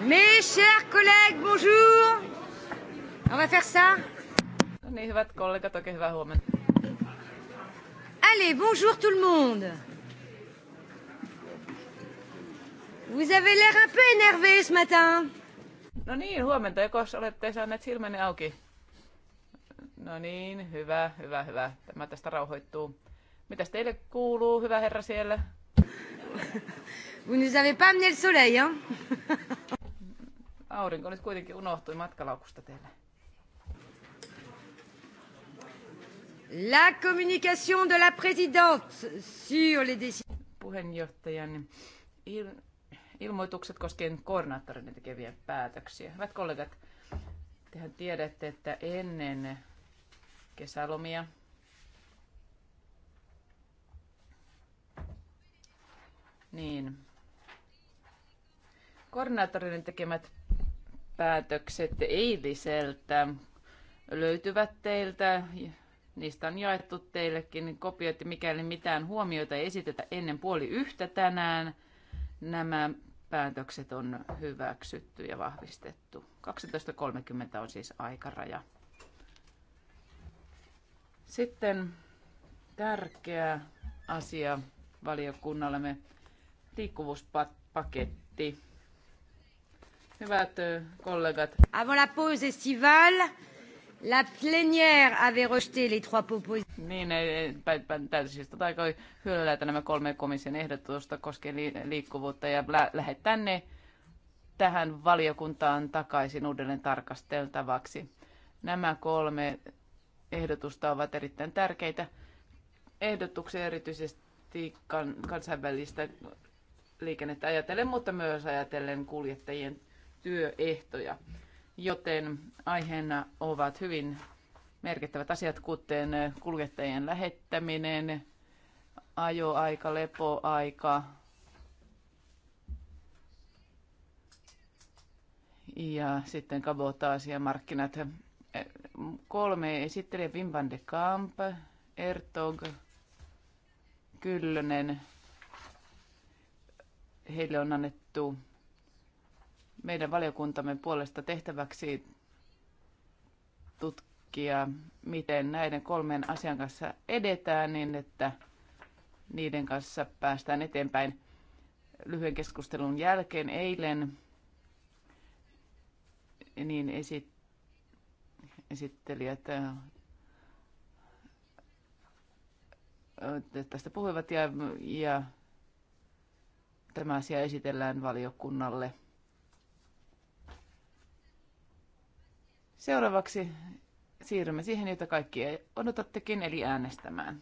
Mes chers collègues, bonjour. On va faire ça. niin, hyvät kollegat, oikein hyvää huomenta. Allez, bonjour tout le monde. Vous avez l'air un peu énervé ce matin. No niin, huomenta, joko olette saaneet silmänne auki. No niin, hyvä, hyvä, hyvä. Tämä tästä rauhoittuu. Mitäs teille kuuluu, hyvä herra siellä? Vous nous avez pas amené le soleil, hein aurinko nyt kuitenkin unohtui matkalaukusta teille. La communication de la présidente sur les décisions. Puheenjohtajan il- ilmoitukset koskien koordinaattorin tekeviä päätöksiä. Hyvät kollegat, tehän tiedätte, että ennen kesälomia niin koordinaattorin tekemät päätökset eiliseltä löytyvät teiltä. Niistä on jaettu teillekin kopiot, mikäli mitään huomioita ei esitetä ennen puoli yhtä tänään. Nämä päätökset on hyväksytty ja vahvistettu. 12.30 on siis aikaraja. Sitten tärkeä asia valiokunnallemme, liikkuvuuspaketti. Hyvät kollegat. Avant la pause estivale, la plénière avait rejeté les trois propositions. Niin, täysistunto aikoi hylätä nämä kolme komission ehdotusta koskien liikkuvuutta ja lä- lähettää tähän valiokuntaan takaisin uudelleen tarkasteltavaksi. Nämä kolme ehdotusta ovat erittäin tärkeitä ehdotuksia erityisesti kansainvälistä liikennettä ajatellen, mutta myös ajatellen kuljettajien työehtoja. Joten aiheena ovat hyvin merkittävät asiat, kuten kuljettajien lähettäminen, ajoaika, lepoaika ja sitten kabotaasi ja markkinat. Kolme esittelijä Wim van de Kamp, Ertog, Kyllönen. Heille on annettu meidän valiokuntamme puolesta tehtäväksi tutkia, miten näiden kolmen asian kanssa edetään niin, että niiden kanssa päästään eteenpäin. Lyhyen keskustelun jälkeen eilen niin esit, esittelijät äh, tästä puhuivat ja, ja tämä asia esitellään valiokunnalle – Seuraavaksi siirrymme siihen, jota kaikki odotattekin, eli äänestämään.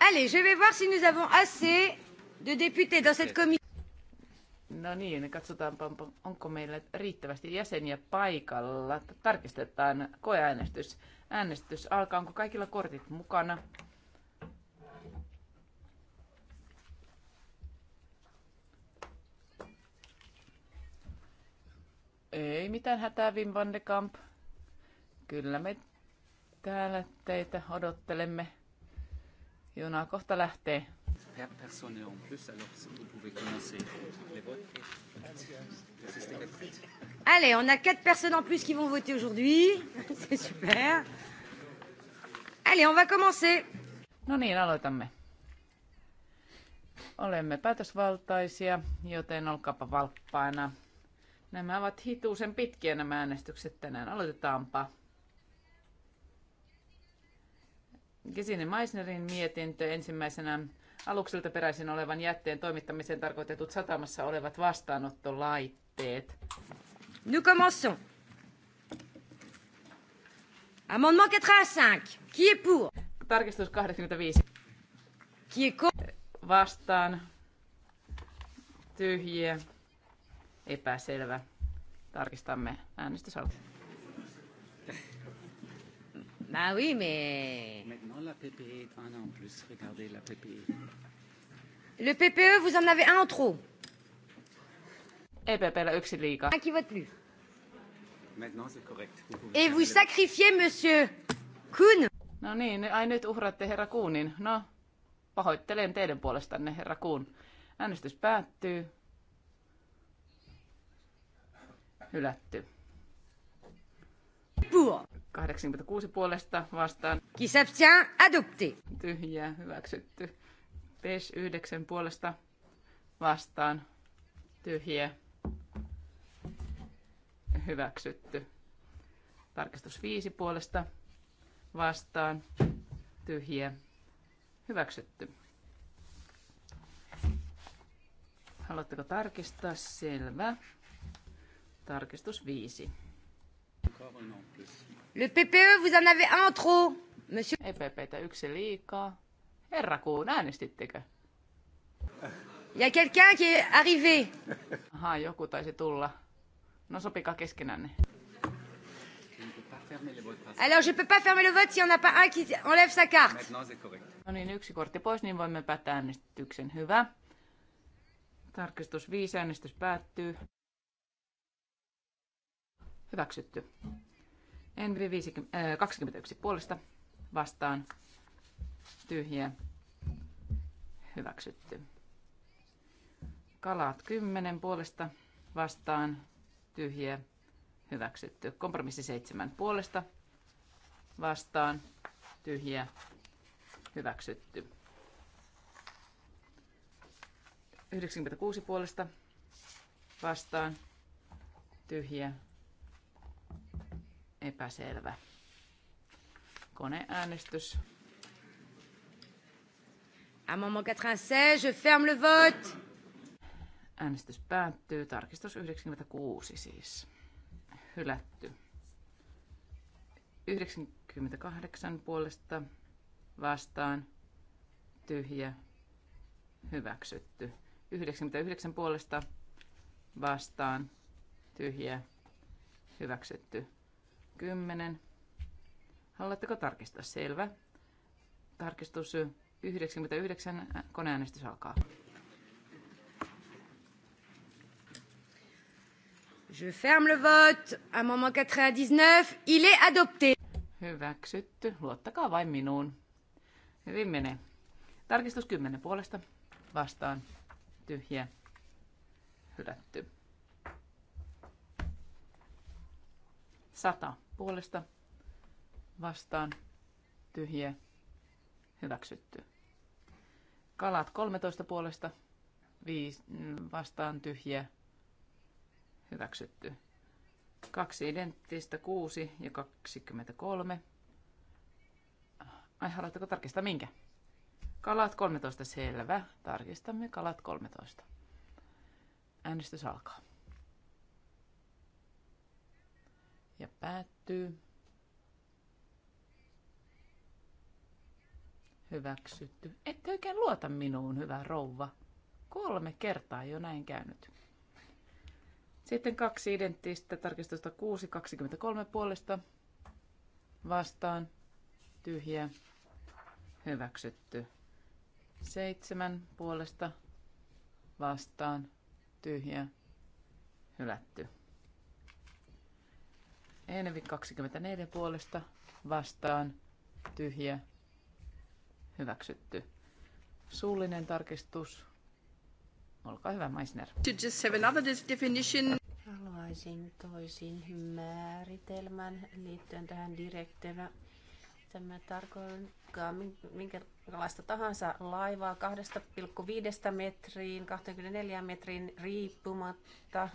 Allez, je vais voir si nous avons assez de députés dans cette commission. No niin, katsotaanpa, onko meillä riittävästi jäseniä paikalla. Tarkistetaan koeäänestys. Äänestys alkaa, onko kaikilla kortit mukana? Ei mitään hätää, Wim van de Kamp. Kyllä me täällä teitä odottelemme. Juna kohta lähtee. Per personne en plus, alors vous pouvez commencer les votes. Allez, on a quatre personnes en plus qui vont voter aujourd'hui. C'est super. Allez, on va commencer. No niin, aloitamme. Olemme päätösvaltaisia, joten olkaapa valppaina. Nämä ovat hituusen pitkiä nämä äänestykset tänään. Aloitetaanpa. Gesine Meissnerin mietintö ensimmäisenä alukselta peräisin olevan jätteen toimittamiseen tarkoitetut satamassa olevat vastaanottolaitteet. Nous commençons. Amendement 85. Qui est pour? Tarkistus 85. Qui est contre? Vastaan. Tyhjiä epäselvä. Tarkistamme äänestys Bah oui, mais... Maintenant, la PPE est un en plus. Regardez la PPE. Le PPE, vous en avez un en trop. EPPllä yksi liikaa. Un qui vote plus. Maintenant, c'est correct. Vous Et vous sacrifiez, monsieur Kuhn. No niin, ai nyt uhratte herra Kuunin. No, pahoittelen teidän puolestanne, herra Kuun. Äänestys päättyy. Hylätty. Puo. 86 puolesta vastaan. Kisepsian adopti. Tyhjää hyväksytty. PES 9 puolesta vastaan. Tyhjää hyväksytty. Tarkistus 5 puolesta vastaan. Tyhjää Hyväksytty. Haluatteko tarkistaa? Selvä. Tarkistus 5. Le PPE, vous en avez un trop, monsieur. EPPtä yksi liikaa. Herra kuun, äänestittekö? Il y a quelqu'un qui est arrivé. Aha, joku taisi tulla. No sopika keskenänne. Alors je peux pas fermer le vote si on n'a pas un qui enlève sa carte. No niin, yksi kortti pois, niin voimme päättää äänestyksen. Hyvä. Tarkistus 5, äänestys päättyy. Hyväksytty. Envi 21 äh, puolesta vastaan. Tyhjä. Hyväksytty. Kalaat 10 puolesta vastaan. Tyhjä. Hyväksytty. Kompromissi 7 puolesta vastaan. Tyhjä. Hyväksytty. 96 puolesta vastaan. Tyhjä epäselvä. Koneäänestys. Amendement 96, je ferme le vote. Äänestys päättyy. Tarkistus 96 siis. Hylätty. 98 puolesta vastaan tyhjä hyväksytty. 99 puolesta vastaan tyhjä hyväksytty. 10. Haluatteko tarkistaa? Selvä. Tarkistus 99. Koneäänestys alkaa. Je ferme le vote. Amendement 99. Il est adopté. Hyväksytty. Luottakaa vain minuun. Hyvin menee. Tarkistus 10 puolesta. Vastaan. Tyhjä. Hylätty. Sata puolesta vastaan tyhjä hyväksytty. Kalat 13 puolesta viis, vastaan tyhjä hyväksytty. Kaksi identtistä 6 ja 23. Ai, haluatteko tarkistaa minkä? Kalat 13, selvä. Tarkistamme kalat 13. Äänestys alkaa. ja päättyy. Hyväksytty. Ette oikein luota minuun, hyvä rouva. Kolme kertaa jo näin käynyt. Sitten kaksi identtistä tarkistusta 6, 23 puolesta vastaan, tyhjä, hyväksytty. seitsemän puolesta vastaan, tyhjä, hylätty. Enevi 24 puolesta vastaan tyhjä hyväksytty. Suullinen tarkistus. Olkaa hyvä, Meissner. Haluaisin toisin määritelmän liittyen tähän direktiivään. Tämä tarkoittaa minkälaista tahansa laivaa 2,5 metriin 24 metriin riippumatta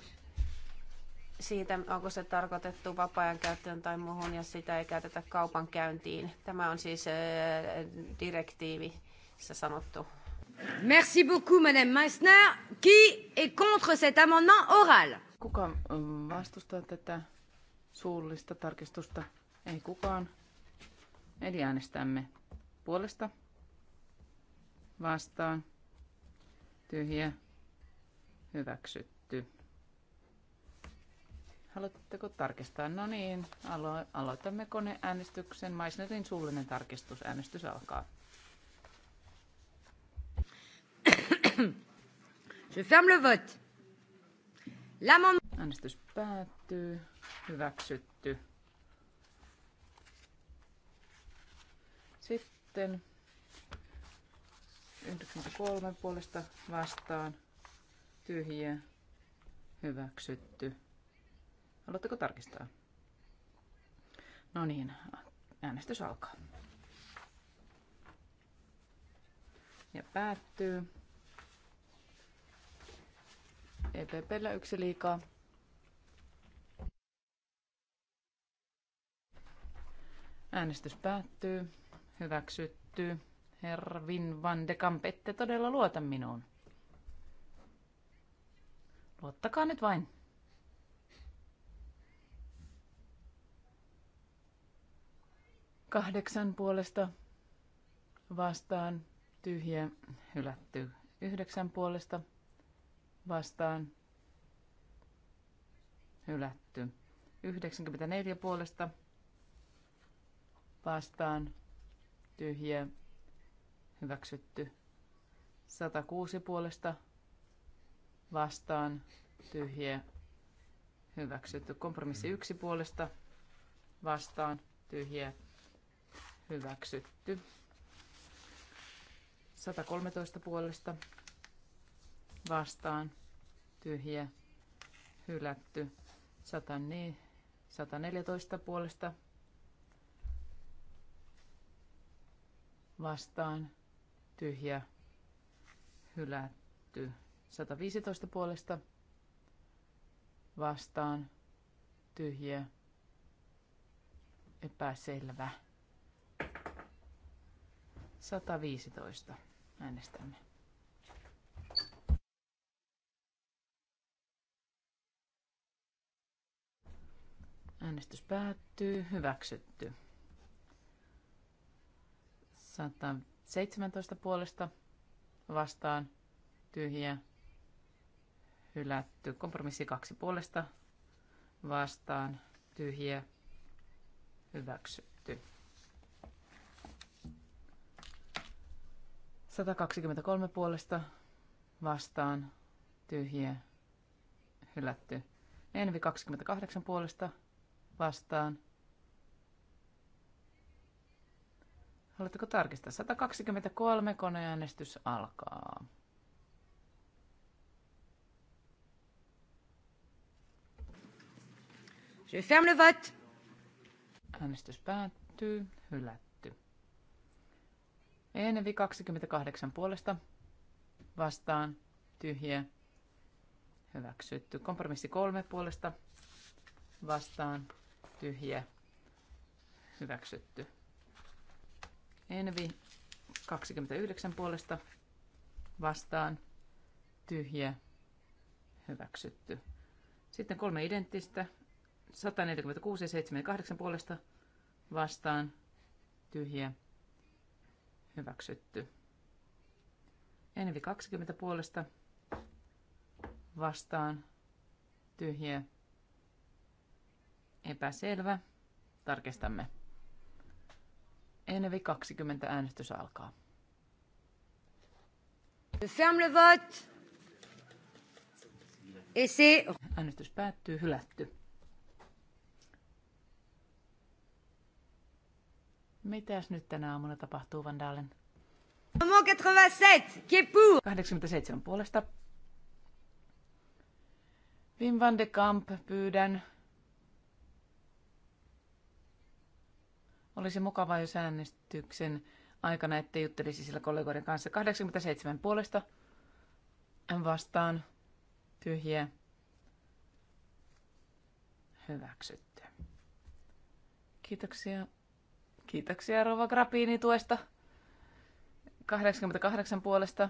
siitä, onko se tarkoitettu vapaa-ajan käyttöön tai muuhun, ja sitä ei käytetä kaupan käyntiin. Tämä on siis direktiivissä sanottu. Merci beaucoup, Madame Meissner. Qui est contre cet amendement oral? Kuka vastustaa tätä suullista tarkistusta? Ei kukaan. Eli äänestämme puolesta, vastaan, tyhjä, hyväksytty. Haluatteko tarkistaa? No niin, alo- aloitamme koneäänestyksen. Maisnerin suullinen tarkistus. Äänestys alkaa. Je ferme le vote. L'amendement... Äänestys päättyy. Hyväksytty. Sitten 93 puolesta vastaan. Tyhjä. Hyväksytty. Haluatteko tarkistaa? No niin, äänestys alkaa. Ja päättyy. EPPllä yksi liikaa. Äänestys päättyy. Hyväksytty. Hervin van de Kamp, ette todella luota minuun. Luottakaa nyt vain. Kahdeksan puolesta vastaan tyhjä hylätty. Yhdeksän puolesta vastaan hylätty. 94 puolesta vastaan tyhjä hyväksytty. 106 puolesta vastaan tyhjä hyväksytty. Kompromissi yksi puolesta vastaan tyhjä hyväksytty. 113 puolesta vastaan tyhjä hylätty. 114 puolesta vastaan tyhjä hylätty. 115 puolesta vastaan tyhjä epäselvä. 115 äänestämme. Äänestys päättyy. Hyväksytty. 117 puolesta vastaan tyhjä. Hylätty. Kompromissi 2 puolesta vastaan tyhjä. Hyväksytty. 123 puolesta vastaan tyhjiä hylätty. Envi 28 puolesta vastaan. Haluatteko tarkistaa? 123 koneäänestys alkaa. Je ferme le vote. Äänestys päättyy. Hylätty. Enevi 28 puolesta vastaan tyhjä hyväksytty. Kompromissi 3 puolesta vastaan tyhjä hyväksytty. Envi 29 puolesta vastaan tyhjä hyväksytty. Sitten kolme identtistä. 146 ja 78 puolesta vastaan tyhjä hyväksytty. Envi 20 puolesta vastaan tyhjä, epäselvä. Tarkistamme. Envi 20 äänestys alkaa. Ferme le vote. Äänestys päättyy, hylätty. Mitäs nyt tänä aamuna tapahtuu Van Dalen? 87, puolesta. Wim van de Kamp pyydän. Olisi mukava, jos äänestyksen aikana ette juttelisi sillä kollegoiden kanssa. 87 puolesta En vastaan tyhjiä hyväksytty. Kiitoksia. Kiitoksia Rova Grappini tuesta. 88 puolesta.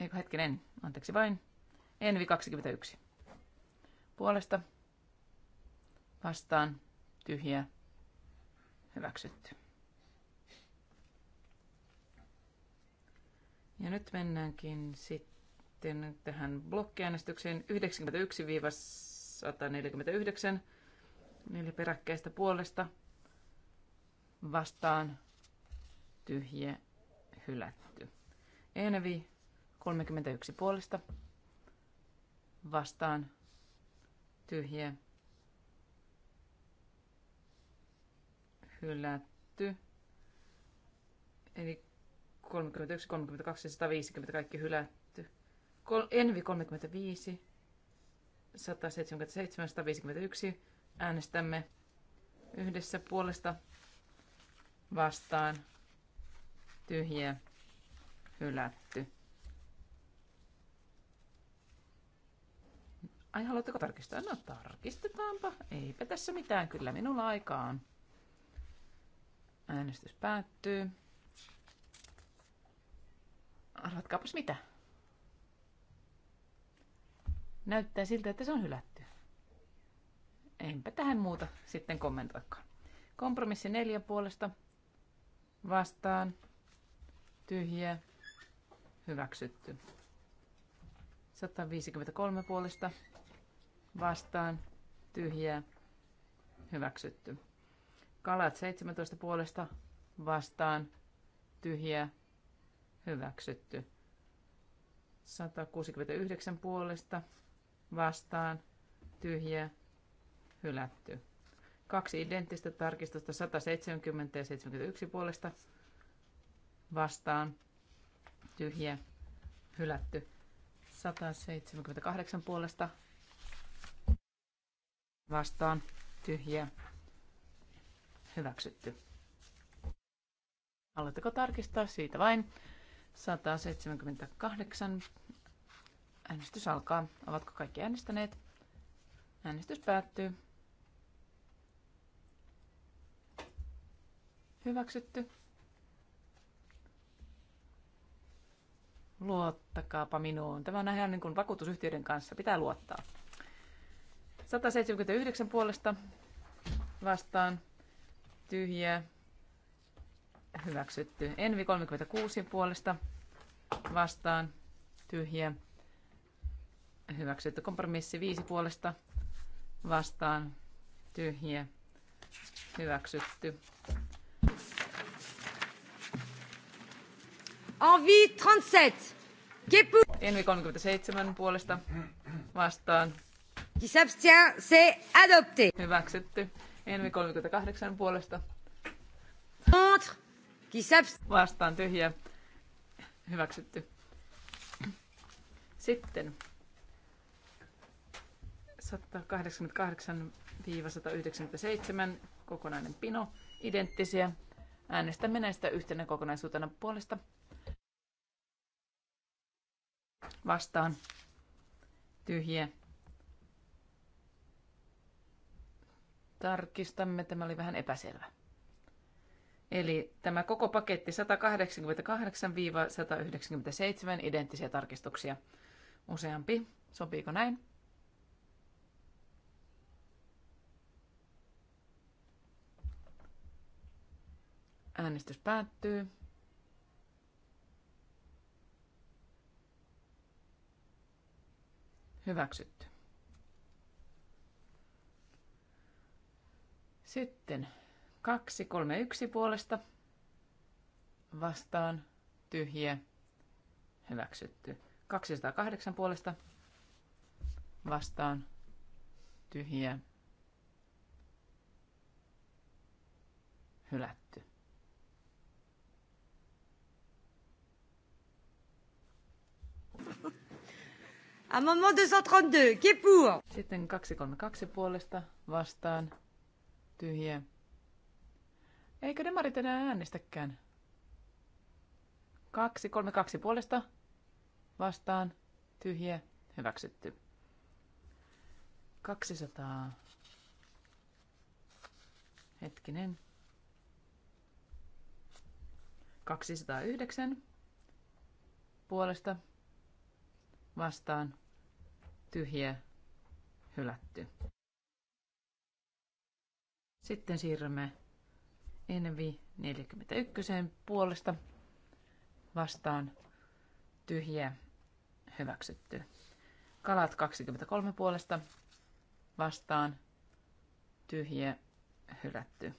Eikö hetkinen, anteeksi vain. Envi 21. Puolesta. Vastaan. Tyhjä. Hyväksytty. Ja nyt mennäänkin sitten tähän blokkiäänestykseen 91-149, neljä peräkkäistä puolesta vastaan tyhjä hylätty. Enevi 31 puolesta vastaan tyhjä hylätty. Eli 31, 32, ja 150 kaikki hylätty. Envi 35, 177, 151 äänestämme yhdessä puolesta vastaan tyhjä hylätty. Ai, haluatteko tarkistaa? No tarkistetaanpa. Eipä tässä mitään, kyllä minulla aikaa on. Äänestys päättyy. Arvatkaapas mitä. Näyttää siltä, että se on hylätty. Enpä tähän muuta sitten kommentoikaan. Kompromissi neljä puolesta vastaan, tyhjä, hyväksytty. 153 puolesta vastaan, tyhjä, hyväksytty. Kalat 17 puolesta vastaan, tyhjä, hyväksytty. 169 puolesta vastaan, tyhjä, hylätty. Kaksi identtistä tarkistusta 170 ja 71 puolesta vastaan. Tyhjä, hylätty. 178 puolesta vastaan. Tyhjä, hyväksytty. Haluatteko tarkistaa? Siitä vain. 178. Äänestys alkaa. Ovatko kaikki äänestäneet? Äänestys päättyy. Hyväksytty. Luottakaapa minuun. Tämä on ihan niin kuin vakuutusyhtiöiden kanssa. Pitää luottaa. 179 puolesta vastaan tyhjä Hyväksytty. Envi 36 puolesta vastaan tyhjä. Hyväksytty kompromissi 5 puolesta vastaan tyhjä. Hyväksytty. Envi 37. Kepu. Envi 37 puolesta vastaan. Qui s'abstient, c'est adopté. Hyväksytty. Envi 38 puolesta. Contre. Qui s'abstient. Vastaan tyhjä. Hyväksytty. Sitten 188-197 kokonainen pino, identtisiä. Äänestämme näistä yhtenä kokonaisuutena puolesta vastaan tyhjiä. Tarkistamme, tämä oli vähän epäselvä. Eli tämä koko paketti 188-197 identtisiä tarkistuksia. Useampi. Sopiiko näin? Äänestys päättyy. Hyväksytty. Sitten 231 puolesta vastaan tyhjiä. Hyväksytty. 208 puolesta vastaan tyhjiä. Hylätty. Thank you. Amendement 232, qui est pour? Sitten 232 puolesta vastaan. Tyhjä. Eikö demarit enää äänestäkään? 232 puolesta vastaan. Tyhjä. Hyväksytty. 200. Hetkinen. 209 puolesta vastaan tyhjä, hylätty. Sitten siirrymme Envi 41 puolesta vastaan tyhjä, hyväksytty. Kalat 23 puolesta vastaan tyhjä, hylätty.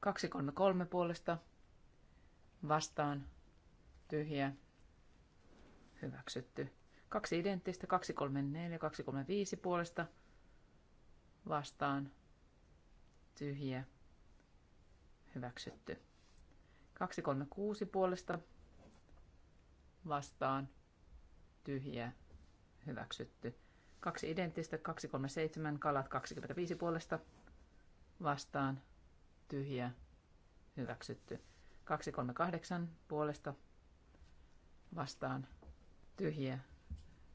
233 puolesta vastaan tyhjä, hyväksytty. Kaksi identtistä, 234, 235 puolesta vastaan tyhjiä hyväksytty. 236 puolesta vastaan tyhjiä hyväksytty. Kaksi identtistä, 237, kalat 25 puolesta vastaan tyhjiä hyväksytty. 238 puolesta vastaan tyhjiä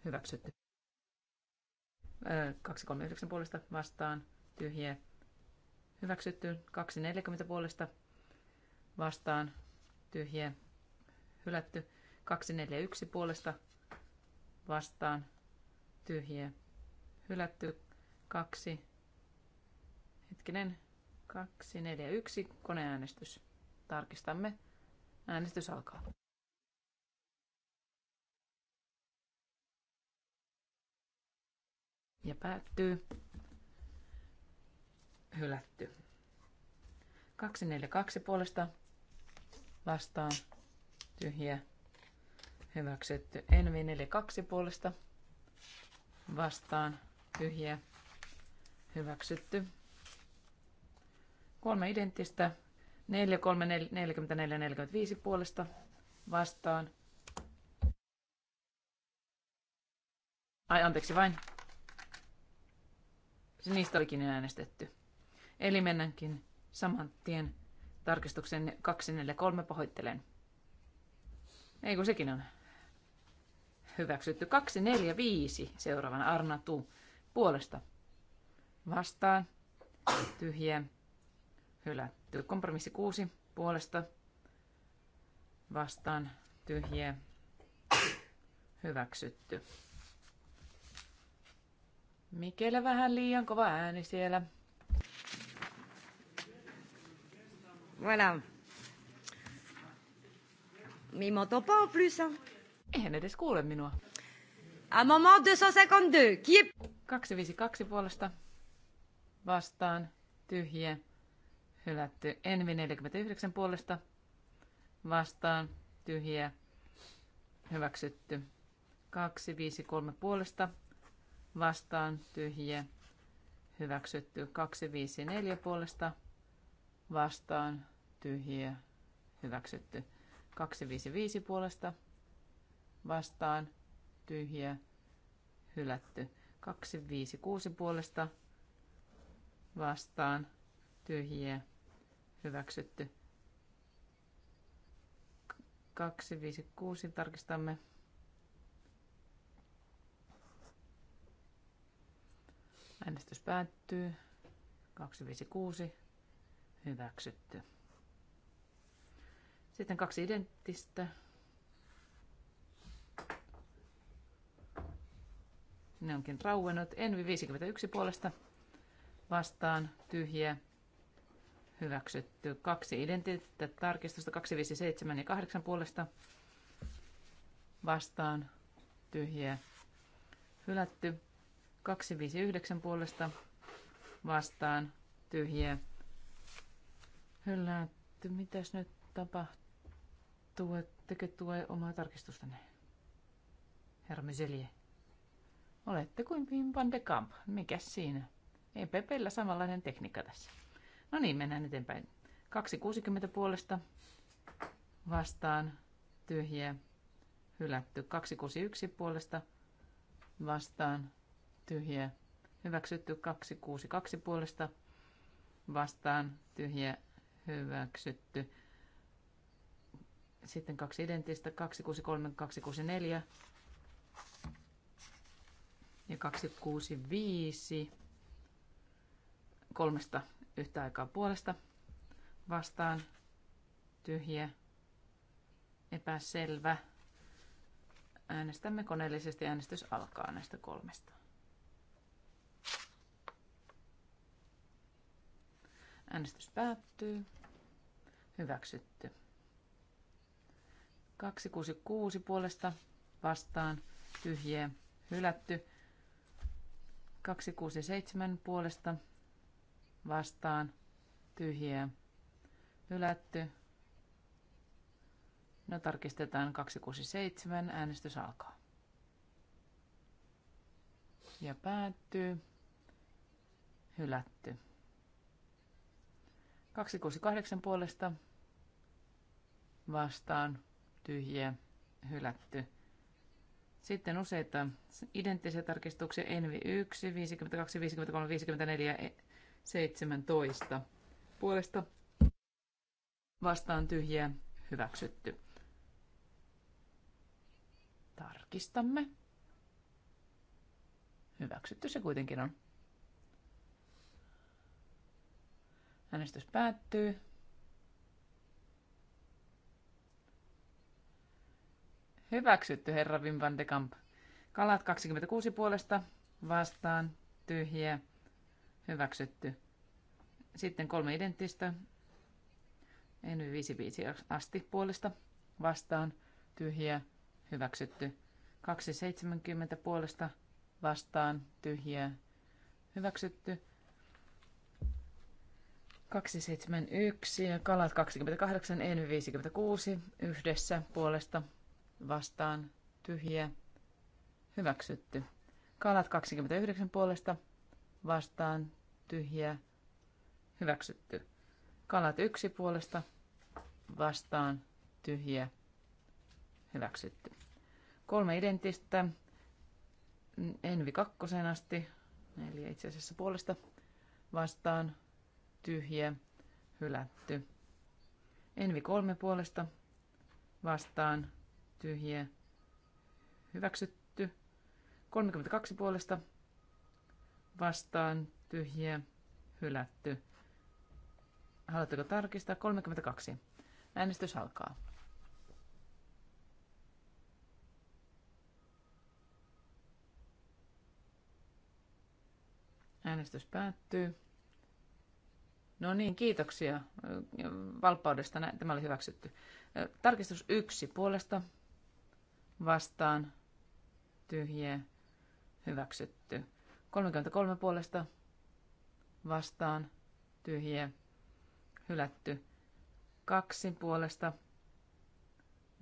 hyväksytty. 239 puolesta vastaan tyhjiä hyväksytty. 240 puolesta vastaan tyhjiä hylätty. 241 puolesta vastaan tyhjiä hylätty. 2 hetkinen 241 koneäänestys. Tarkistamme. Äänestys alkaa. ja päättyy. Hylätty. 242 puolesta vastaan tyhjä. Hyväksytty. Envi 42 puolesta vastaan tyhjä. Hyväksytty. Kolme identtistä. 4, 3, 4, 44, 45 puolesta vastaan. Ai anteeksi vain niistä olikin äänestetty. Eli mennäänkin saman tien tarkistuksen 243 pahoittelen. Ei kun sekin on hyväksytty. 245 seuraavan Tuu puolesta. Vastaan. Tyhjä. Hylätty. Kompromissi 6 puolesta. Vastaan. Tyhjä. Hyväksytty. Mikellä vähän liian kova ääni siellä. Voilà. Mi il m'entend pas en plus. Hein. Eihän edes kuule minua. moment 252. Kiep. 252 puolesta vastaan tyhjä. Hylätty. Envi 49 puolesta vastaan tyhjä. Hyväksytty. 253 puolesta vastaan tyhjiä hyväksytty 254 puolesta vastaan tyhjiä hyväksytty 255 puolesta vastaan tyhjiä hylätty 256 puolesta vastaan tyhjiä hyväksytty 256 tarkistamme Äänestys päättyy. 256. Hyväksytty. Sitten kaksi identtistä. Ne onkin rauennut. Envi 51 puolesta vastaan tyhjiä. Hyväksytty. Kaksi identtistä tarkistusta 257 ja 8 puolesta vastaan tyhjiä. Hylätty. 259 puolesta vastaan tyhjiä. että Mitäs nyt tapahtuu? Ettekö tue omaa tarkistustanne? Herra Myselje. Olette kuin Wim van de Kamp. Mikäs siinä? Ei Pepellä samanlainen tekniikka tässä. No niin, mennään eteenpäin. 260 puolesta vastaan tyhjiä. Hylätty. 261 puolesta vastaan tyhjä hyväksytty 262 puolesta vastaan tyhjä hyväksytty. Sitten kaksi identistä, 263 264 ja 265 kolmesta yhtä aikaa puolesta vastaan tyhjä epäselvä. Äänestämme koneellisesti. Äänestys alkaa näistä kolmesta. Äänestys päättyy. Hyväksytty. 266 puolesta vastaan tyhjiä hylätty. 267 puolesta vastaan tyhjiä hylätty. No tarkistetaan 267. Äänestys alkaa. Ja päättyy. Hylätty. 268 puolesta vastaan tyhjiä hylätty. Sitten useita identtisiä tarkistuksia Envi 1, 52, 53, 54, 17 puolesta vastaan tyhjiä hyväksytty. Tarkistamme. Hyväksytty se kuitenkin on. Äänestys päättyy. Hyväksytty herra Wim van de Kamp. Kalat 26 puolesta vastaan tyhjiä. Hyväksytty. Sitten kolme identtistä. en 55 asti puolesta vastaan tyhjiä. Hyväksytty. 270 puolesta vastaan tyhjiä. Hyväksytty. 271 ja kalat 28, en 56 yhdessä puolesta vastaan tyhjiä hyväksytty. Kalat 29 puolesta vastaan tyhjiä hyväksytty. Kalat 1 puolesta vastaan tyhjiä hyväksytty. Kolme identtistä envi kakkosen asti, eli itse asiassa puolesta vastaan tyhjä, hylätty. Envi kolme puolesta vastaan, tyhjä, hyväksytty. 32 puolesta vastaan, tyhjä, hylätty. Haluatteko tarkistaa? 32. Äänestys alkaa. Äänestys päättyy. No niin, kiitoksia valppaudesta. Tämä oli hyväksytty. Tarkistus yksi puolesta vastaan tyhjä hyväksytty. 33 puolesta vastaan tyhjä hylätty. Kaksi puolesta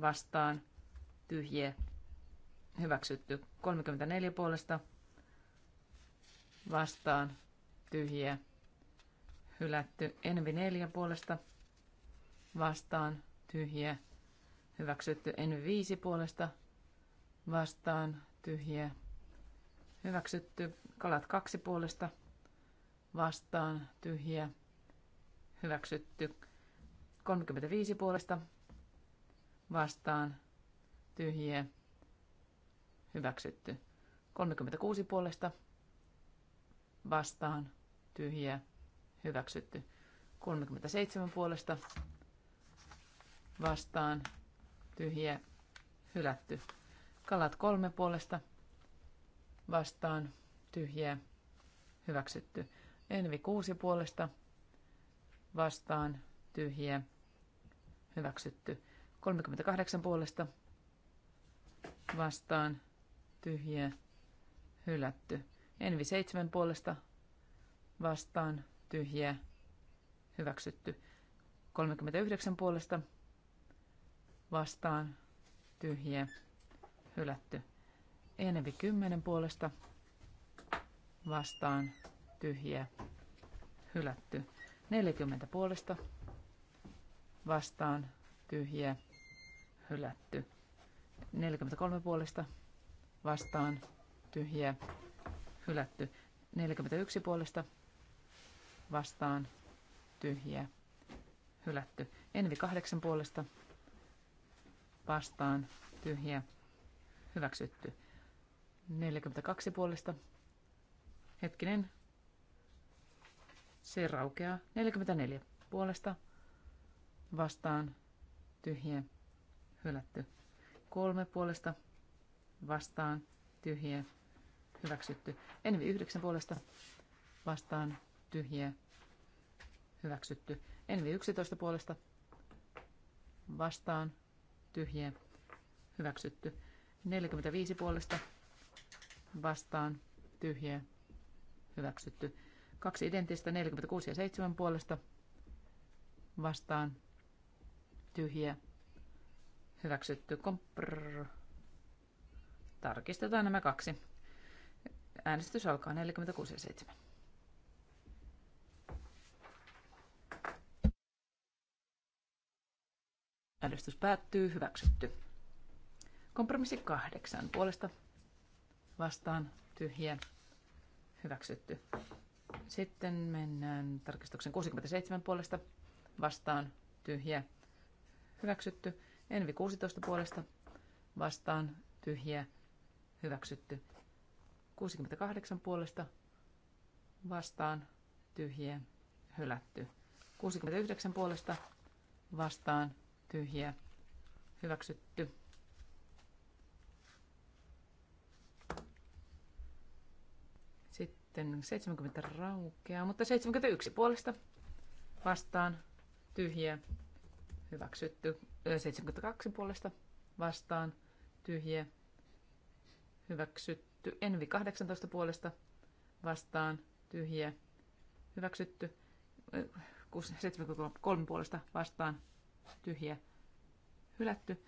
vastaan tyhjä hyväksytty. 34 puolesta vastaan tyhjä hylätty. Envi 4 puolesta vastaan tyhjiä hyväksytty. Envi 5 puolesta vastaan tyhjiä hyväksytty. Kalat 2 puolesta vastaan tyhjiä hyväksytty. 35 puolesta vastaan tyhjiä hyväksytty. 36 puolesta vastaan tyhjiä hyväksytty. 37 puolesta vastaan tyhjä hylätty. Kalat kolme puolesta vastaan tyhjä hyväksytty. Envi kuusi puolesta vastaan tyhjä hyväksytty. 38 puolesta vastaan tyhjä, hylätty. Envi seitsemän puolesta vastaan tyhjiä hyväksytty. 39 puolesta vastaan tyhjiä hylätty. Enevi 10 puolesta vastaan tyhjiä hylätty. 40 puolesta vastaan tyhjiä hylätty. 43 puolesta vastaan tyhjiä hylätty. 41 puolesta vastaan, tyhjiä, hylätty vastaan tyhjä, hylätty. Envi kahdeksan puolesta vastaan tyhjä hyväksytty. 42 puolesta hetkinen se raukeaa 44 puolesta vastaan tyhjä, hylätty. Kolme puolesta vastaan tyhjä hyväksytty. Envi yhdeksän puolesta vastaan tyhjiä hyväksytty. Envi 11 puolesta vastaan tyhjiä hyväksytty. 45 puolesta vastaan tyhjiä hyväksytty. Kaksi identistä 46 ja 7 puolesta vastaan tyhjiä hyväksytty. Komprr. Tarkistetaan nämä kaksi. Äänestys alkaa 46 ja 7. Äänestys päättyy. Hyväksytty. Kompromissi kahdeksan. Puolesta vastaan tyhjä. Hyväksytty. Sitten mennään tarkistuksen 67 puolesta vastaan tyhjä. Hyväksytty. Envi 16 puolesta vastaan tyhjä. Hyväksytty. 68 puolesta vastaan tyhjä. Hylätty. 69 puolesta vastaan tyhjiä hyväksytty. Sitten 70 raukeaa, mutta 71 puolesta vastaan tyhjiä hyväksytty. 72 puolesta vastaan tyhjiä hyväksytty. Envi 18 puolesta vastaan tyhjiä hyväksytty. 73 puolesta vastaan tyhjä hylätty.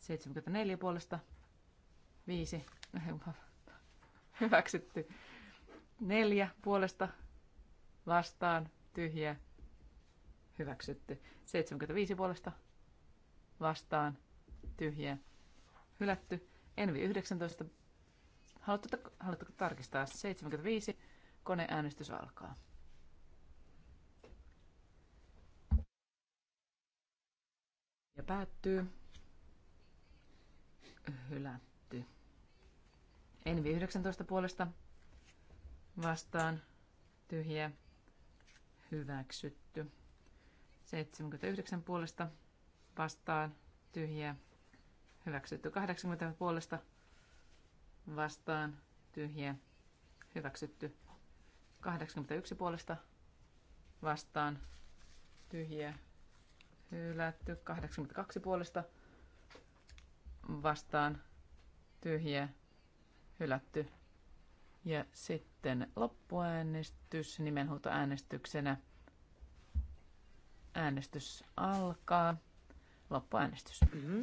74 puolesta 5 hyväksytty. 4 puolesta vastaan tyhjä hyväksytty. 75 puolesta vastaan tyhjä hylätty. Envi 19. Haluatteko, haluatteko tarkistaa? 75. Koneäänestys alkaa. päättyy. Hylätty. Envi 19 puolesta vastaan tyhjä hyväksytty. 79 puolesta vastaan tyhjä hyväksytty. 80 puolesta vastaan tyhjä hyväksytty. 81 puolesta vastaan tyhjä hylätty. 82 puolesta vastaan tyhjä hylätty. Ja sitten loppuäänestys nimenhuutoäänestyksenä. Äänestys alkaa. Loppuäänestys. Mm-hmm.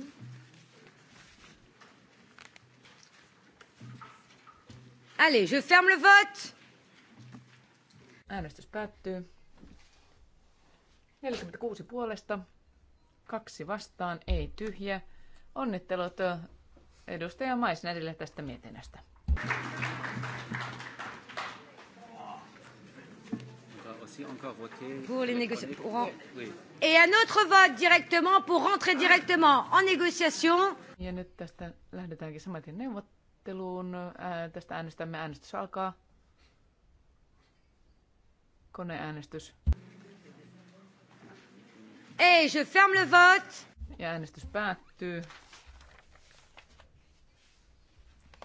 Allez, je ferme le vote. Äänestys päättyy. 46 puolesta, Kaksi vastaan, ei tyhjä. Onnittelut edustaja Maisnerille tästä mietinnöstä. Pour les négoci- pour en... Et un autre vote directement pour rentrer directement en négociation. Ja nyt tästä lähdetäänkin samaten neuvotteluun. Ää, tästä äänestämme. Äänestys alkaa. Koneäänestys. Ei, je ferme le vote. Ja äänestys päättyy.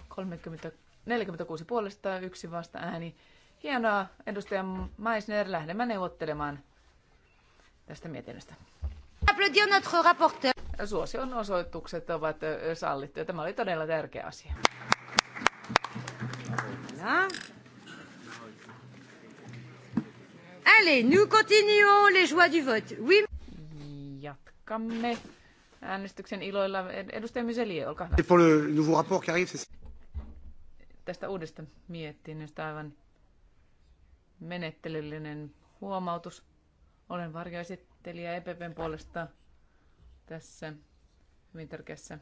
30, 46 puolesta, yksi vasta ääni. Hienoa, edustaja Meisner, lähdemme neuvottelemaan tästä mietinnöstä. Suosion osoitukset ovat sallittuja. Tämä oli todella tärkeä asia. Ja. Allez, nous continuons les joies du vote. Oui jatkamme äänestyksen iloilla. Edustaja Myseli, olkaa hyvä. Pour le nouveau rapport qui arrive, Tästä uudesta mietinnöstä aivan menettelyllinen huomautus. Olen varjoesittelijä EPPn puolesta tässä hyvin tärkeässä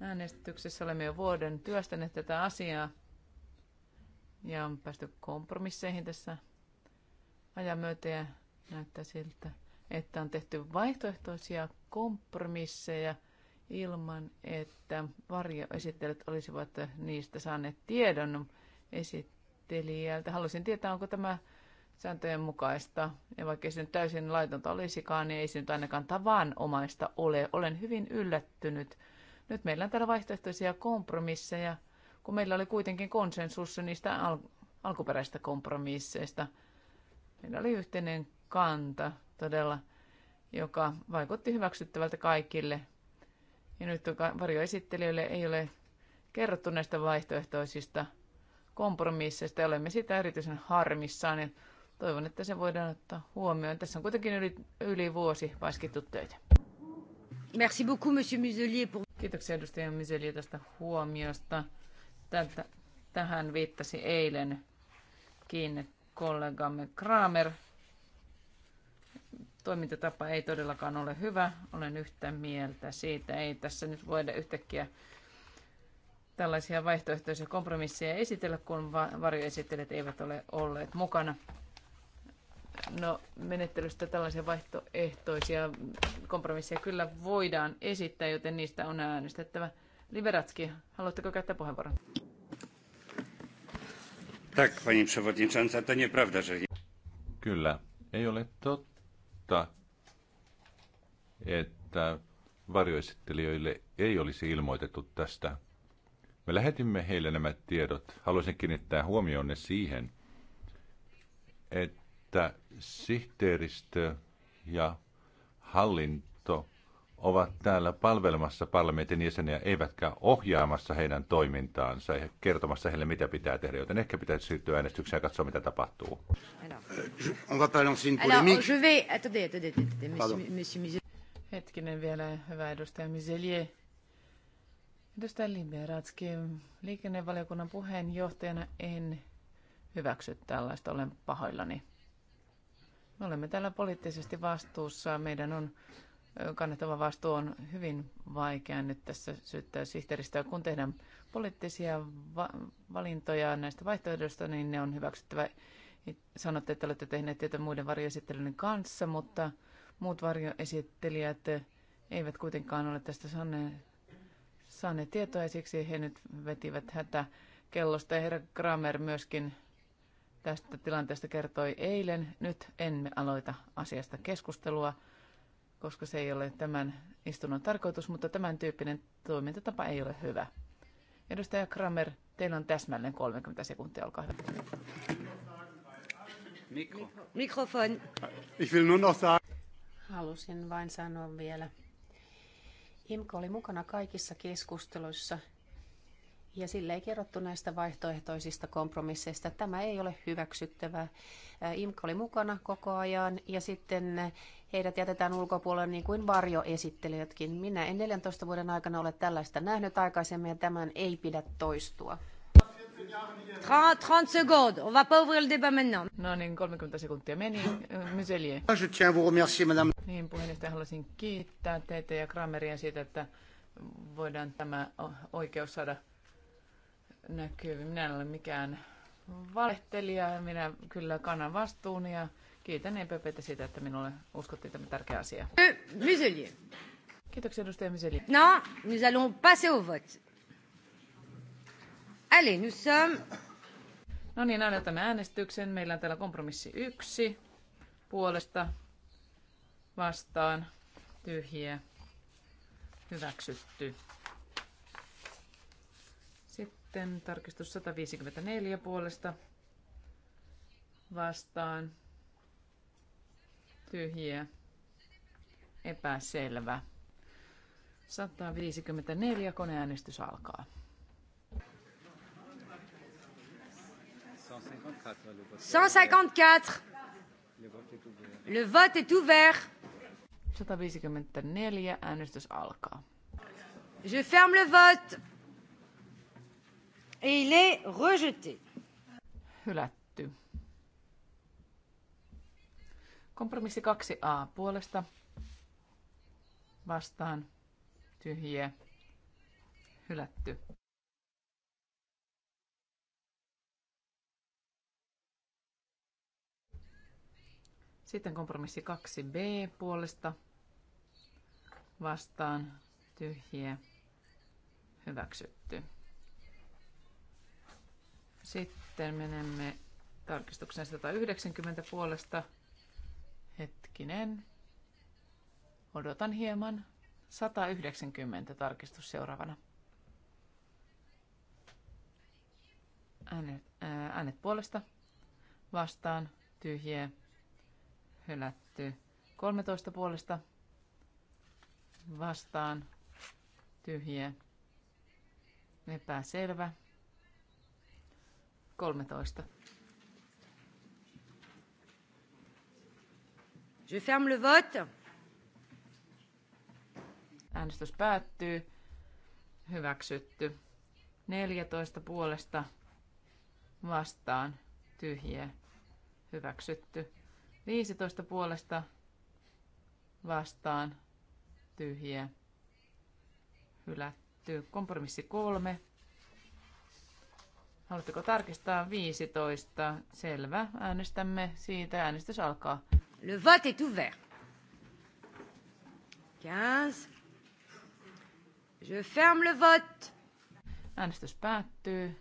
äänestyksessä. Olemme jo vuoden työstäneet tätä asiaa ja on päästy kompromisseihin tässä ajan myötä ja näyttää siltä, että on tehty vaihtoehtoisia kompromisseja ilman, että varjoesittelyt olisivat niistä saaneet tiedon esittelijältä. Haluaisin tietää, onko tämä sääntöjen mukaista. Ja vaikka se nyt täysin laitonta olisikaan, niin ei se nyt ainakaan tavanomaista ole. Olen hyvin yllättynyt. Nyt meillä on täällä vaihtoehtoisia kompromisseja, kun meillä oli kuitenkin konsensus niistä al- alkuperäisistä kompromisseista. Meillä oli yhteinen kanta todella, joka vaikutti hyväksyttävältä kaikille. Ja nyt varjoesittelijöille ei ole kerrottu näistä vaihtoehtoisista kompromisseista. Olemme sitä erityisen harmissaan ja toivon, että se voidaan ottaa huomioon. Tässä on kuitenkin yli, yli vuosi paiskittu töitä. Merci beaucoup, monsieur Muselier. Pour... Kiitoksia edustaja Muselier tästä huomiosta. Tältä, tähän viittasi eilen kiinni kollegamme Kramer toimintatapa ei todellakaan ole hyvä. Olen yhtä mieltä siitä. Ei tässä nyt voida yhtäkkiä tällaisia vaihtoehtoisia kompromisseja esitellä, kun varjoesittelijät eivät ole olleet mukana. No, menettelystä tällaisia vaihtoehtoisia kompromisseja kyllä voidaan esittää, joten niistä on äänestettävä. Liberatski, haluatteko käyttää puheenvuoron? Tak, pani przewodnicząca, to nieprawda, że... Kyllä, ei ole totta mutta että varjoesittelijöille ei olisi ilmoitettu tästä. Me lähetimme heille nämä tiedot. Haluaisin kiinnittää huomionne siihen, että sihteeristö ja hallinto ovat täällä palvelemassa parlamentin jäseniä, eivätkä ohjaamassa heidän toimintaansa ja kertomassa heille, mitä pitää tehdä. Joten ehkä pitäisi siirtyä äänestykseen ja katsoa, mitä tapahtuu. Hetkinen vielä, hyvä edustaja Miselje. Edustaja Liberatski, liikennevaliokunnan puheenjohtajana en hyväksy tällaista, olen pahoillani. Me olemme täällä poliittisesti vastuussa. Meidän on kannettava vastuu on hyvin vaikea nyt tässä syyttää sihteeristöä. Kun tehdään poliittisia va- valintoja näistä vaihtoehdoista, niin ne on hyväksyttävä. Sanotte, että olette tehneet tietä muiden varjoesittelyiden kanssa, mutta muut varjoesittelijät eivät kuitenkaan ole tästä saaneet, saaneet tietoa ja siksi he nyt vetivät hätä kellosta. Herra Kramer myöskin tästä tilanteesta kertoi eilen. Nyt emme aloita asiasta keskustelua koska se ei ole tämän istunnon tarkoitus, mutta tämän tyyppinen toimintatapa ei ole hyvä. Edustaja Kramer, teillä on täsmälleen 30 sekuntia, olkaa hyvä. Mikro. Mikrofon. Ich will nur noch sagen. Halusin vain sanoa vielä. Imko oli mukana kaikissa keskusteluissa – ja sille ei kerrottu näistä vaihtoehtoisista kompromisseista. Tämä ei ole hyväksyttävää. IMK oli mukana koko ajan ja sitten heidät jätetään ulkopuolelle niin kuin varjoesittelijätkin. Minä en 14 vuoden aikana ole tällaista nähnyt aikaisemmin ja tämän ei pidä toistua. 30 secondes. On va pas ouvrir le débat maintenant. No niin, 30 sekuntia meni. Myselier. Je tiens vous remercier, madame. Niin, puheenjohtaja, haluaisin kiittää teitä ja Krameria siitä, että voidaan tämä oikeus saada näkyy. Minä en ole mikään valehtelija. ja Minä kyllä kannan vastuun ja kiitän EPPtä siitä, että minulle uskottiin tämä tärkeä asia. Euh, Muselier. Kiitoksia edustaja Muselier. No, nous allons passer au vote. Allez, nous sommes... No niin, aloitamme äänestyksen. Meillä on täällä kompromissi yksi puolesta vastaan tyhjiä hyväksytty. Sitten tarkistus 154 puolesta vastaan. Tyhjiä. Epäselvä. 154 koneäänestys alkaa. 154. Le vote est ouvert. 154 äänestys alkaa. Je ferme le vote. Et il est rejeté. Hylätty. Kompromissi 2a puolesta vastaan tyhjiä hylätty. Sitten kompromissi 2b puolesta vastaan tyhjiä hyväksytty. Sitten menemme tarkistukseen 190 puolesta. Hetkinen. Odotan hieman. 190 tarkistus seuraavana. Äänet, ää, äänet puolesta. Vastaan. Tyhjiä. Hylätty. 13 puolesta. Vastaan. Tyhjiä. Epäselvä. 13. Je ferme le vote. Äänestys päättyy. Hyväksytty. 14 puolesta vastaan Tyhjä. Hyväksytty. 15 puolesta vastaan Tyhjä. Hylätty. Kompromissi 3 Haluatteko tarkistaa 15? Selvä. Äänestämme siitä. Äänestys alkaa. Le vote est ouvert. 15. Je ferme le vote. Äänestys päättyy.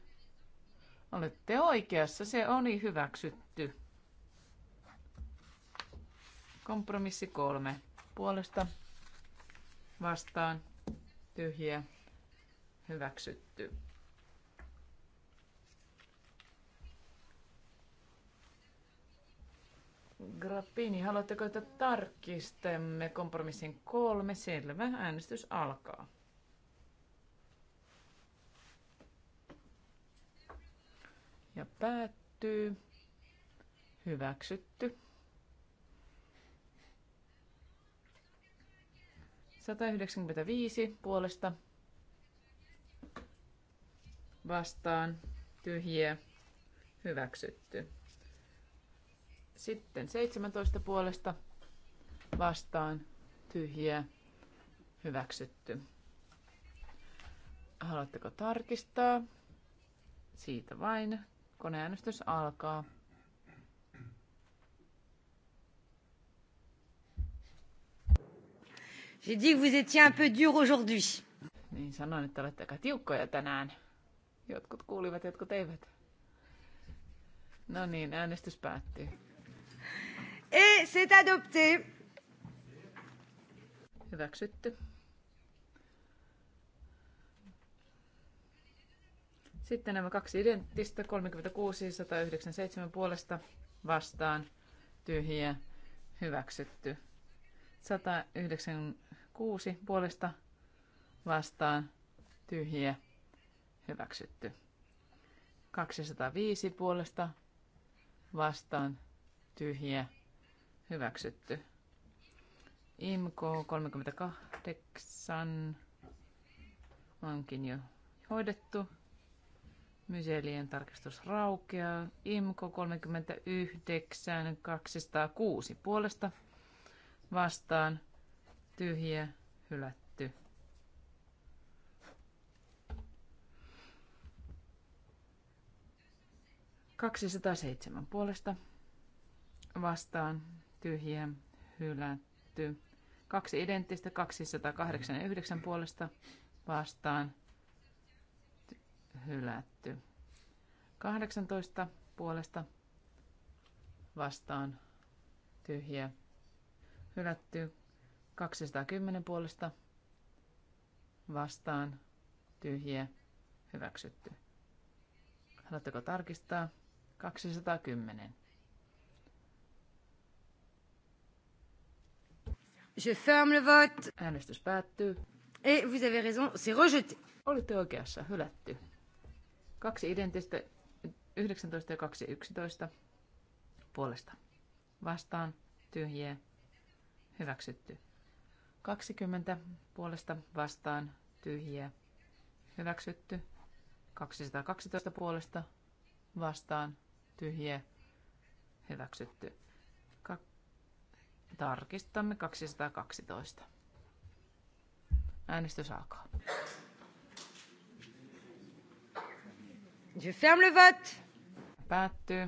Olette oikeassa. Se oli hyväksytty. Kompromissi kolme. Puolesta vastaan tyhjiä hyväksytty. Grappini, haluatteko, että tarkistamme kompromissin kolme? Selvä, äänestys alkaa. Ja päättyy. Hyväksytty. 195 puolesta vastaan tyhjiä hyväksytty. Sitten 17 puolesta vastaan tyhjiä hyväksytty. Haluatteko tarkistaa? Siitä vain. Koneäänestys alkaa. J'ai dit que vous étiez un peu dur aujourd'hui. Niin sanoin, että olette aika tiukkoja tänään. Jotkut kuulivat, jotkut eivät. No niin, äänestys päättyy. Et c'est adopté. Hyväksytty. Sitten nämä kaksi identtistä, 36 197 puolesta vastaan, tyhjiä, hyväksytty. 196 puolesta vastaan, tyhjiä, hyväksytty. 205 puolesta vastaan, tyhjiä, hyväksytty. IMKO 38 onkin jo hoidettu. Myselien tarkistus raukeaa. IMKO 39 206 puolesta vastaan tyhjä hylätty. Kaksisataaseitsemän puolesta vastaan tyhjiä hylätty. Kaksi identtistä, 289 puolesta vastaan hylätty. 18 puolesta vastaan tyhjiä hylätty. 210 puolesta vastaan tyhjiä hyväksytty. Haluatteko tarkistaa? 210. Je ferme le vote. Äänestys päättyy. Ei, vous avez raison, c'est rejeté. Olitte oikeassa, hylätty. Kaksi identistä, 19 ja 2 11. Puolesta. Vastaan, tyhjiä, hyväksytty. 20 puolesta vastaan, tyhjiä, hyväksytty. 212 puolesta vastaan, tyhjiä, hyväksytty. Tarkistamme 212. Äänestys alkaa. Je ferme le vote. Päättyy.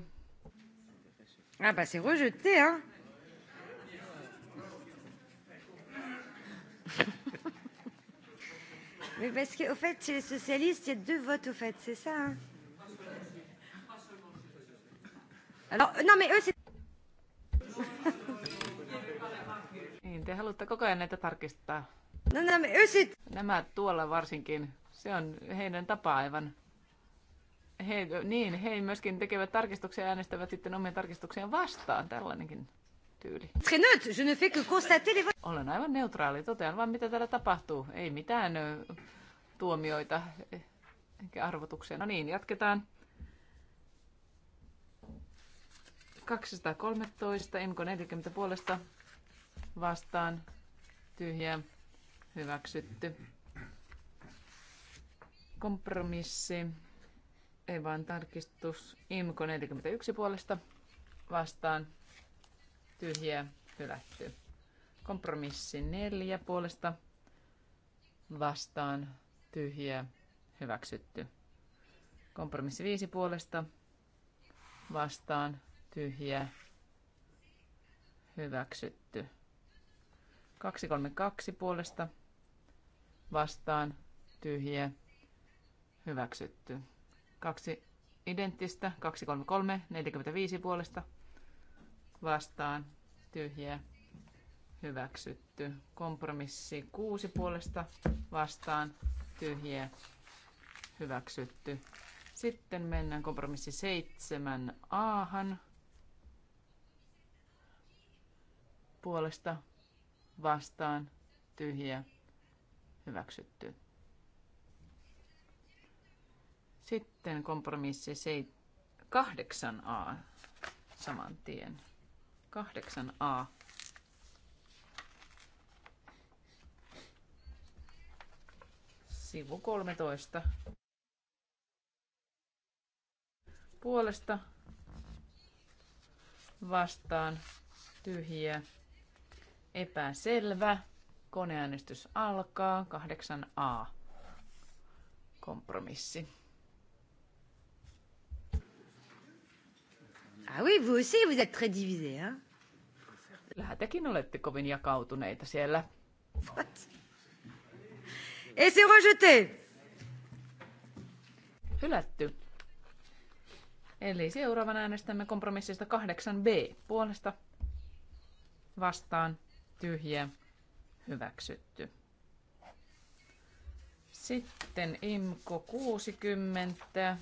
Ah bah c'est rejeté hein. Mais parce qu'au fait, chez les socialistes, il y a deux votes au fait, c'est ça hein Alors, non mais eux c'est te haluatte koko ajan näitä tarkistaa? No nämä no, ysit! Nämä tuolla varsinkin. Se on heidän tapa aivan. He, niin, he myöskin tekevät tarkistuksia ja äänestävät sitten omia tarkistuksiaan vastaan. Tällainenkin tyyli. Olen aivan neutraali. Totean vaan, mitä täällä tapahtuu. Ei mitään tuomioita eikä arvotuksia. No niin, jatketaan. 213, Inko 40 puolesta vastaan tyhjä hyväksytty. Kompromissi, ei vaan tarkistus, IMKO 41 puolesta vastaan tyhjä hylätty. Kompromissi 4 puolesta vastaan tyhjä hyväksytty. Kompromissi 5 puolesta vastaan tyhjä hyväksytty. 232 puolesta vastaan tyhjiä hyväksytty. Kaksi identtistä 233 45 puolesta vastaan tyhjiä hyväksytty. Kompromissi 6 puolesta vastaan tyhjiä hyväksytty. Sitten mennään kompromissi 7 aahan puolesta vastaan tyhjä hyväksytty. Sitten kompromissi 8a saman tien. 8a. Sivu 13. Puolesta vastaan tyhjiä Epäselvä. Koneäänestys alkaa. 8a. Kompromissi. Ah oui, vous aussi, vous êtes très divisé, hein? Kyllähän tekin olette kovin jakautuneita siellä. What? Et c'est rejeté! Hylätty. Eli seuraavan äänestämme kompromissista 8b puolesta vastaan tyhjä, hyväksytty. Sitten IMKO 60.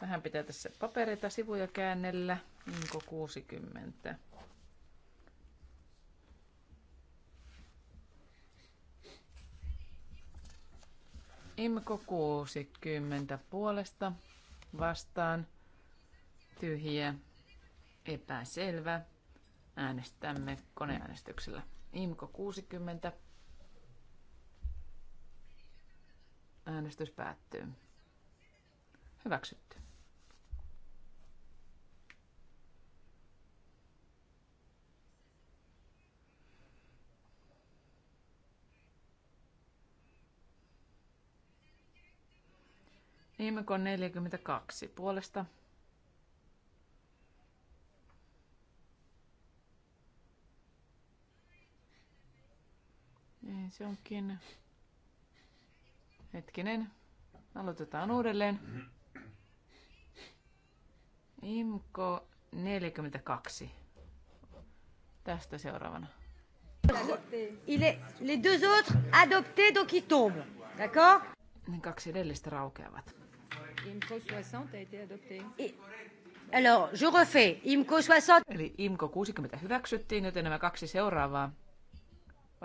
Vähän pitää tässä papereita sivuja käännellä. IMKO 60. IMKO 60 puolesta vastaan tyhjä, epäselvä, äänestämme koneäänestyksellä. IMKO 60. Äänestys päättyy. Hyväksytty. Imko 42 puolesta Näin se onkin. Hetkinen. Aloitetaan uudelleen. Imko 42. Tästä seuraavana. Il les deux autres adoptés, donc ils tombent. D'accord Ne kaksi edellistä raukeavat. Imco 60 a été adopté. alors, je refais. Imco 60. Eli Imco 60 hyväksyttiin, joten nämä kaksi seuraavaa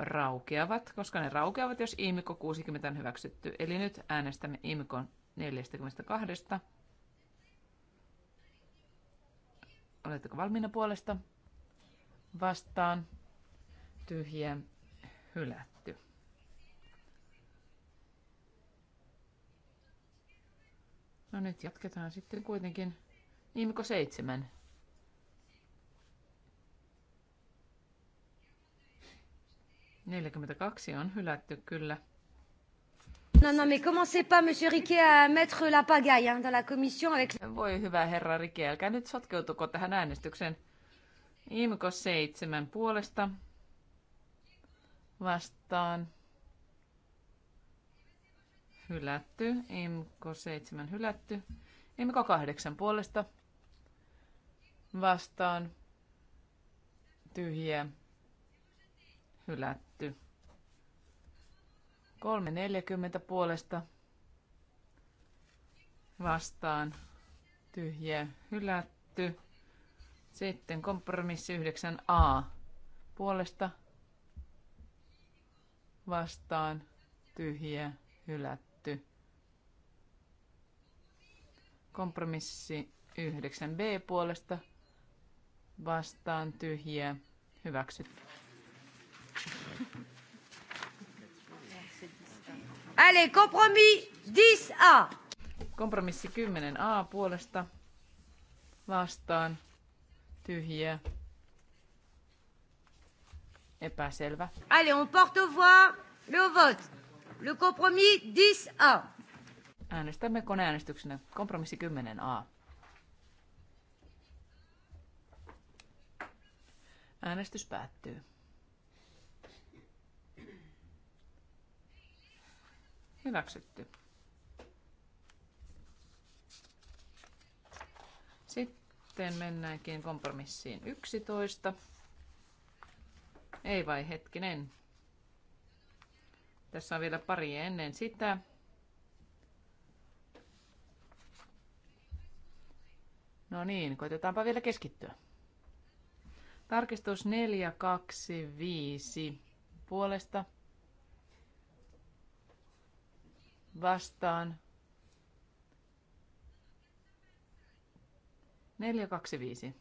raukeavat, koska ne raukeavat, jos IMIKO 60 on hyväksytty. Eli nyt äänestämme IMIKOn 42. Oletteko valmiina puolesta? Vastaan. Tyhjä. Hylätty. No nyt jatketaan sitten kuitenkin. IMIKO 7 42 on hylätty kyllä. Non, non, mais commencez pas, monsieur Riquet, à mettre la pagaille hein, dans la commission avec... Voi hyvä herra Riquet, älkää nyt sotkeutuko tähän äänestykseen. Imko 7 puolesta vastaan. Hylätty. Imko 7 hylätty. Imko 8 puolesta vastaan. tyhjä hylätty. 3.40 puolesta vastaan tyhjä hylätty. Sitten kompromissi 9a puolesta vastaan tyhjä hylätty. Kompromissi 9b puolesta vastaan tyhjä hyväksytty. Allez, kompromis 10a. Kompromissi 10a puolesta vastaan tyhjiä. Epäselvä. Allez, on porte voix le vote. Le compromis 10a. Äänestämme koneäänestyksenä. Kompromissi 10a. Äänestys päättyy. Hyväksytty. Sitten mennäänkin kompromissiin 11. Ei vai hetkinen. Tässä on vielä pari ennen sitä. No niin, koitetaanpa vielä keskittyä. Tarkistus 4, 2, 5 puolesta vastaan. 425.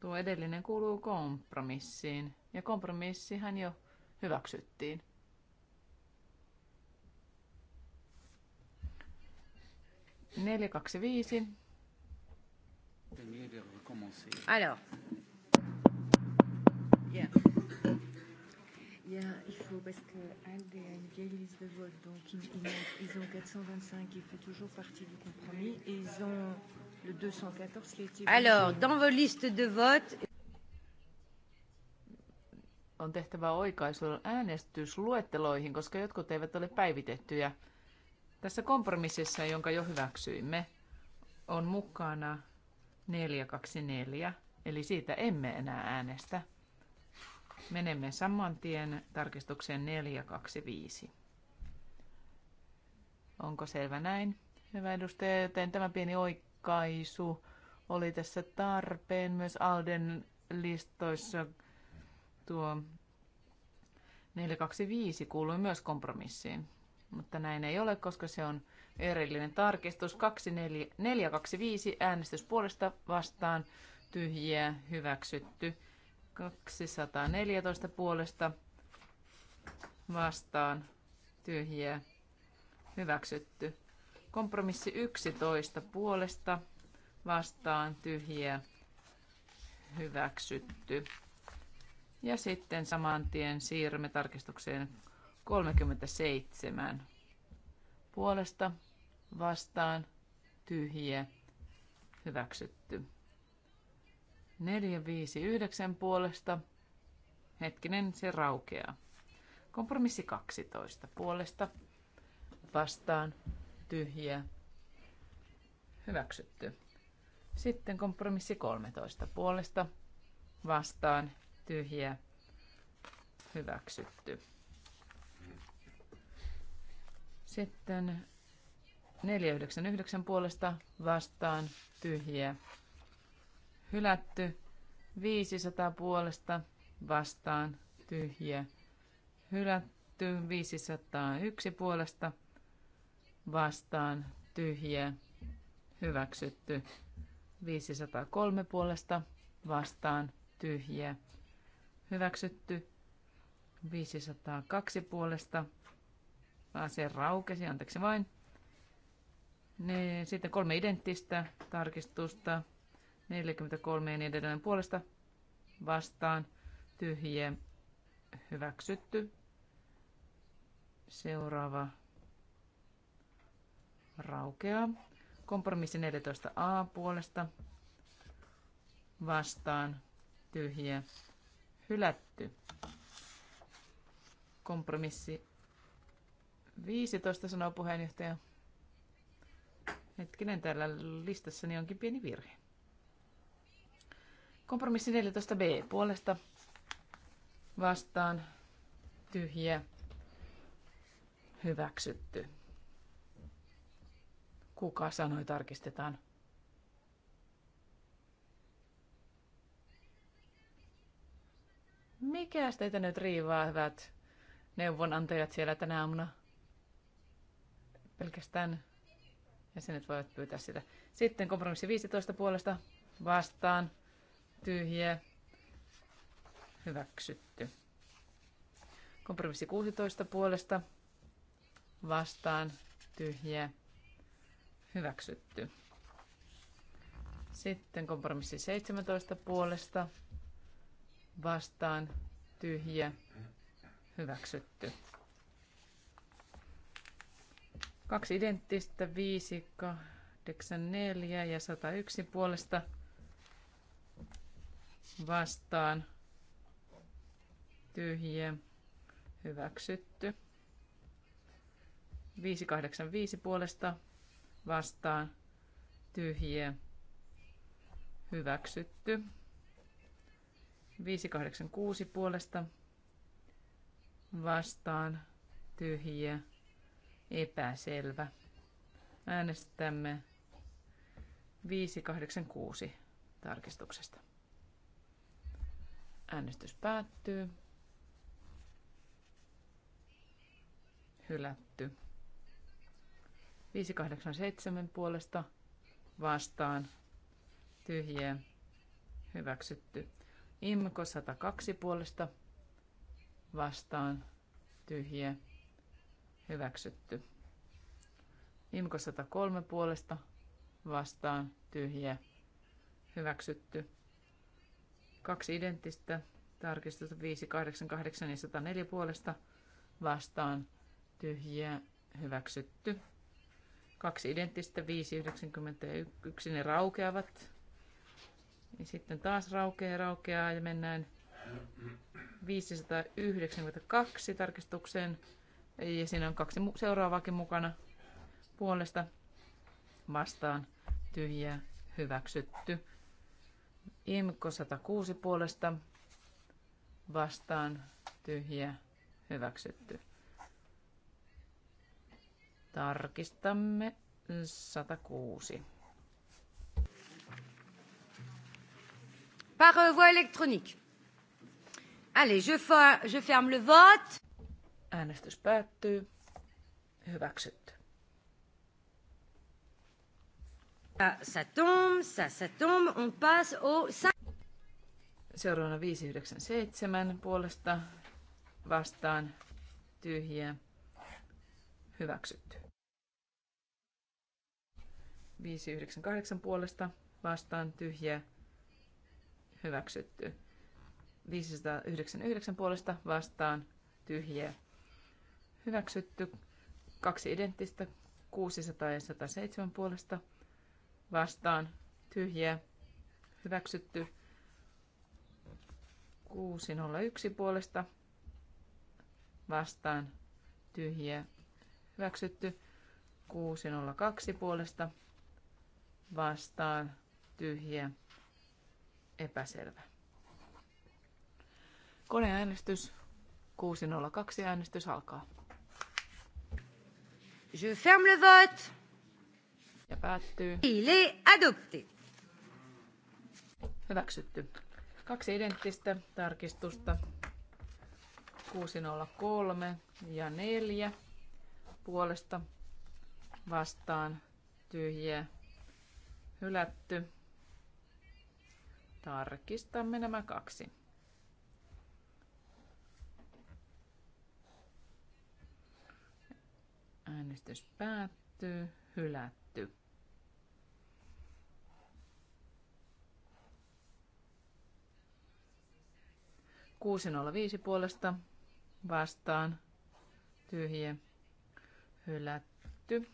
Tuo edellinen kuuluu kompromissiin, ja kompromissihan jo hyväksyttiin. Neljä, kaksi, viisi. Alors. Yeah. Il, y a, il faut, parce que Alde a une vieille liste de vote, donc ils, ils, ont, ils ont 425 qui fait toujours partie du compromis, et ils ont le 214 qui a été... Alors, dans vos listes de vote... On tehtävä oikaisu äänestysluetteloihin, koska jotkut eivät ole päivitettyjä. Tässä kompromississa, jonka jo hyväksyimme, on mukana 424, eli siitä emme enää äänestä. Menemme saman tien tarkistukseen 425. Onko selvä näin? Hyvä edustaja, joten tämä pieni oikaisu oli tässä tarpeen myös Alden listoissa tuo 425 kuului myös kompromissiin. Mutta näin ei ole, koska se on erillinen tarkistus. 425 äänestys puolesta vastaan tyhjiä hyväksytty. 214 puolesta vastaan tyhjiä hyväksytty. Kompromissi 11 puolesta vastaan tyhjiä hyväksytty. Ja sitten saman tien siirrymme tarkistukseen 37 puolesta vastaan tyhjiä hyväksytty. 459 puolesta. Hetkinen, se raukeaa. Kompromissi 12 puolesta. Vastaan. Tyhjä. Hyväksytty. Sitten kompromissi 13 puolesta. Vastaan. Tyhjä. Hyväksytty. Sitten 499 puolesta vastaan tyhjiä hylätty. 500 puolesta vastaan tyhjä, hylätty. 501 puolesta vastaan tyhjä. hyväksytty. 503 puolesta vastaan tyhjä. hyväksytty. 502 puolesta se raukesi, anteeksi vain. Ne, sitten kolme identtistä tarkistusta. 43 ja niin edelleen puolesta vastaan tyhjiä hyväksytty. Seuraava raukeaa. Kompromissi 14a puolesta vastaan tyhjiä hylätty. Kompromissi 15 sanoo puheenjohtaja. Hetkinen, täällä listassani onkin pieni virhe. Kompromissi 14b puolesta vastaan tyhjä hyväksytty. Kuka sanoi tarkistetaan? Mikä teitä nyt riivaa, hyvät neuvonantajat siellä tänä aamuna? Pelkästään jäsenet voivat pyytää sitä. Sitten kompromissi 15 puolesta vastaan tyhjiä, hyväksytty. Kompromissi 16 puolesta vastaan tyhjiä, hyväksytty. Sitten kompromissi 17 puolesta vastaan tyhjiä, hyväksytty. Kaksi identtistä, 5, 8, 4 ja 101 puolesta vastaan tyhjiä hyväksytty. 585 puolesta vastaan tyhjiä hyväksytty. 586 puolesta vastaan tyhjiä epäselvä. Äänestämme 586 tarkistuksesta. Äänestys päättyy. Hylätty. 587 puolesta vastaan. Tyhjiä. Hyväksytty. Imko 102 puolesta vastaan. Tyhjiä. Hyväksytty. Imko 103 puolesta vastaan. Tyhjiä. Hyväksytty. Kaksi identtistä tarkistusta 588 ja 104 puolesta vastaan tyhjiä hyväksytty. Kaksi identtistä 591 ne raukeavat. Ja sitten taas raukeaa raukeaa ja mennään 592 tarkistukseen. Ja siinä on kaksi seuraavaakin mukana puolesta vastaan tyhjiä hyväksytty. Imko 106 puolesta vastaan tyhjä hyväksytty. Tarkistamme 106. Par euh, voie électronique. Allez, je, for, je ferme le vote. Äänestys päättyy. Hyväksytty. Ja, sä tombe, sä, sä tombe, on oh, sä... Seuraavana 597 puolesta vastaan tyhjiä hyväksytty. 598 puolesta vastaan tyhjiä hyväksytty. 599 puolesta vastaan tyhjiä hyväksytty. Kaksi identtistä 600 ja 107 puolesta vastaan tyhjiä hyväksytty 601 puolesta vastaan tyhjiä hyväksytty 602 puolesta vastaan tyhjiä epäselvä. Koneäänestys 602 äänestys alkaa. Je ferme le vote. Ja päättyy. Il est adopté. Hyväksytty. Kaksi identtistä tarkistusta. 603 ja 4 puolesta vastaan tyhjiä hylätty. Tarkistamme nämä kaksi. Äänestys päättyy. Hylätty. 605 puolesta vastaan tyhjä hylätty.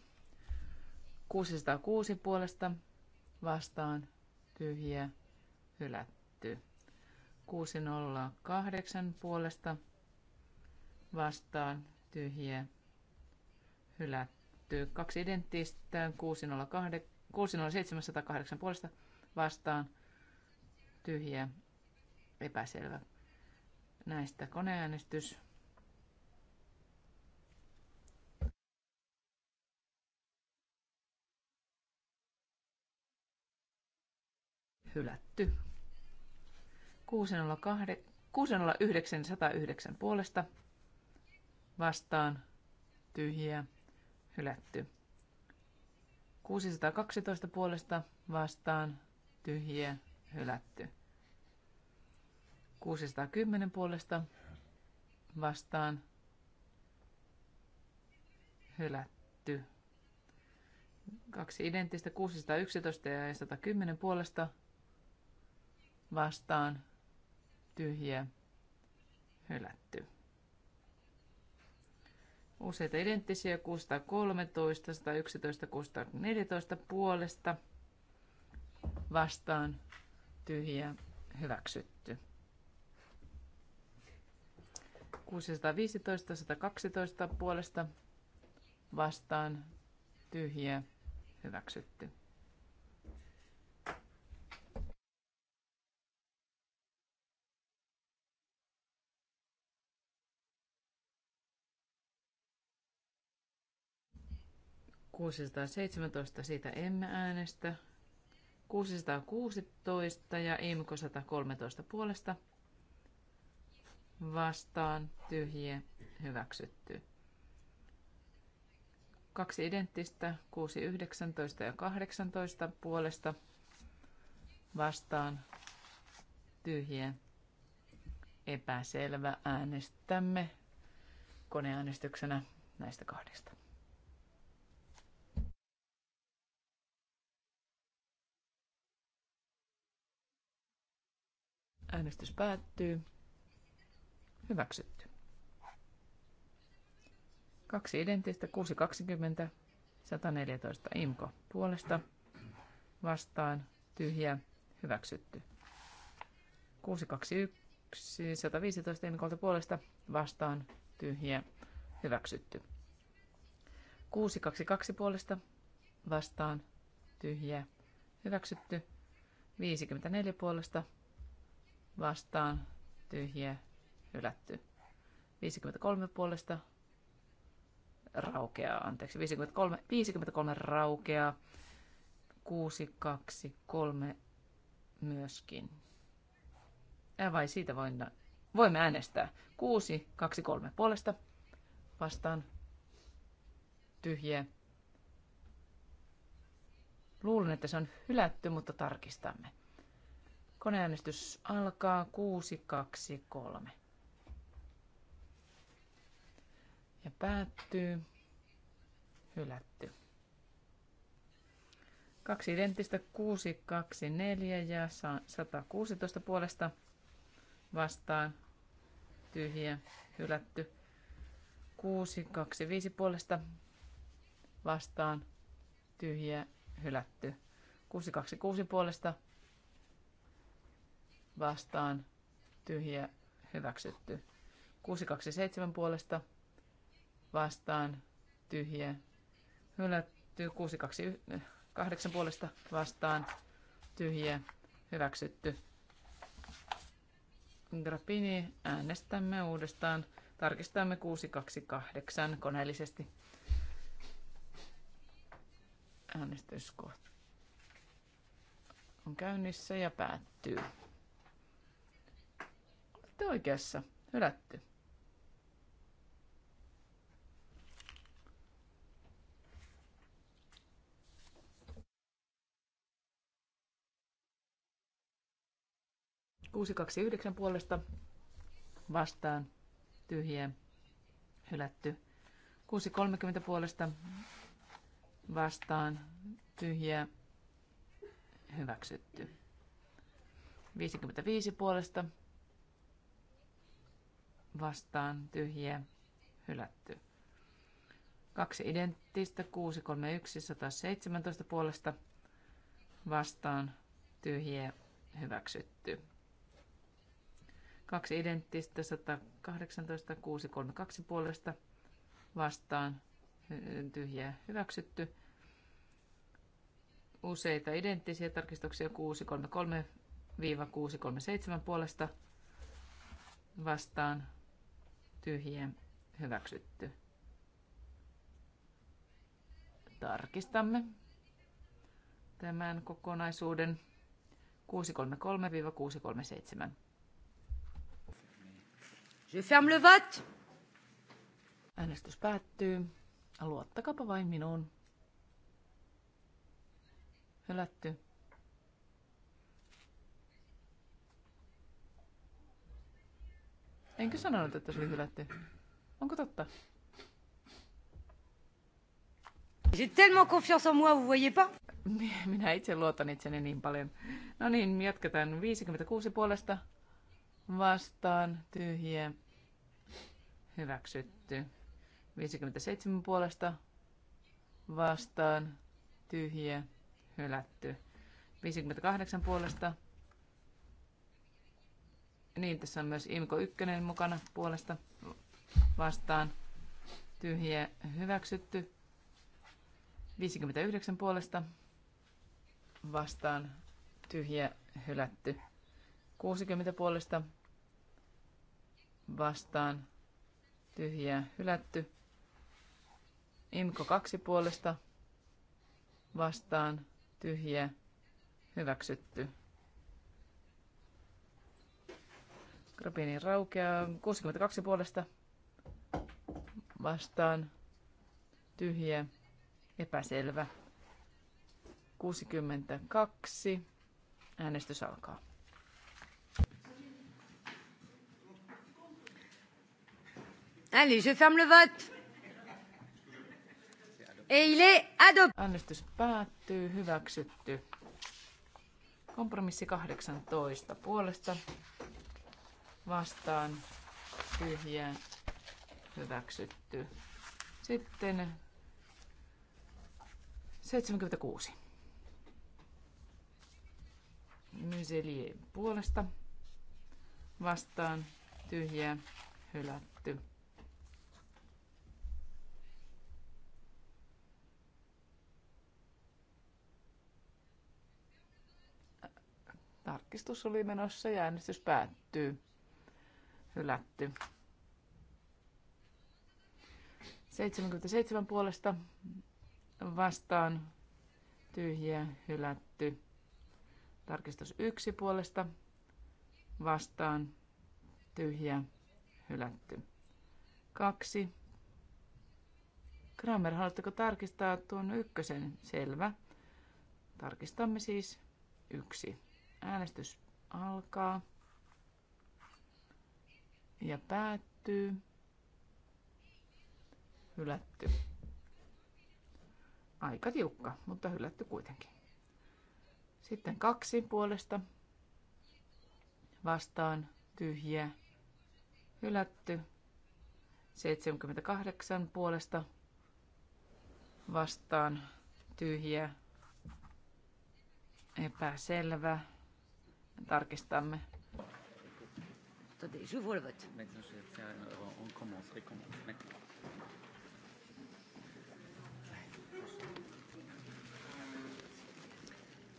606 puolesta vastaan tyhjä hylätty. 608 puolesta vastaan tyhjä hylätty. Kaksi identtistä 608, 607 puolesta vastaan tyhjä epäselvä näistä koneäänestys. Hylätty. 609 puolesta vastaan tyhjiä hylätty. 612 puolesta vastaan tyhjiä hylätty. 610 puolesta vastaan hylätty. Kaksi identtistä 611 ja 110 puolesta vastaan tyhjä hylätty. Useita identtisiä 613, 111, 614 puolesta vastaan tyhjä hyväksytty. 615, 112 puolesta vastaan tyhjiä hyväksytty. Kuusisataaseitsemäntoista siitä emme äänestä. 616 ja IMKO 113 puolesta vastaan tyhjiä hyväksytty. Kaksi identtistä, 6, 19 ja 18 puolesta vastaan tyhjiä epäselvä. Äänestämme koneäänestyksenä näistä kahdesta. Äänestys päättyy. Hyväksytty. Kaksi identtistä, 620, 114 imko puolesta, vastaan, tyhjä, hyväksytty. 621, 115 imkolta puolesta, vastaan, tyhjä, hyväksytty. 622 puolesta, vastaan, tyhjä, hyväksytty. 54 puolesta, vastaan, tyhjä, hylätty. 53 puolesta raukeaa, anteeksi, 53, 53 raukeaa, 6, 2, 3 myöskin. Ja vai siitä voin, voimme äänestää. 6, 2, 3 puolesta vastaan tyhjiä. Luulen, että se on hylätty, mutta tarkistamme. Koneäänestys alkaa 6, 2, 3. ja päättyy. Hylätty. Kaksi identtistä 6, 2, 4 ja 116 puolesta vastaan. Tyhjä, hylätty. 6, 2, 5 puolesta vastaan. Tyhjä, hylätty. 6, 2, 6 puolesta vastaan. Tyhjä, hyväksytty. 6, 2, 7 puolesta vastaan vastaan tyhjä. Hylätty 628 puolesta vastaan tyhjä. Hyväksytty. Grappini äänestämme uudestaan. Tarkistamme 628 koneellisesti. Äänestyskohta on käynnissä ja päättyy. Olette oikeassa. Hylätty. 629 puolesta vastaan tyhjä, hylätty. 630 puolesta vastaan tyhjä, hyväksytty. 55 puolesta vastaan tyhjä, hylätty. Kaksi identtistä 631 117 puolesta vastaan tyhjä, hyväksytty. Kaksi identtistä 118, 632 puolesta vastaan tyhjää hyväksytty. Useita identtisiä tarkistuksia 633-637 puolesta vastaan tyhjää hyväksytty. Tarkistamme tämän kokonaisuuden 633-637. Je ferme le vote. Äänestys päättyy. Luottakapa vain minuun. Hylätty. Enkö sanonut, että se oli hylätty? Onko totta? J'ai tellement confiance en moi, vous voyez pas? Minä itse luotan itseni niin paljon. No niin, jatketaan. 56 puolesta vastaan tyhjiä hyväksytty. 57 puolesta vastaan tyhjä, hylätty. 58 puolesta. Niin, tässä on myös Imko 1 mukana puolesta vastaan tyhjä, hyväksytty. 59 puolesta vastaan tyhjä, hylätty. 60 puolesta vastaan tyhjää hylätty. Imko kaksi puolesta vastaan tyhjää hyväksytty. Grabini raukeaa 62 puolesta vastaan tyhjä epäselvä 62. Äänestys alkaa. Allez, je ferme le vote. Et il est adopté. Äänestys päättyy. Hyväksytty. Kompromissi 18 puolesta. Vastaan tyhjää. Hyväksytty. Sitten 76. Myselien puolesta vastaan tyhjää hylätty. Tarkistus oli menossa ja äänestys päättyy. Hylätty. 77 puolesta vastaan tyhjiä hylätty. Tarkistus 1 puolesta vastaan tyhjiä hylätty. 2. Kramer, haluatteko tarkistaa tuon ykkösen? Selvä. Tarkistamme siis yksi. Äänestys alkaa ja päättyy. Hylätty. Aika tiukka, mutta hylätty kuitenkin. Sitten kaksi puolesta. Vastaan tyhjä. Hylätty. 78 puolesta. Vastaan tyhjä. Epäselvä tarkistamme. Attendez, j'ouvre le vote. Maintenant, je vais faire, on commence, recommence maintenant.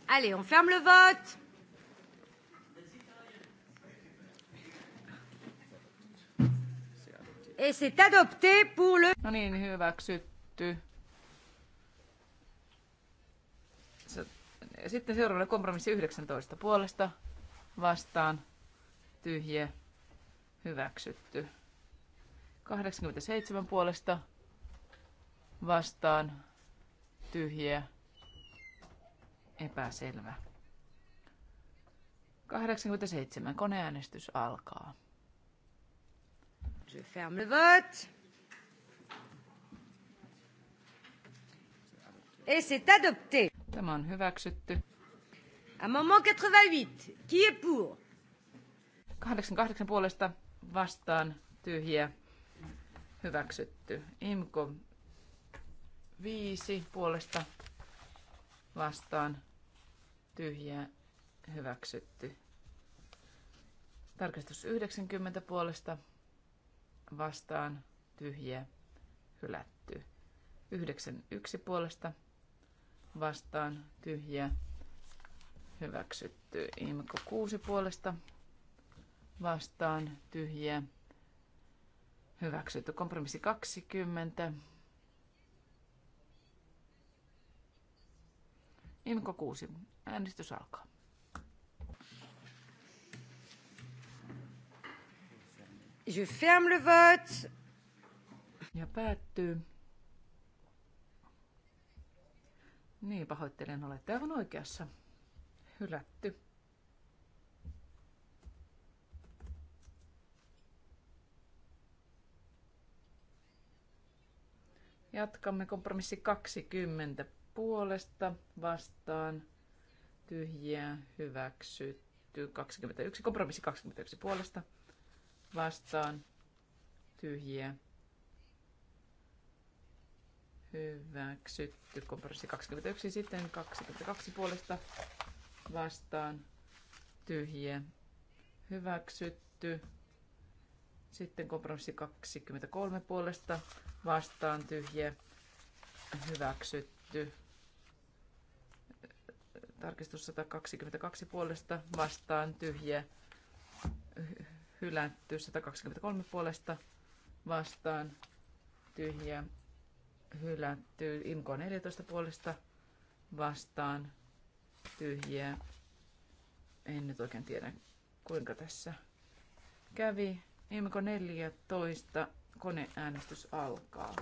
Allez, on ferme le vote. Et c'est adopté pour le... No niin, hyväksytty. Sitten seuraavana kompromissi 19 puolesta vastaan tyhjä hyväksytty. 87 puolesta vastaan tyhjä epäselvä. 87 koneäänestys alkaa. Je ferme le vote. Et c'est adopté. Tämä on hyväksytty. Amendement 88. Qui est pour? 88 puolesta vastaan tyhjiä hyväksytty. Imko 5 puolesta vastaan tyhjiä hyväksytty. Tarkistus 90 puolesta vastaan tyhjiä hylätty. 91 puolesta vastaan tyhjiä Hyväksytty. Imko 6 puolesta vastaan tyhjiä. Hyväksytty. Kompromissi 20. Imko 6. Äänestys alkaa. Je ferme le vote. Ja päättyy. Niin, pahoittelen, olette aivan oikeassa hylätty. Jatkamme kompromissi 20 puolesta vastaan tyhjiä hyväksytty 21. Kompromissi 21 puolesta vastaan tyhjiä hyväksytty kompromissi 21. Sitten 22 puolesta vastaan tyhjiä hyväksytty. Sitten kompromissi 23 puolesta vastaan tyhjiä hyväksytty. Tarkistus 122 puolesta vastaan tyhjiä hylätty. 123 puolesta vastaan tyhjiä hylätty. Inko 14 puolesta vastaan tyhjiä. En nyt oikein tiedä, kuinka tässä kävi. Ilmeko 14 koneäänestys alkaa.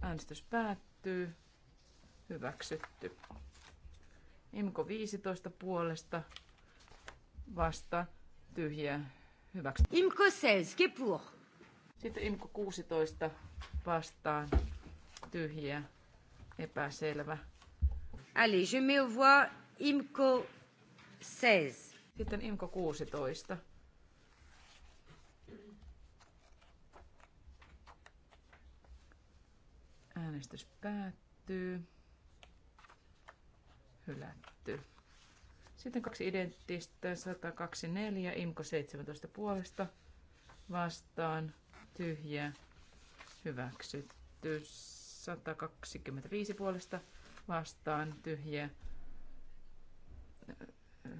Äänestys päättyy. Hyväksytty. Imko 15 puolesta vasta tyhjä hyväksytty. Imko 16, pour? Sitten Imko 16 vastaan. Tyhjiä. Epäselvä. Allez, je mets au Imko 16. Sitten Imko 16. Äänestys päättyy. Hylätty. Sitten kaksi identtistä, 124, IMKO 17 puolesta vastaan, tyhjä hyväksytty. 125 puolesta vastaan tyhjä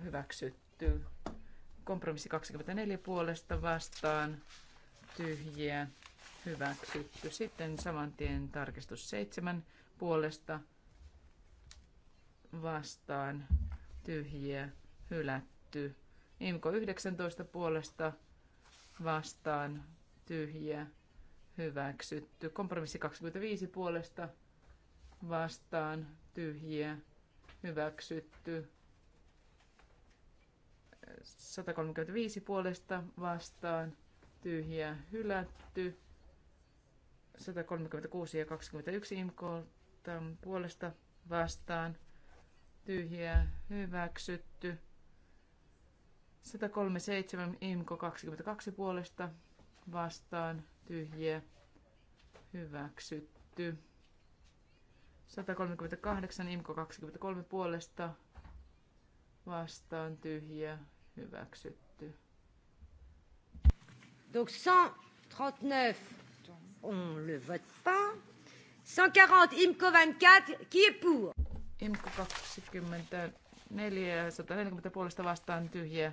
hyväksytty. Kompromissi 24 puolesta vastaan tyhjiä hyväksytty. Sitten saman tien tarkistus 7 puolesta vastaan tyhjiä hylätty. Imko 19 puolesta vastaan tyhjiä hyväksytty. Kompromissi 25 puolesta vastaan tyhjiä hyväksytty. 135 puolesta vastaan tyhjiä hylätty. 136 ja 21 imkolta puolesta vastaan tyhjiä hyväksytty. 137 imko 22 puolesta vastaan tyhjiä hyväksytty. 138, Imko 23 puolesta vastaan tyhjiä hyväksytty. Donc 139, on le vote pas. 140, Imko 24, qui est pour? Imko 24 ja 140 puolesta vastaan tyhjiä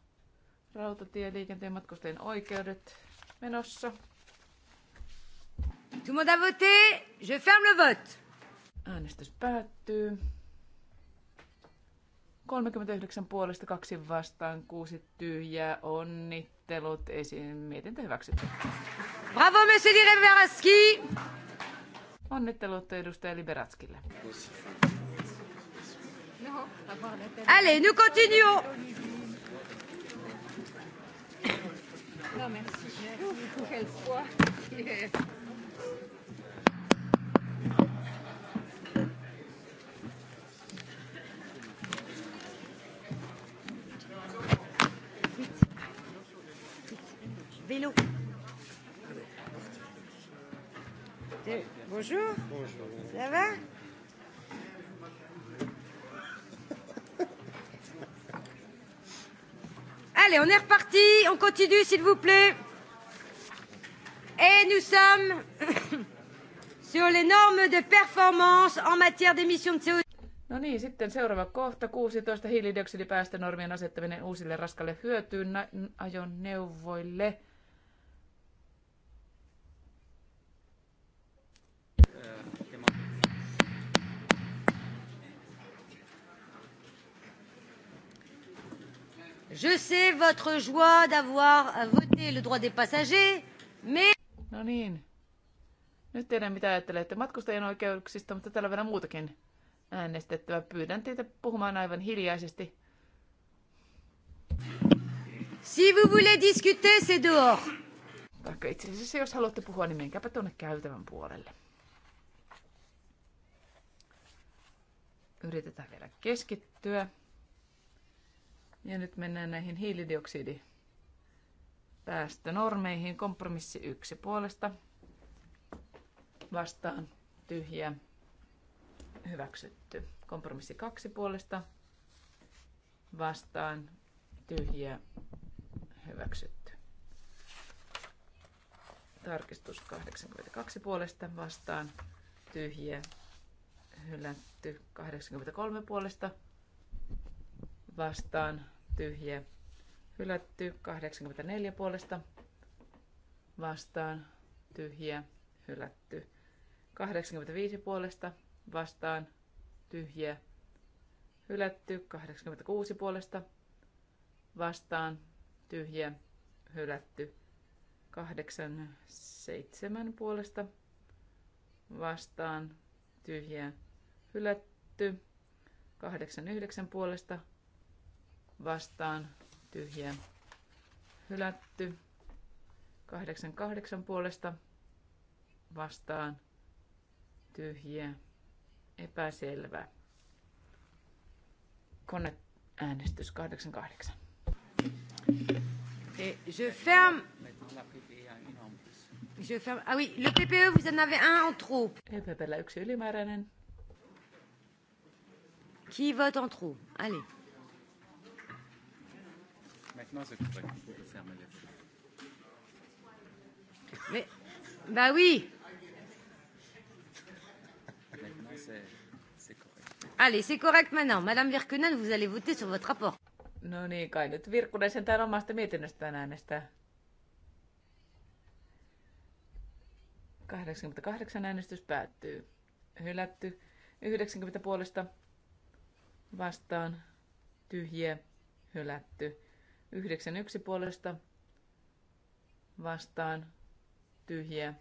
rautatieliikenteen matkustajien oikeudet menossa. Tout le monde a voté, je ferme le vote. Äänestys päättyy. 39 puolesta, kaksi vastaan, kuusi tyhjää. Onnittelut esiin. Mietintö hyväksytty. Bravo, monsieur Liberatski! Onnittelut edustaja Liberatskille. Allez, nous continuons! Non, merci. Pour qu'elle soit. Allez, on est reparti, on continue s'il vous plaît. Et nous sommes sur les normes de performance en matière d'émissions de CO2. No niin, sitten seuraava kohta, 16 hiilidioksidipäästönormien asettaminen uusille raskalle hyötyyn ajoneuvoille. Je sais votre joie d'avoir voté le droit des passagers, mais... No niin. Nyt tiedän mitä ajattelette matkustajien oikeuksista, mutta täällä on vielä muutakin äänestettävä. Pyydän teitä puhumaan aivan hiljaisesti. Si vous voulez discuter, c'est dehors. Vaikka itse asiassa jos haluatte puhua, niin menkääpä tuonne käytävän puolelle. Yritetään vielä keskittyä. Ja nyt mennään näihin hiilidioksidipäästönormeihin. Kompromissi yksi puolesta vastaan tyhjä hyväksytty. Kompromissi kaksi puolesta vastaan tyhjä hyväksytty. Tarkistus 82 puolesta vastaan tyhjä hylätty. 83 puolesta vastaan tyhjä hylätty. 84 puolesta vastaan tyhjä hylätty. 85 puolesta vastaan tyhjä hylätty. 86 puolesta vastaan tyhjä hylätty. 87 puolesta vastaan tyhjä hylätty. 89 puolesta vastaan tyhjä hylätty. 88 puolesta vastaan tyhjä epäselvä. Kone äänestys 88. Et je ferme. Je ferme. Ah oui, le PPE, vous en avez un en trop. E yksi ylimääräinen. Qui vote en trop? Allez. Maintenant, c'est correct. Il faut fermer les Mais, bah oui. Maintenant, c'est correct. Allez, c'est correct maintenant. Madame Virkunen, vous allez voter sur votre rapport. No niin, kai nyt Virkkunen sen sentään omasta mietinnöstään äänestää. 88 äänestys päättyy. Hylätty. 90 puolesta vastaan. Tyhjiä. Hylätty. 91 puolesta vastaan tyhjiä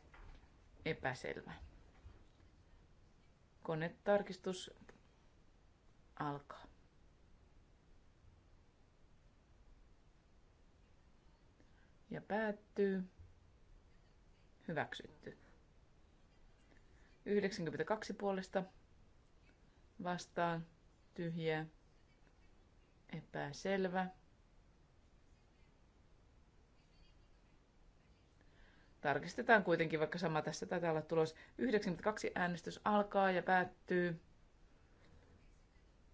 epäselvä. Konetarkistus alkaa. Ja päättyy. Hyväksytty. 92 puolesta vastaan tyhjiä epäselvä. Tarkistetaan kuitenkin, vaikka sama tässä taitaa olla tulos. 92 äänestys alkaa ja päättyy.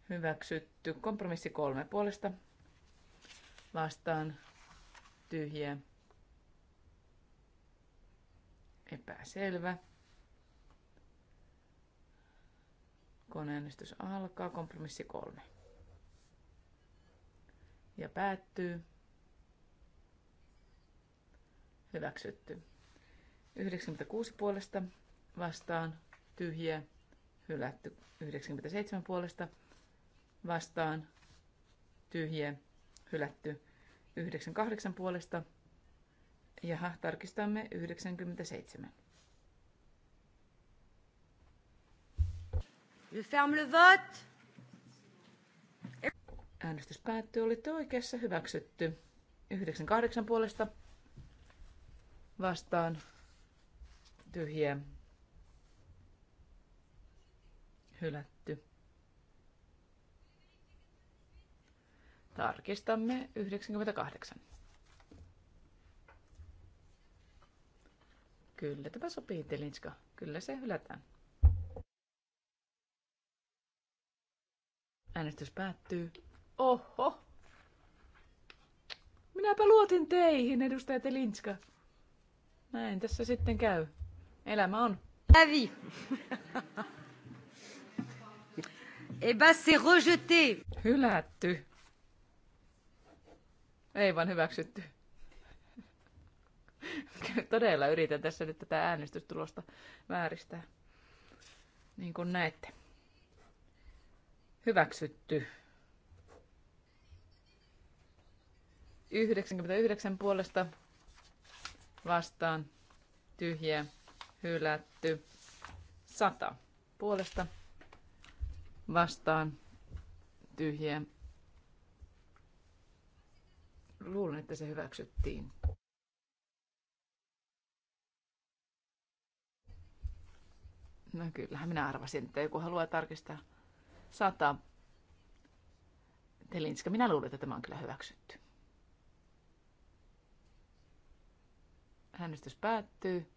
Hyväksytty. Kompromissi kolme puolesta. Vastaan tyhjä Epäselvä. Koneäänestys alkaa. Kompromissi kolme. Ja päättyy. Hyväksytty. 96 puolesta vastaan tyhjiä hylätty. 97 puolesta vastaan tyhjiä hylätty. 98 puolesta ja tarkistamme 97. Je ferme le vote. Äänestys päättyy. Olitte oikeassa hyväksytty. 98 puolesta vastaan tyhjiä, hylätty. Tarkistamme 98. Kyllä tämä sopii, Telinska. Kyllä se hylätään. Äänestys päättyy. Oho! Minäpä luotin teihin, edustaja Telinska. Näin tässä sitten käy. Elämä on. Avi. eh ben, c'est rejeté. Hylätty. Ei vaan hyväksytty. Todella yritän tässä nyt tätä äänestystulosta vääristää. Niin kuin näette. Hyväksytty. 99 puolesta vastaan tyhjää hylätty. 100 puolesta vastaan tyhjä. Luulen, että se hyväksyttiin. No kyllähän minä arvasin, että joku haluaa tarkistaa sata. Telinska, minä luulen, että tämä on kyllä hyväksytty. Äänestys päättyy.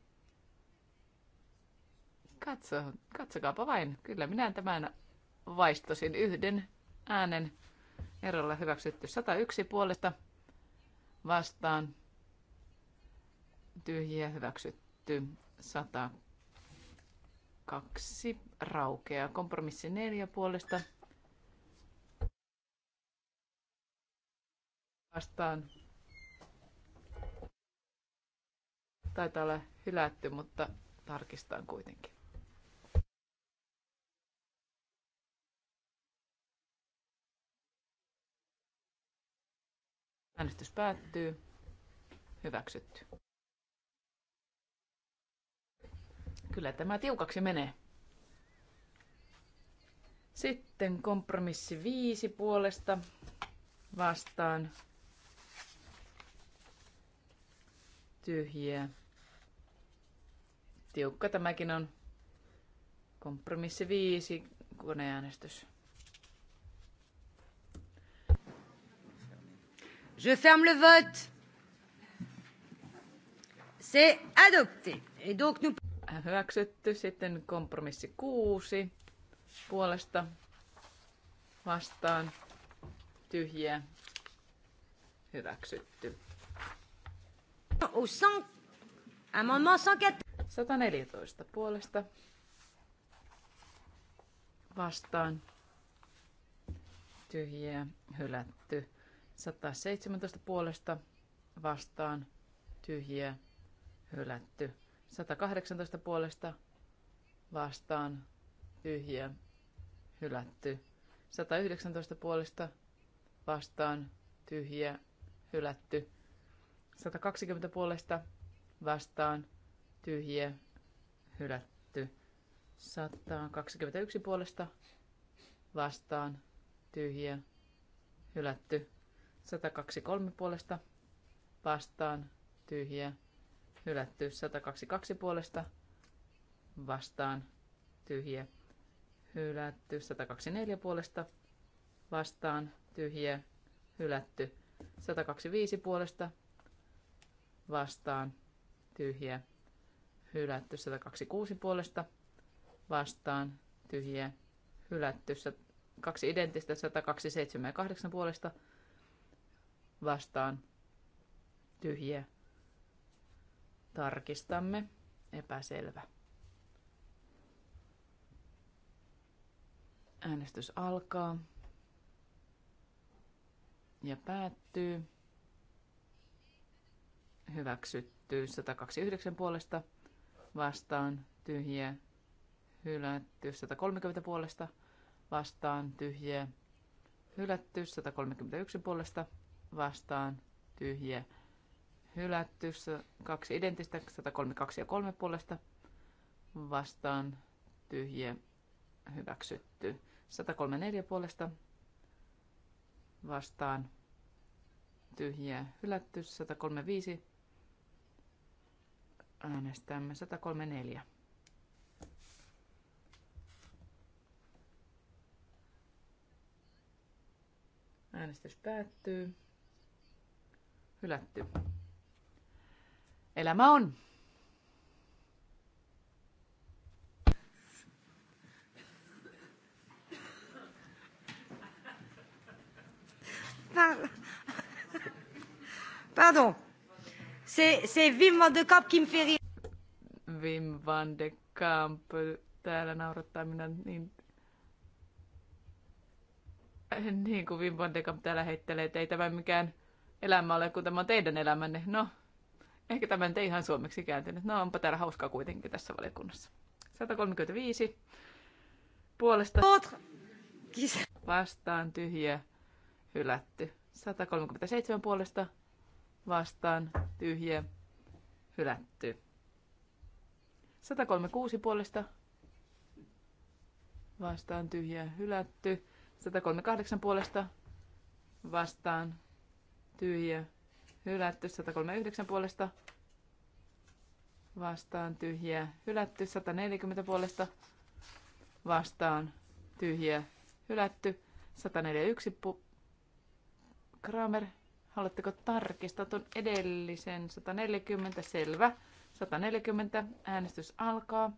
Katso, katsokaapa vain. Kyllä minä tämän vaistosin yhden äänen erolla hyväksytty 101 puolesta vastaan. Tyhjiä hyväksytty 102 raukea Kompromissi 4 puolesta vastaan. Taitaa olla hylätty, mutta tarkistaan kuitenkin. Äänestys päättyy. Hyväksytty. Kyllä tämä tiukaksi menee. Sitten kompromissi viisi puolesta vastaan tyhjiä. Tiukka tämäkin on. Kompromissi viisi koneäänestys. Je ferme le vote. C'est adopté. Et donc nous... Hyväksytty sitten kompromissi kuusi puolesta vastaan tyhjiä hyväksytty. Au 100, amendement 114. 114 puolesta vastaan tyhjiä hylätty 117 puolesta vastaan tyhjiä hylätty. 118 puolesta vastaan tyhjiä hylätty. 119 puolesta vastaan tyhjiä hylätty. 120 puolesta vastaan tyhjiä hylätty. 121 puolesta vastaan tyhjiä hylätty. 123 puolesta vastaan tyhjiä hylätty. 122 puolesta vastaan tyhjiä hylätty. 124 puolesta vastaan tyhjiä hylätty. 125 puolesta vastaan tyhjiä hylätty. 126 puolesta vastaan tyhjiä hylätty. Kaksi identtistä 127 ja 8 puolesta vastaan vastaan tyhjiä. Tarkistamme. Epäselvä. Äänestys alkaa ja päättyy. Hyväksytty 129 puolesta vastaan tyhjiä. Hylätty 130 puolesta vastaan tyhjiä. Hylätty 131 puolesta vastaan tyhjä hylätty. Kaksi identistä, 132 ja 3 puolesta vastaan tyhjä hyväksytty. 134 puolesta vastaan tyhjä hylätty. 135 äänestämme 134. Äänestys päättyy. Hylätty. Elämä on. Pardon. C'est, c'est Wim van de Kamp qui me fait rire. Wim van de Kamp. Täällä naurattaa minä niin... Niin kuin Wim van de Kamp täällä heittelee, että ei tämä mikään elämä ole, kun tämä on teidän elämänne. No, ehkä tämä ei ihan suomeksi kääntynyt. No, onpa täällä hauskaa kuitenkin tässä valiokunnassa. 135 puolesta vastaan tyhjä hylätty. 137 puolesta vastaan tyhjä hylätty. 136 puolesta vastaan tyhjä hylätty. 138 puolesta vastaan tyhjä, hylätty 139 puolesta, vastaan tyhjä, hylätty 140 puolesta, vastaan tyhjä, hylätty 141 pu- Kramer, haluatteko tarkistaa tuon edellisen 140, selvä. 140, äänestys alkaa.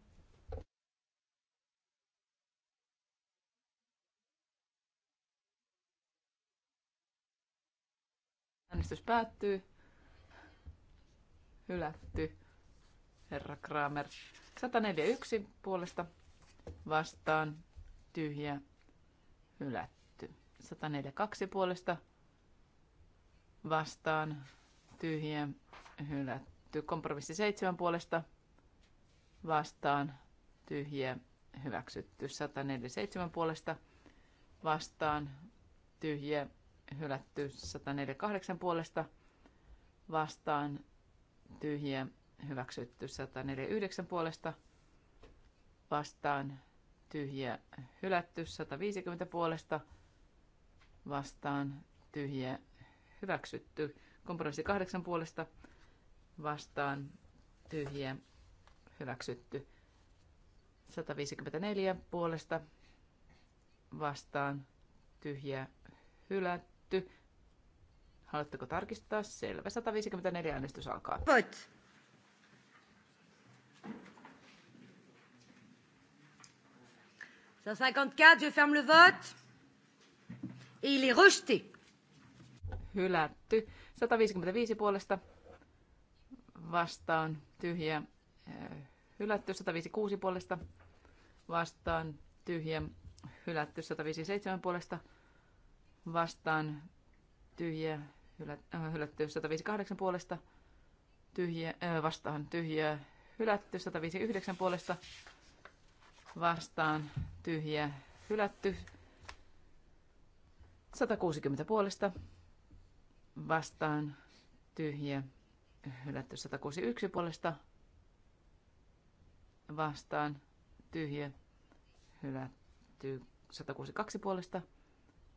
Äänestys päättyy. Hylätty. Herra Kramer. 141 puolesta vastaan. Tyhjä. Hylätty. 142 puolesta vastaan. Tyhjä. Hylätty. Kompromissi 7 puolesta vastaan. Tyhjä. Hyväksytty. 147 puolesta vastaan. Tyhjä hylätty 148 puolesta vastaan tyhjiä hyväksytty 149 puolesta vastaan tyhjiä hylätty 150 puolesta vastaan tyhjiä hyväksytty kompromissi 8 puolesta vastaan tyhjiä hyväksytty 154 puolesta vastaan tyhjiä hylätty hylätty. Haluatteko tarkistaa? Selvä. 154 äänestys alkaa. Voit. je ferme le vote. Et il est rejeté. Hylätty. 155 äh, puolesta vastaan tyhjä. Hylätty 156 puolesta vastaan tyhjä. Hylätty 157 puolesta vastaan tyhjiä, äh, hylätty 158 puolesta, tyhjiä, äh, vastaan tyhjiä, hylätty 159 puolesta, vastaan tyhjiä, hylätty 160 puolesta, vastaan tyhjiä, hylätty 161 puolesta, vastaan tyhjiä, hylätty 162 puolesta,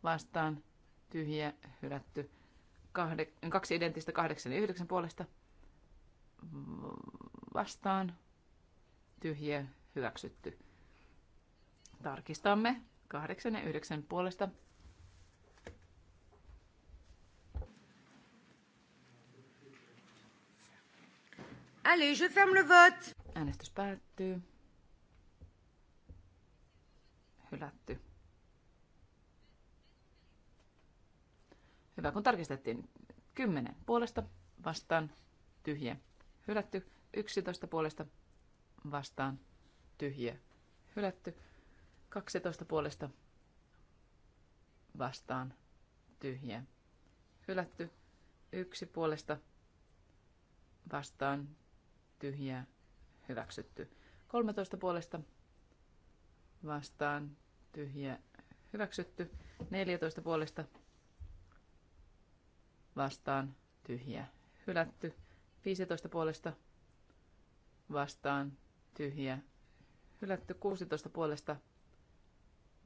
vastaan tyhjiä hylätty. Kahde, kaksi identtistä kahdeksan ja yhdeksän puolesta vastaan tyhjiä hyväksytty. Tarkistamme kahdeksan ja yhdeksän puolesta Allez, je ferme le vote. Äänestys päättyy. Hylätty. Hyvä, kun tarkistettiin. 10 puolesta vastaan tyhjä. Hylätty. 11 puolesta vastaan tyhjä. Hylätty. 12 puolesta vastaan tyhjä. Hylätty. 1 puolesta vastaan tyhjä. Hyväksytty. 13 puolesta vastaan tyhjä. Hyväksytty. 14 puolesta vastaan, tyhjä vastaan tyhjä hylätty. 15 puolesta vastaan tyhjä hylätty. 16 puolesta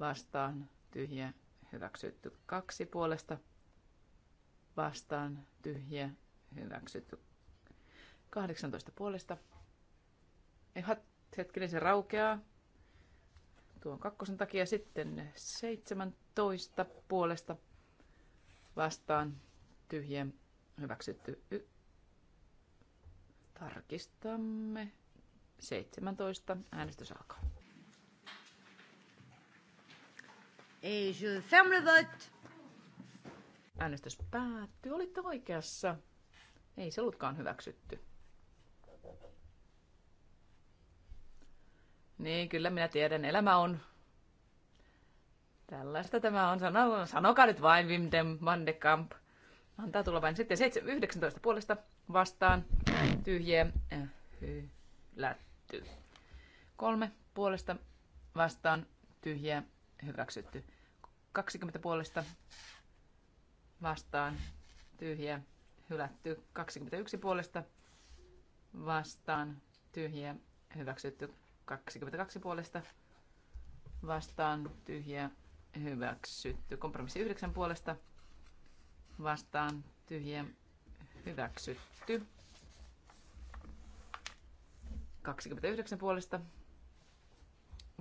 vastaan tyhjä hyväksytty. 2 puolesta vastaan tyhjä hyväksytty. 18 puolesta. Ehat, hetkinen se raukeaa tuon kakkosen takia. Sitten 17 puolesta vastaan tyhjä hyväksytty. Y- Tarkistamme. 17. Äänestys alkaa. Ei je ferme le vote. Äänestys päättyy. Olitte oikeassa. Ei se ollutkaan hyväksytty. Niin, kyllä minä tiedän. Elämä on Tällaista tämä on. Sano, sanokaa nyt vain Wim de Van de Kamp. Antaa tulla vain sitten 19 puolesta vastaan. tyhjää eh, Hylätty. Kolme puolesta vastaan. tyhjää Hyväksytty. 20 puolesta vastaan. tyhjää Hylätty. 21 puolesta vastaan. tyhjää Hyväksytty. 22 puolesta vastaan. tyhjää Hyväksytty. Kompromissi 9 puolesta vastaan tyhjä hyväksytty. 29 puolesta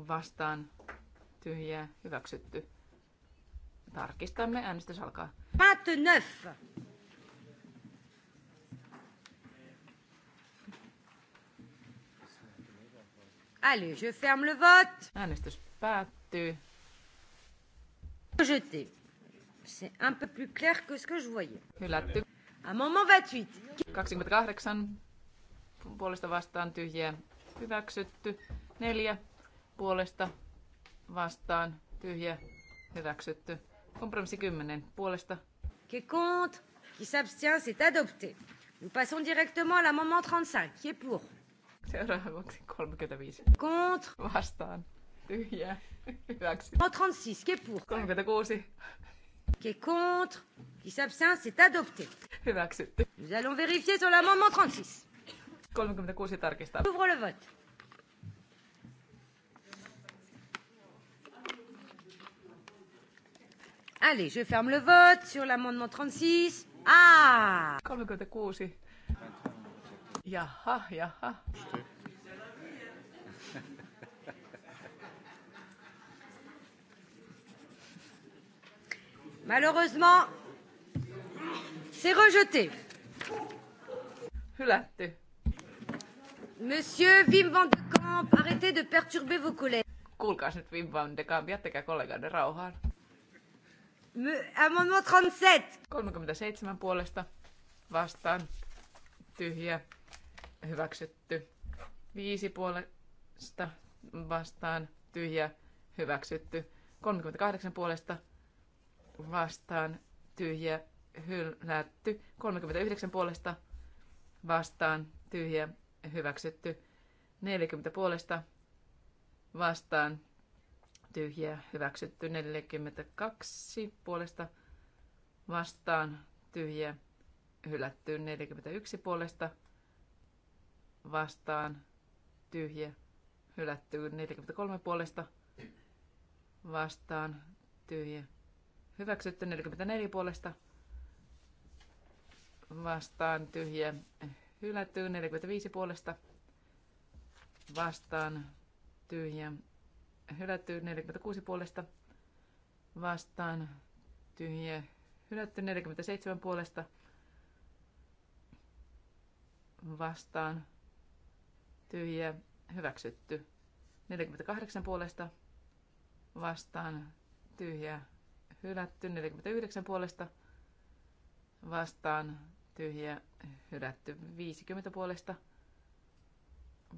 vastaan tyhjä hyväksytty. Tarkistamme, äänestys alkaa. 29. Allez, je ferme le vote. Äänestys päättyy. Jeté. C'est un peu plus clair que ce que je voyais. Hylätty. moment 28. 28 puolesta vastaan tyhjiä hyväksytty. 4 puolesta vastaan tyhjä hyväksytty. Kompromissi 10 puolesta. Qui compte, qui s'abstient, c'est adopté. Nous passons directement à l'amendement 35. Qui est pour? Seuraavaksi 35. Contre. Vastaan. Tyhjää. Hyväksytty. 36. Qui est pour? 36 qui est contre, qui s'abstient, c'est adopté. Hyväksytty. Nous allons vérifier sur l'amendement 36. 36 Ouvre le vote. Allez, je ferme le vote sur l'amendement 36. Ah 36. Jaha, jaha. Stay. Malheureusement, c'est rejeté. Hylätty. Monsieur Wim van de Kamp, arrêtez de perturber vos collègues. Kuulkaas nyt Wim van de Kamp, jättäkää kolleganne rauhaan. Amendement 37. 37 puolesta vastaan. Tyhjä. Hyväksytty. 5 puolesta vastaan. Tyhjä. Hyväksytty. 38 puolesta vastaan tyhjä hylätty. 39 puolesta vastaan tyhjä hyväksytty. 40 puolesta vastaan tyhjä hyväksytty. 42 puolesta vastaan tyhjä hylätty. 41 puolesta vastaan tyhjä hylätty. 43 puolesta vastaan tyhjä hyväksytty 44 puolesta vastaan tyhjä hylätty 45 puolesta vastaan tyhjä hylätty 46 puolesta vastaan tyhjä hylätty 47 puolesta vastaan tyhjä hyväksytty 48 puolesta vastaan tyhjä hylätty, 49 puolesta vastaan tyhjä hylätty, 50 puolesta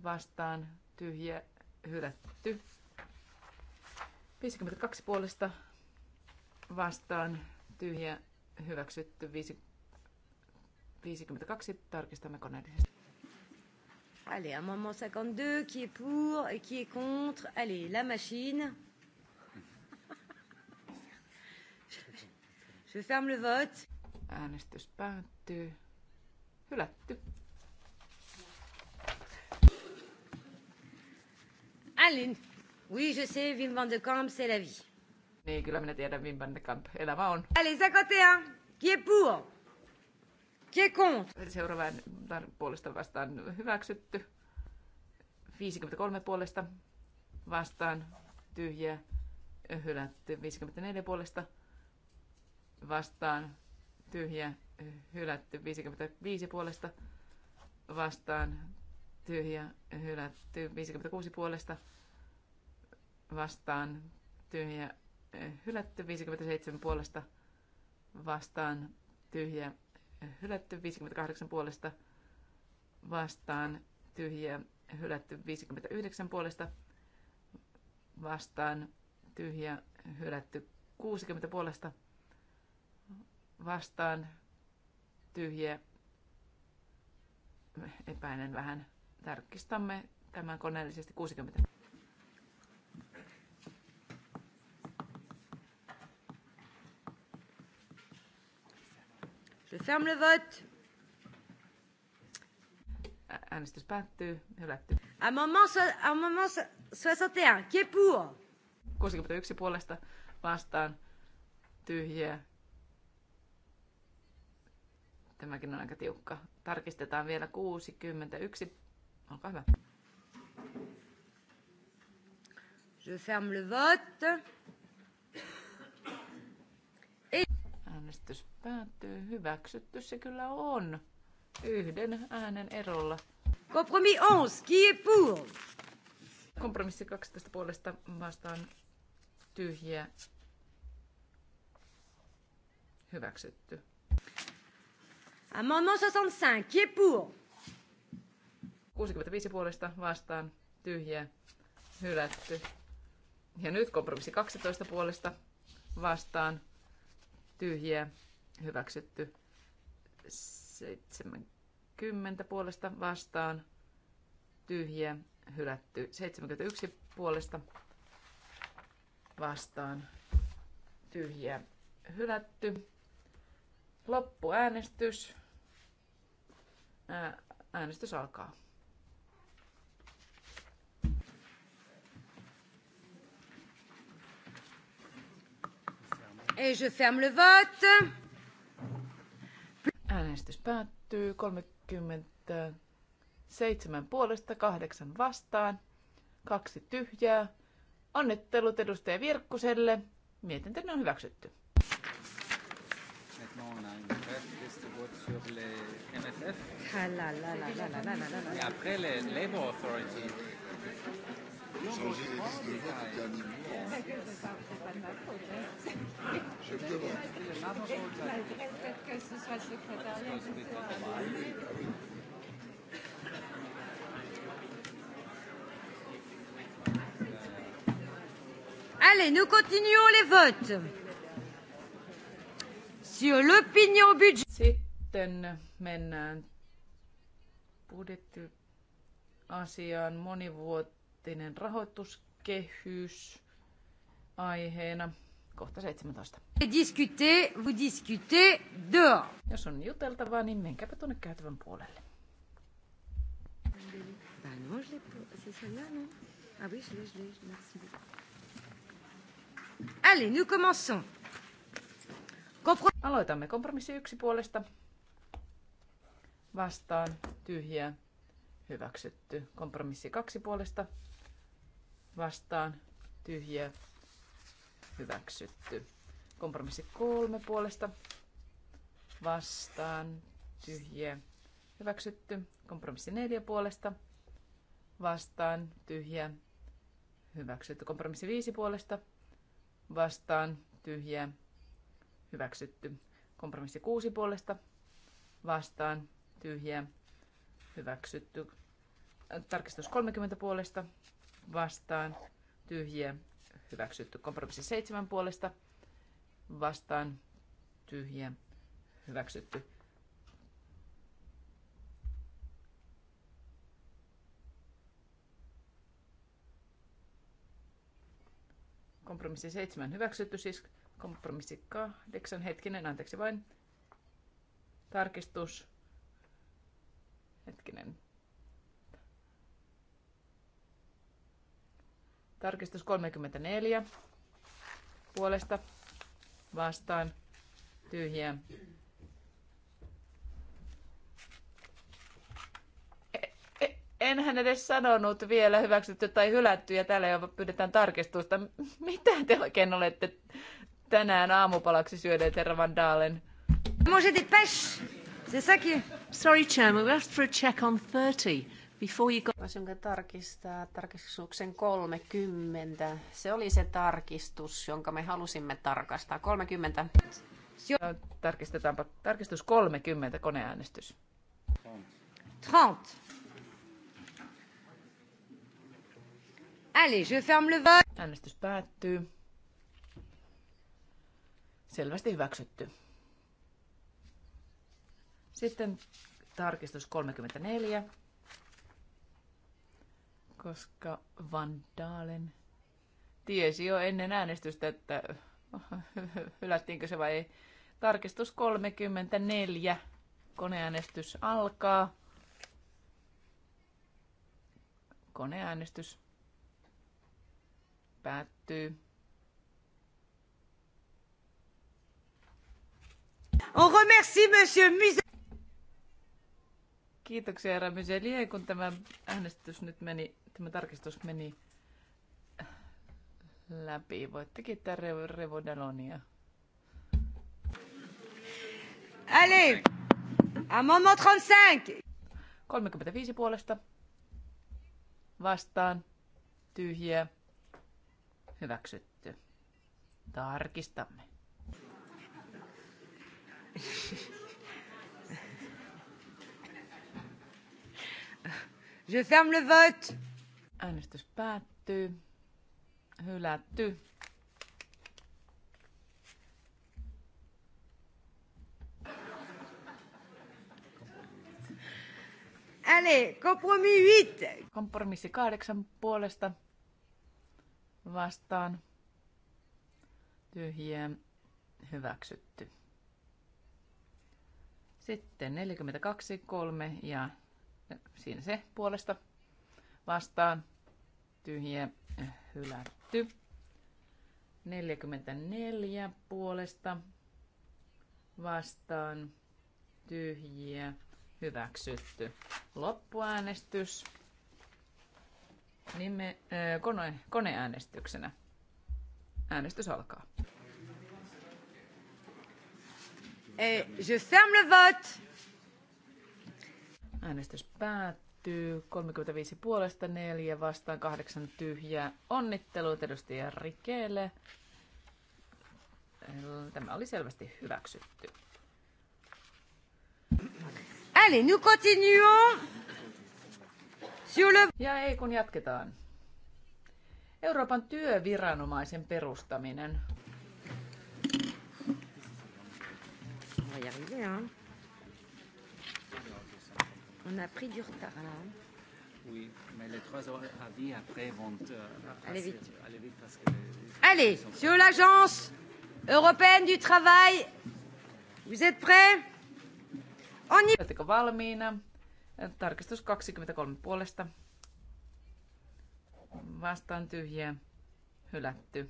vastaan tyhjä hylätty, 52 puolesta vastaan tyhjä hyväksytty, 52 tarkistamme koneellisesti. Allez, un moment 52 qui est pour et qui est contre. Allez, la machine. Je ferme le vote. Äänestys päättyy. Hylätty. Allez. Oui, je sais, Wim van de Kamp, c'est la vie. Niin, kyllä minä tiedän Wim van de Kamp. Elämä on. Allez, 51. Qui est pour? Qui est contre? Seuraavan puolesta vastaan hyväksytty. 53 puolesta vastaan tyhjä hylätty. 54 puolesta vastaan tyhjä hylätty 55 puolesta vastaan tyhjä hylätty 56 puolesta vastaan tyhjä hylätty 57 puolesta vastaan tyhjä hylätty 58 puolesta vastaan tyhjä hylätty 59 puolesta vastaan tyhjä hylätty 60 puolesta vastaan, vastaan tyhjä. Epäinen vähän. Tarkistamme tämän koneellisesti 60. Je ferme le vote. Äänestys päättyy. Hylätty. Amendement, so, amendement 61. Qui est pour? 61 puolesta vastaan. Tyhjiä. Tämäkin on aika tiukka. Tarkistetaan vielä 61. Olkaa hyvä. Je ferme le vote. Äänestys päättyy. Hyväksytty se kyllä on. Yhden äänen erolla. Kompromis 11, qui est pour? Kompromissi 12 puolesta vastaan tyhjä. Hyväksytty. Amendement 65, qui est pour? 65 puolesta vastaan tyhjä, hylätty. Ja nyt kompromissi 12 puolesta vastaan tyhjä, hyväksytty. 70 puolesta vastaan tyhjä, hylätty. 71 puolesta vastaan tyhjä, hylätty. Loppuäänestys. Äänestys alkaa. Et je ferme le vote. Äänestys päättyy 37 puolesta, 8 vastaan, kaksi tyhjää. Onnittelut edustaja Virkkuselle. Mietintö on hyväksytty on a une presse qui vote sur les Ah là là là là là là là là. Et après les Labour Authority. Changer les listes de vote au dernier moment. C'est pas de ma faute. Je me demande. Malgré le fait que ce soit le Allez, nous continuons les votes. Monsieur Le Pignon budget. Sitten mennään budjettiasiaan monivuotinen rahoituskehys aiheena. Kohta 17. Discutez, vous discutez dehors. Jos on juteltavaa, niin menkääpä tuonne käytävän puolelle. Ah Allez, nous commençons. Aloitamme kompromissi yksi puolesta. Vastaan tyhjä, hyväksytty. Kompromissi kaksi puolesta. Vastaan tyhjä, hyväksytty. Kompromissi kolme puolesta. Vastaan tyhjä, hyväksytty. Kompromissi neljä puolesta. Vastaan tyhjä, hyväksytty. Kompromissi viisi puolesta. Vastaan tyhjä hyväksytty. Kompromissi 6 puolesta vastaan tyhjää hyväksytty. Tarkistus 30 puolesta vastaan tyhjää hyväksytty. Kompromissi 7 puolesta vastaan tyhjää hyväksytty. Kompromissi 7 hyväksytty siis Kompromissi kahdeksan. Hetkinen, anteeksi vain. Tarkistus. Hetkinen. Tarkistus 34. Puolesta vastaan tyhjiä. E- e- enhän edes sanonut vielä hyväksytty tai hylätty ja täällä jo pyydetään tarkistusta. Mitä te oikein olette tänään aamupalaksi syödään tervan daalen. Dalen? Manger des C'est ça qui... Sorry, Chairman, we asked for a check on 30 before you go... sinun tarkistaa tarkistuksen 30? Se oli se tarkistus, jonka me halusimme tarkastaa. 30. tarkistetaanpa. Tarkistus 30, koneäänestys. 30. Allez, je ferme le vote. Äänestys päättyy. Selvästi hyväksytty. Sitten tarkistus 34, koska Van Dalen tiesi jo ennen äänestystä, että hylättiinkö se vai ei. Tarkistus 34. Koneäänestys alkaa. Koneäänestys päättyy. On remercie monsieur Muselier. Kiitoksia herra Muselier, kun tämä äänestys nyt meni, tämä tarkistus meni läpi. Voitte kiittää Revo, Revo Dalonia. Allez! Amendement 35! 35 puolesta. Vastaan. Tyhjiä. Hyväksytty. Tarkistamme. Je ferme le vote. Äänestys päättyy. Hylätty. Allez, kompromis 8. Kompromissi kahdeksan puolesta vastaan. Tyhjiä hyväksytty. Sitten 42, 3 ja siinä se puolesta vastaan. Tyhjä hylätty. 44 puolesta vastaan. Tyhjiä hyväksytty. Loppuäänestys nime, äh, kone, koneäänestyksenä. Äänestys alkaa. Et je ferme le vote. Äänestys päättyy. 35 puolesta, 4 vastaan, 8 tyhjää. Onnittelut edustaja Rikeelle. Tämä oli selvästi hyväksytty. Allez, nous continuons sur le... Ja ei kun jatketaan. Euroopan työviranomaisen perustaminen. arriver. Hein. On a pris du retard là. Hein. Oui, mais les trois avis après vont. Euh, allez vite. Allez vite parce que. Les... Allez, sur l'agence européenne du travail. Vous êtes prêts? On y... va. valmiina? Tarkistus 23 puolesta. Vastaan tyhjä. Hylätty.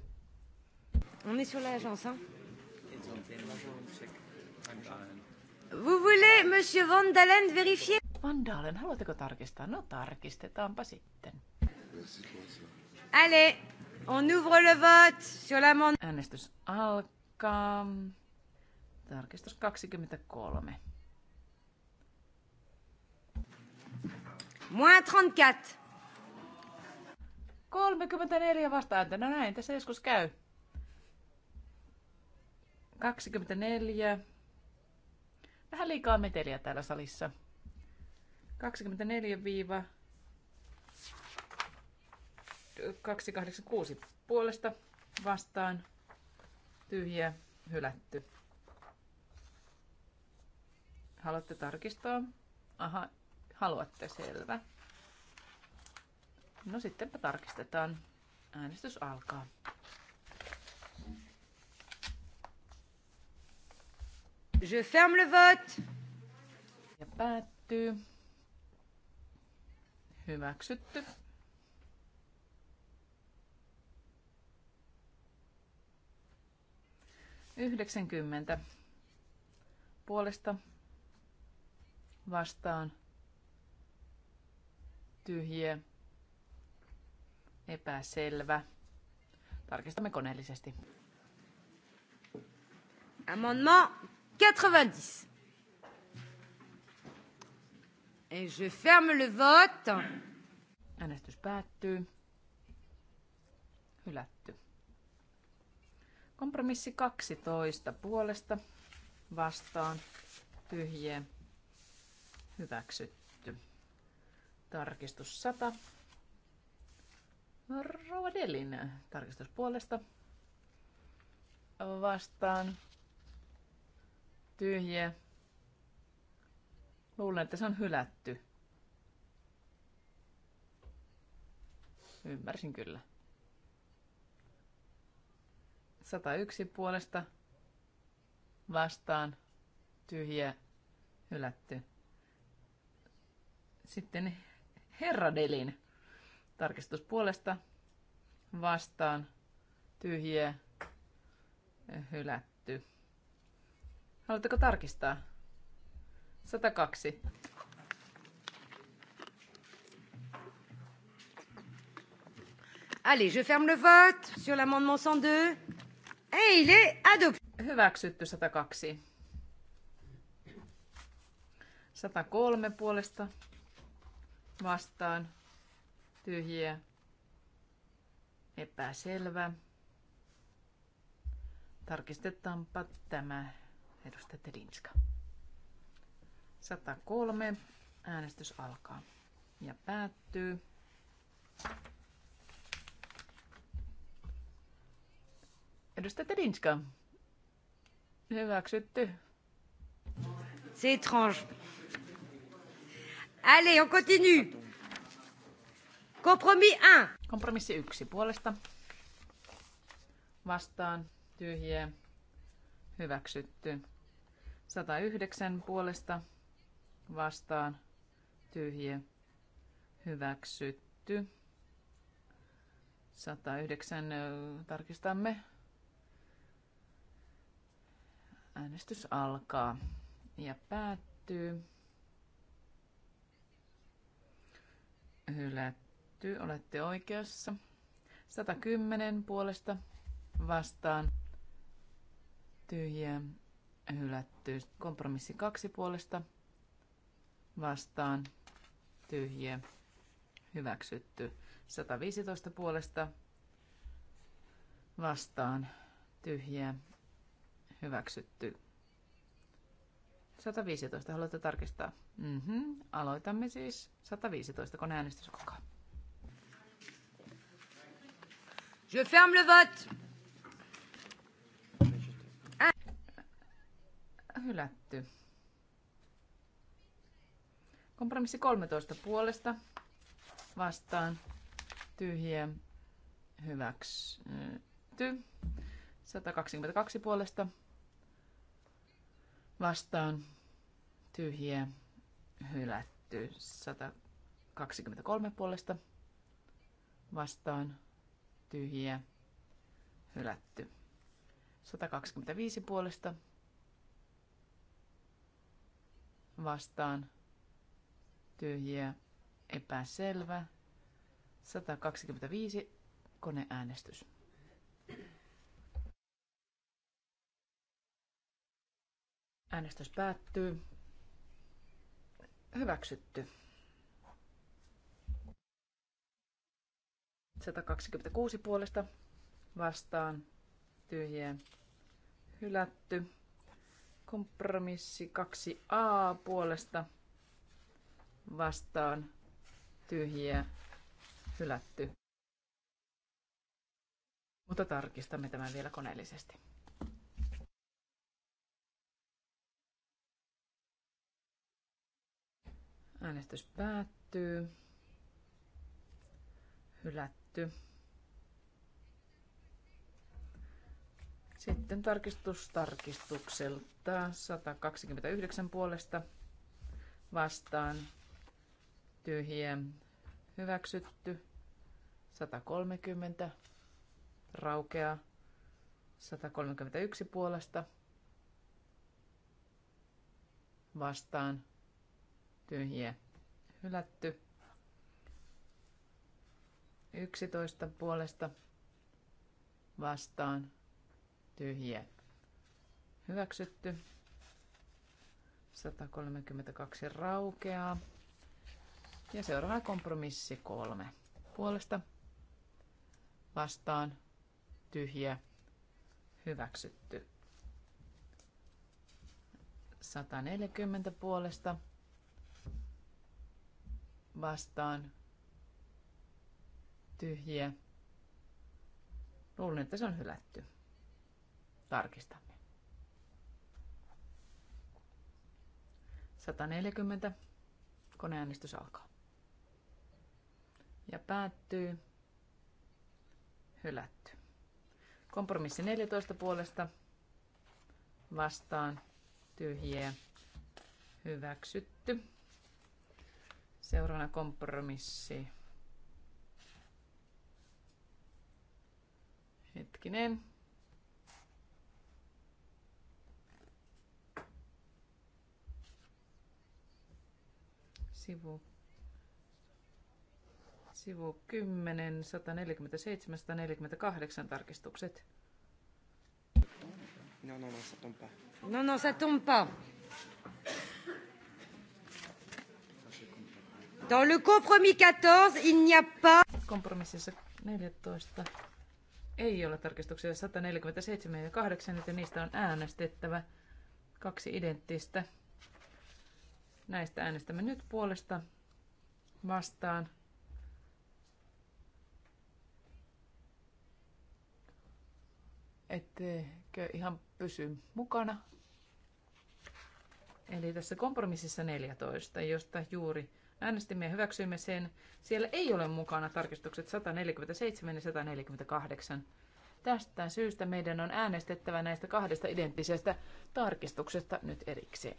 On est sur l'agence, hein? Ils ont fait c'est Vous voulez, monsieur Van Dalen, vérifier? Van Dalen, haluatteko tarkistaa? No tarkistetaanpa sitten. Allez, on ouvre le vote sur la mon... Äänestys alkaa. Tarkistus 23. Moins 34. 34 vastaääntä. No näin, tässä joskus käy. 24 vähän liikaa meteliä täällä salissa. 24 286 puolesta vastaan tyhjä hylätty. Haluatte tarkistaa? Aha, haluatte, selvä. No sittenpä tarkistetaan. Äänestys alkaa. Je ferme le vote. Ja päättyy. Hyväksytty. Yhdeksänkymmentä puolesta vastaan tyhjiä, epäselvä. Tarkistamme koneellisesti. Amendement 90. Et je ferme le vote. Äänestys päättyy. Hylätty. Kompromissi 12 puolesta vastaan tyhjä hyväksytty. Tarkistus 100. Rovadelin tarkistus puolesta vastaan tyhjiä. Luulen, että se on hylätty. Ymmärsin kyllä. 101 puolesta vastaan tyhjä hylätty. Sitten Herradelin tarkistus puolesta vastaan tyhjä hylätty. Haluatteko tarkistaa? 102. Allez, je ferme le vote sur l'amendement 102. Et eh, il est adopté. Hyväksytty 102. 103 puolesta vastaan. Tyhjiä. Epäselvä. Tarkistetaanpa tämä Edustaja Tedinska. 103. Äänestys alkaa ja päättyy. Edustaja Tedinska. Hyväksytty. C'est étrange. Allez, on continue. Kompromis 1. Kompromissi 1 puolesta. Vastaan tyhjää. Hyväksytty. 109 puolesta vastaan tyhjä. Hyväksytty. 109 tarkistamme. Äänestys alkaa ja päättyy. Hylätty, olette oikeassa. 110 puolesta vastaan tyhjiä, hylätty. Kompromissi kaksi puolesta vastaan, tyhjiä, hyväksytty. 115 puolesta vastaan, tyhjiä, hyväksytty. 115, haluatte tarkistaa? Mm-hmm. Aloitamme siis 115, kun äänestys alkaa. Je ferme le vote. hylätty. Kompromissi 13 puolesta vastaan tyhjiä hyväksytty. 122 puolesta vastaan tyhjiä hylätty. 123 puolesta vastaan tyhjiä hylätty. 125 puolesta vastaan tyhjiä epäselvä. 125 koneäänestys. Äänestys päättyy. Hyväksytty. 126 puolesta vastaan tyhjiä hylätty. Kompromissi 2a puolesta vastaan tyhjiä hylätty. Mutta tarkistamme tämän vielä koneellisesti. Äänestys päättyy. Hylätty. Sitten tarkistus tarkistukselta 129 puolesta vastaan tyhjiä hyväksytty 130 raukea 131 puolesta vastaan tyhjiä hylätty 11 puolesta vastaan tyhjiä. Hyväksytty. 132 raukeaa. Ja seuraava kompromissi kolme. Puolesta vastaan tyhjä hyväksytty. 140 puolesta vastaan tyhjiä. Luulen, että se on hylätty. Tarkistamme. 140. Koneäänestys alkaa. Ja päättyy. Hylätty. Kompromissi 14 puolesta vastaan tyhjiä hyväksytty. Seuraavana kompromissi. Hetkinen. sivu, sivu 10, 147, 148 tarkistukset. No, no, no, ça tombe pas. No, no, ça tombe pas. Dans le compromis 14, il n'y a pas... Kompromississa 14 ei ole tarkistuksia 147 ja 8, joten niistä on äänestettävä kaksi identtistä Näistä äänestämme nyt puolesta vastaan. Etteikö ihan pysy mukana? Eli tässä kompromississa 14, josta juuri äänestimme ja hyväksyimme sen. Siellä ei ole mukana tarkistukset 147 ja 148. Tästä syystä meidän on äänestettävä näistä kahdesta identtisestä tarkistuksesta nyt erikseen.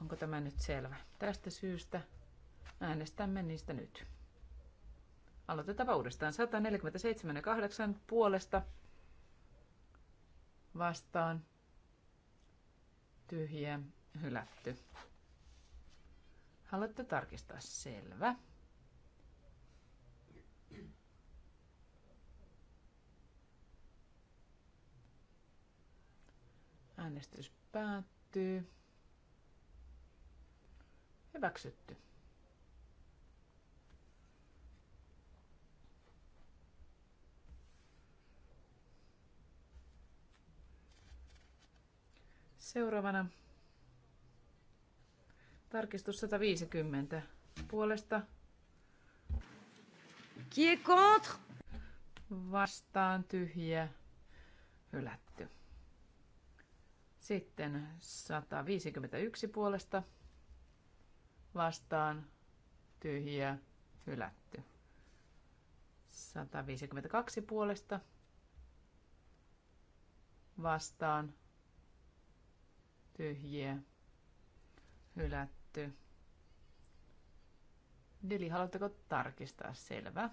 Onko tämä nyt selvä? Tästä syystä äänestämme niistä nyt. Aloitetaan uudestaan. 147 ja 8 puolesta vastaan tyhjä hylätty. Haluatte tarkistaa selvä. Äänestys päättyy. Hyväksytty. Seuraavana tarkistus 150 puolesta. Qui est contre? Vastaan tyhjä, hylätty. Sitten 151 puolesta vastaan tyhjiä hylätty. 152 puolesta vastaan tyhjiä hylätty. Deli, haluatteko tarkistaa? Selvä.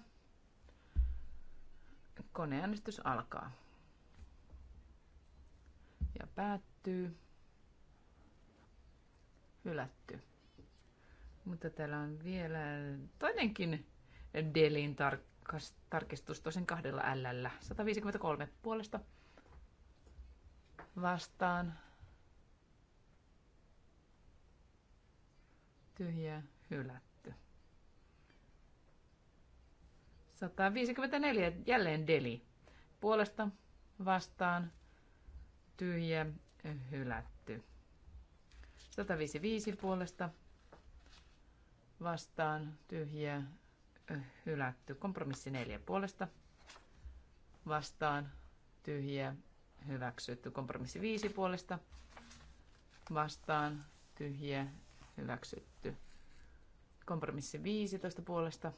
Koneäänestys alkaa. Ja päättyy. Hylätty. Mutta täällä on vielä toinenkin Delin tarkistus, tosin kahdella L. 153 puolesta vastaan. Tyhjä, hylätty. 154, jälleen Deli. Puolesta vastaan, tyhjä, hylätty. 155 puolesta vastaan tyhjiä hylätty. Kompromissi neljä puolesta vastaan tyhjiä hyväksytty. Kompromissi viisi puolesta vastaan tyhjiä hyväksytty. Kompromissi 15 puolesta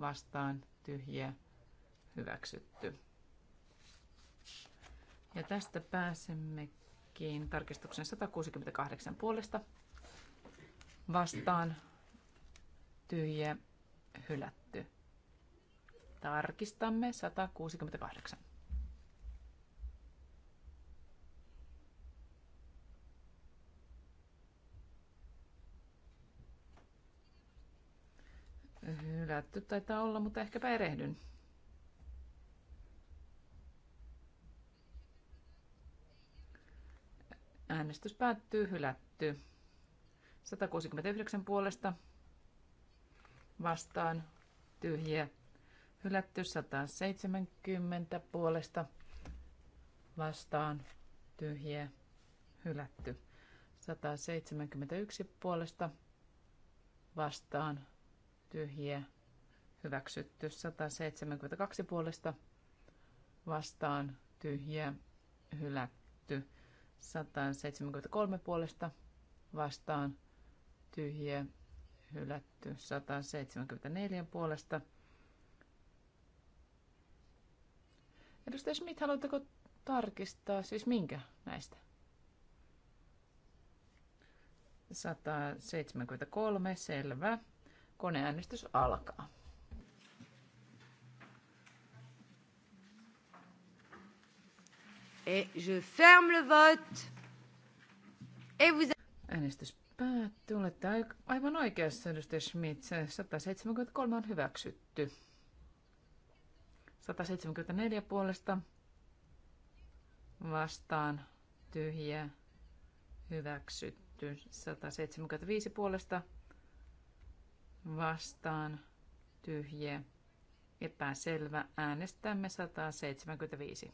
vastaan tyhjiä hyväksytty. Ja tästä pääsemmekin tarkistuksen 168 puolesta vastaan tyhjä hylätty. Tarkistamme 168. Hylätty taitaa olla, mutta ehkäpä erehdyn. Äänestys päättyy, hylätty. 169 puolesta vastaan tyhjiä. Hylätty 170 puolesta vastaan tyhjiä. Hylätty 171 puolesta vastaan tyhjiä. Hyväksytty 172 puolesta vastaan tyhjiä. Hylätty 173 puolesta vastaan tyhjiä hylätty 174 puolesta. Edustaja Schmidt, haluatteko tarkistaa, siis minkä näistä? 173, selvä. Koneäänestys alkaa. Et je ferme le vote. Et vous... Äänestys päätty. Olette aivan oikeassa, edustaja Schmidt. 173 on hyväksytty. 174 puolesta vastaan tyhjä hyväksytty. 175 puolesta vastaan tyhjä epäselvä. Äänestämme 175.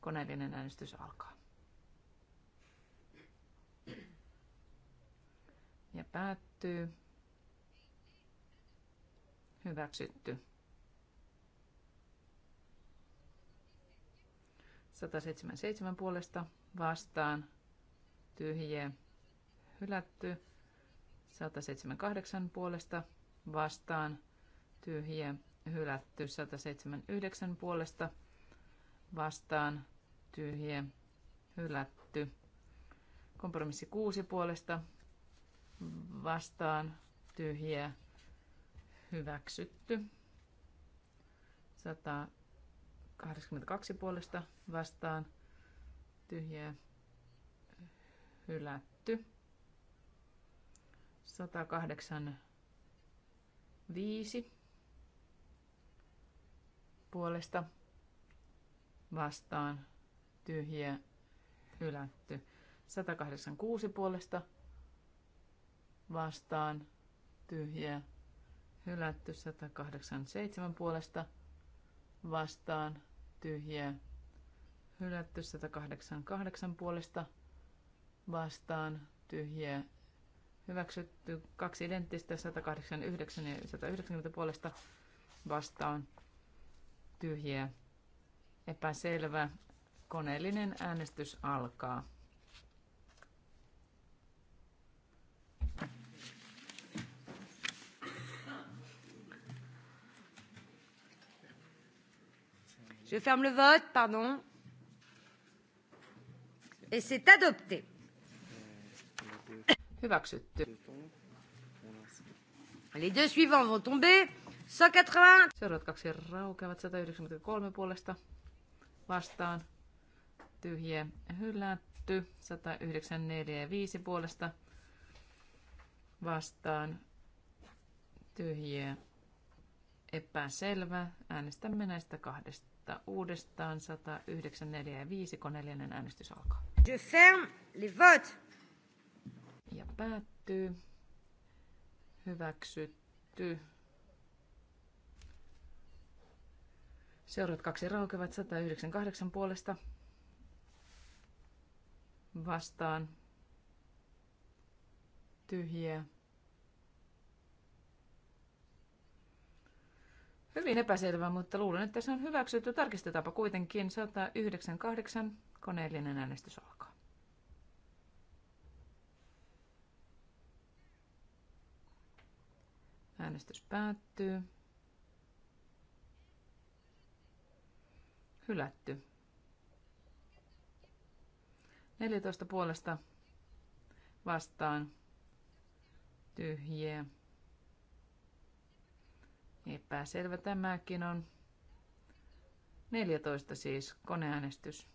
Koneellinen äänestys alkaa. ja päättyy. Hyväksytty. 177 puolesta vastaan tyhjä hylätty. 178 puolesta vastaan tyhjä hylätty. 179 puolesta vastaan tyhjä hylätty. Kompromissi 6 puolesta vastaan tyhjiä hyväksytty. 182 puolesta vastaan tyhjiä hylätty. 185 puolesta vastaan tyhjiä hylätty. 186 puolesta vastaan tyhjä. hylätty 187 puolesta vastaan tyhjä. hylätty 188 puolesta vastaan tyhjä hyväksytty kaksi identtistä 189 ja 190 puolesta vastaan tyhjä epäselvä koneellinen äänestys alkaa. Je ferme le vote, pardon. Et c'est adopté. Les deux suivants vont tomber. 180. Seuraavat kaksi raukeavat 193 puolesta vastaan. Tyhjiä hylätty. 194 ja 5 puolesta vastaan. Tyhjiä epäselvä. Äänestämme näistä kahdesta kohta uudestaan 194 ja 5, kun neljännen äänestys alkaa. Je ferme les votes. Ja päättyy. Hyväksytty. Seuraavat kaksi raukevat 198 puolesta vastaan tyhjiä Hyvin epäselvä, mutta luulen, että se on hyväksytty. Tarkistetaanpa kuitenkin 198 koneellinen äänestys alkaa. Äänestys päättyy. Hylätty. 14 puolesta vastaan tyhjiä. Epäselvä tämäkin on. 14 siis koneäänestys.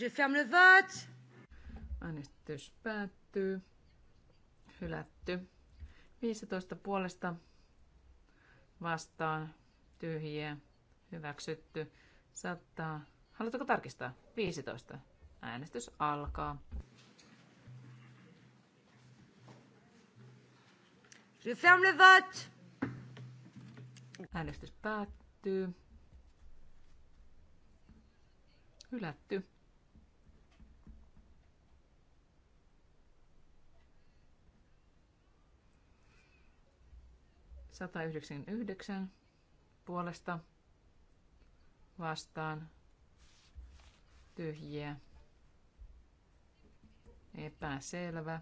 Je ferme le vote. Äänestys päättyy. Hylätty. 15 puolesta vastaan tyhjiä. Hyväksytty. Saattaa. Haluatteko tarkistaa? 15. Äänestys alkaa. Je ferme le vote. Äänestys päättyy. Hylätty. Sata yhdeksän puolesta vastaan tyhjiä. Epäselvä.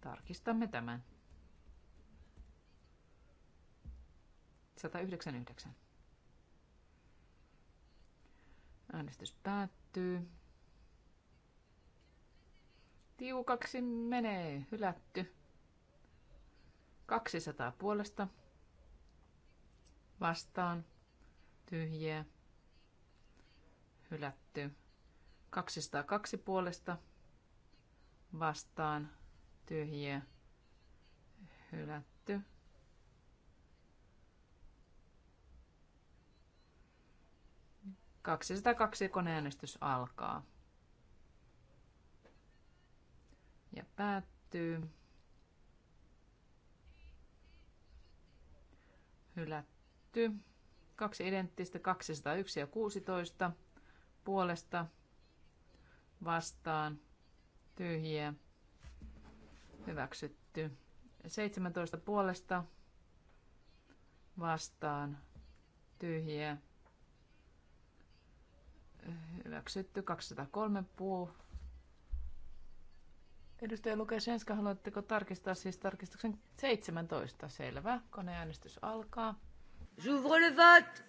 Tarkistamme tämän. 199. Äänestys päättyy. Tiukaksi menee, hylätty. 200 puolesta. Vastaan. Tyhjiä. Hylätty. 202 puolesta. Vastaan. Tyhjiä. Hylätty. 202 koneäänestys alkaa. Ja päättyy. Hylätty. Kaksi identtistä, 201 ja 16. Puolesta vastaan. Tyhjiä. Hyväksytty. 17 puolesta vastaan. Tyhjiä Hyväksytty 203 puu. Edustaja Senska, haluatteko tarkistaa siis tarkistuksen 17? Selvä. Koneäänestys alkaa. J'ouvre le vote.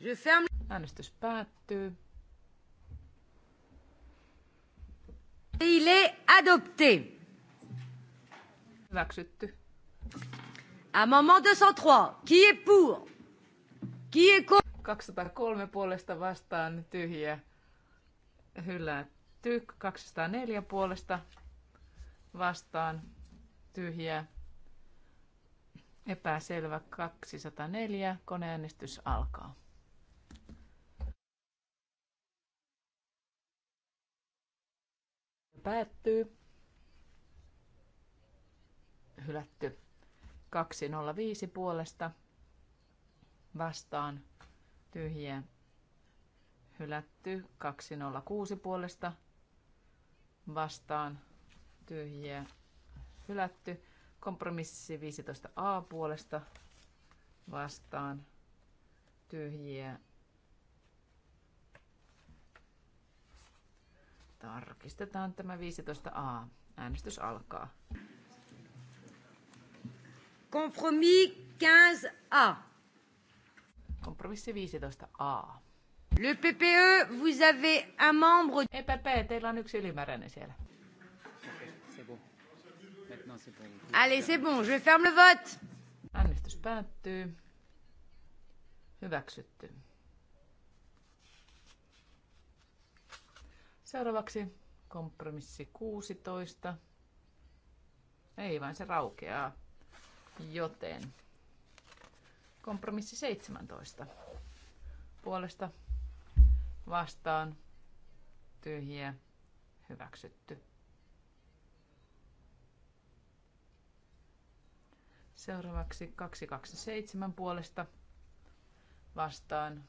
Je ferme. Äänestys päättyy. Il est adopté. Hyväksytty. Amendement 203. Qui est pour? Kieko! 203 puolesta vastaan tyhjä. Hylätty. 204 puolesta vastaan tyhjä. Epäselvä 204. Koneäänestys alkaa. Päättyy. Hylätty. 205 puolesta vastaan tyhjiä hylätty. 206 puolesta vastaan tyhjiä hylätty. Kompromissi 15a puolesta vastaan tyhjiä Tarkistetaan tämä 15a. Äänestys alkaa. Kompromis 15a. Kompromissi 15a. Le PPE, vous avez un membre... Ei, PPE, teillä on yksi ylimääräinen siellä. Allez, c'est bon, je ferme le vote. Äänestys päättyy. Hyväksytty. Seuraavaksi kompromissi 16. Ei vain se raukeaa. Joten Kompromissi 17. Puolesta vastaan tyhjiä hyväksytty. Seuraavaksi 227 puolesta vastaan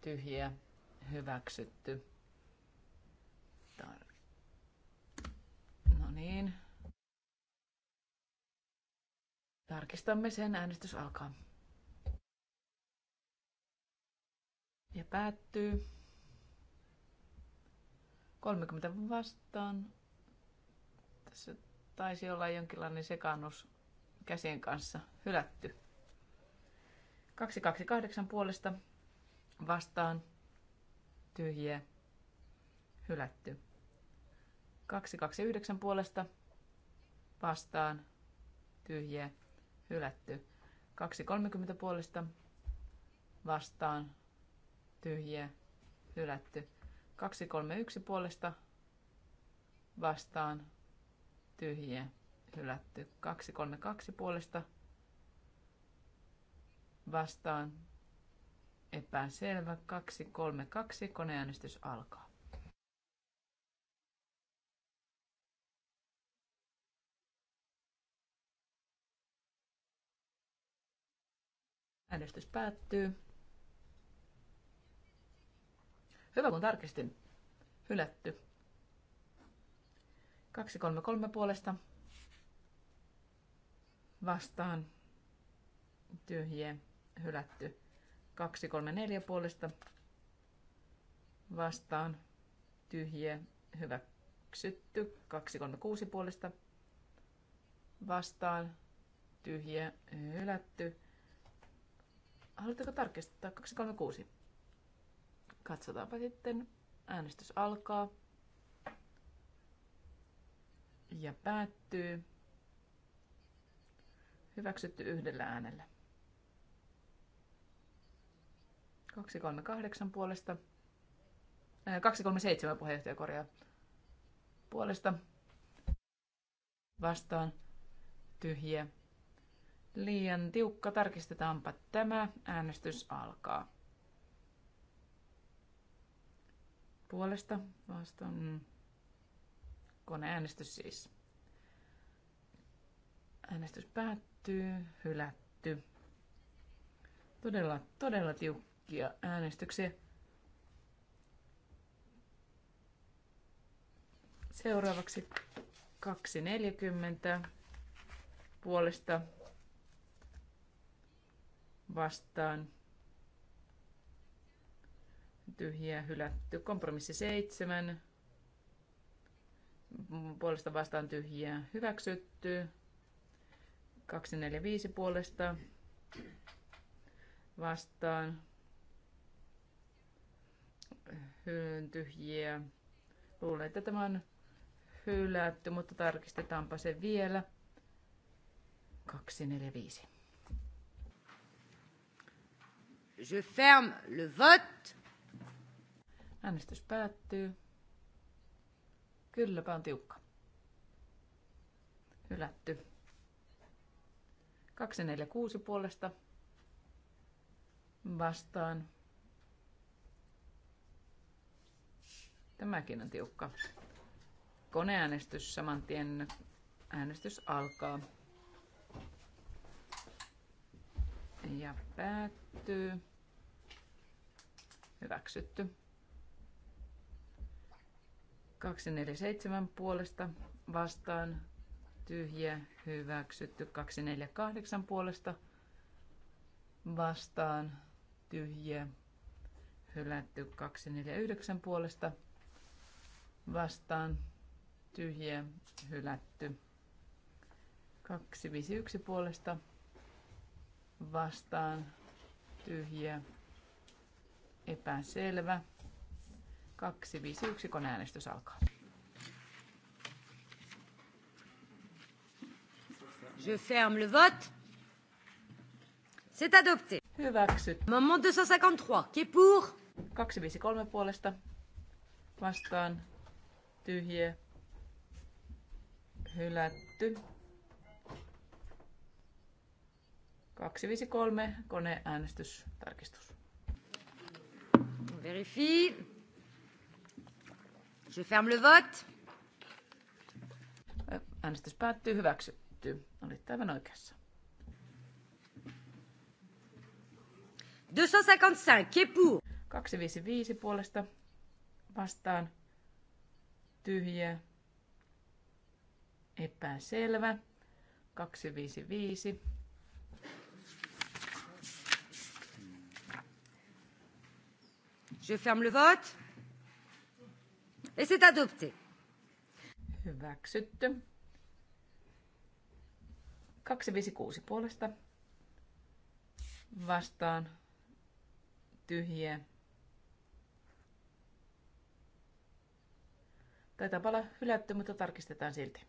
tyhjiä hyväksytty. no niin. Tarkistamme sen. Äänestys alkaa. Ja päättyy. 30 vastaan. Tässä taisi olla jonkinlainen sekaannus käsien kanssa. Hylätty. 228 puolesta vastaan. Tyhjiä. Hylätty. 229 puolesta vastaan. Tyhjiä. Hylätty. 230 puolesta vastaan tyhjiä, hylätty. 231 puolesta vastaan, tyhjiä, hylätty. 232 puolesta vastaan, epäselvä. 232, koneäänestys alkaa. Äänestys päättyy. Hyvä, kun tarkistin. Hylätty. 233 puolesta. Vastaan. Tyhjiä. Hylätty. 234 puolesta. Vastaan. Tyhjiä. Hyväksytty. 236 puolesta. Vastaan. Tyhjiä. Hylätty. Haluatteko tarkistaa? 236. Katsotaanpa sitten. Äänestys alkaa ja päättyy. Hyväksytty yhdellä äänellä. 238 puolesta. 237 äh, puheenjohtaja korjaa. Puolesta. Vastaan. Tyhjiä. Liian tiukka. Tarkistetaanpa tämä. Äänestys alkaa. puolesta vastaan. Mm. Koneäänestys siis. Äänestys päättyy, hylätty. Todella, todella tiukkia äänestyksiä. Seuraavaksi 2.40 puolesta vastaan tyhjiä hylätty. Kompromissi seitsemän puolesta vastaan tyhjiä hyväksytty. 245 puolesta vastaan tyhjiä. Luulen, että tämä on hylätty, mutta tarkistetaanpa se vielä. 245. Je ferme le vote. Äänestys päättyy. Kylläpä on tiukka. Hylätty. 246 puolesta vastaan. Tämäkin on tiukka. Koneäänestys saman tien äänestys alkaa. Ja päättyy. Hyväksytty. 247 puolesta vastaan tyhjä hyväksytty. 248 puolesta vastaan tyhjä hylätty. 249 puolesta vastaan tyhjä hylätty. 251 puolesta vastaan tyhjä epäselvä. 251 koneäänestys alkaa. Je ferme le vote. C'est adopté. Hyväksyt. Moment 253. Qui est pour? 253 puolesta. Vastaan. Tyhjä. Hylätty. 253 On vérifie. Je ferme le vote. Äänestys päättyy. Hyväksytty. Olitte aivan oikeassa. 255, qui est pour? 255 puolesta vastaan tyhjä, epäselvä, 255. Je ferme le vote. Et c'est adopté. Hyväksytty. 256 puolesta. Vastaan. Tyhjiä. Taitaa olla hylätty, mutta tarkistetaan silti.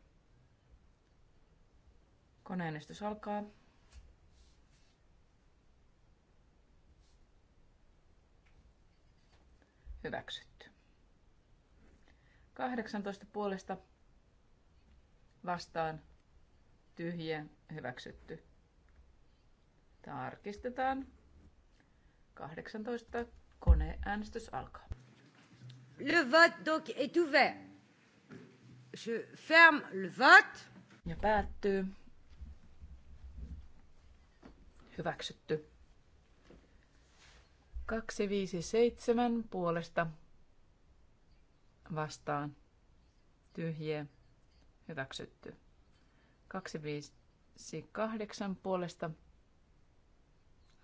Koneäänestys alkaa. Hyväksyt. 18 puolesta vastaan tyhjiä hyväksytty. Tarkistetaan. 18. Koneäänestys alkaa. Le vote donc est ouvert. Je ferme le vote. Ja päättyy. Hyväksytty. 257 puolesta vastaan tyhjiä hyväksytty. 258 puolesta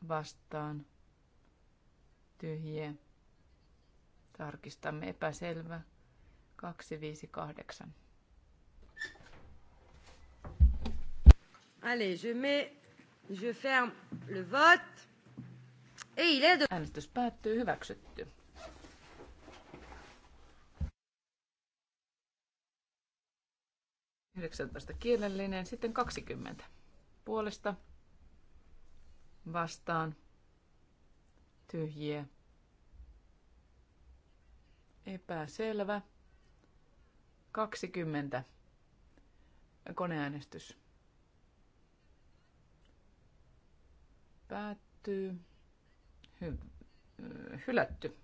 vastaan tyhjiä. Tarkistamme epäselvä. 258. Allez, je mets, je ferme le vote. Et il est de... Äänestys päättyy, hyväksytty. 19 kielellinen, sitten 20 puolesta vastaan tyhjiä. Epäselvä. 20 koneäänestys. Päättyy. Hy- hylätty.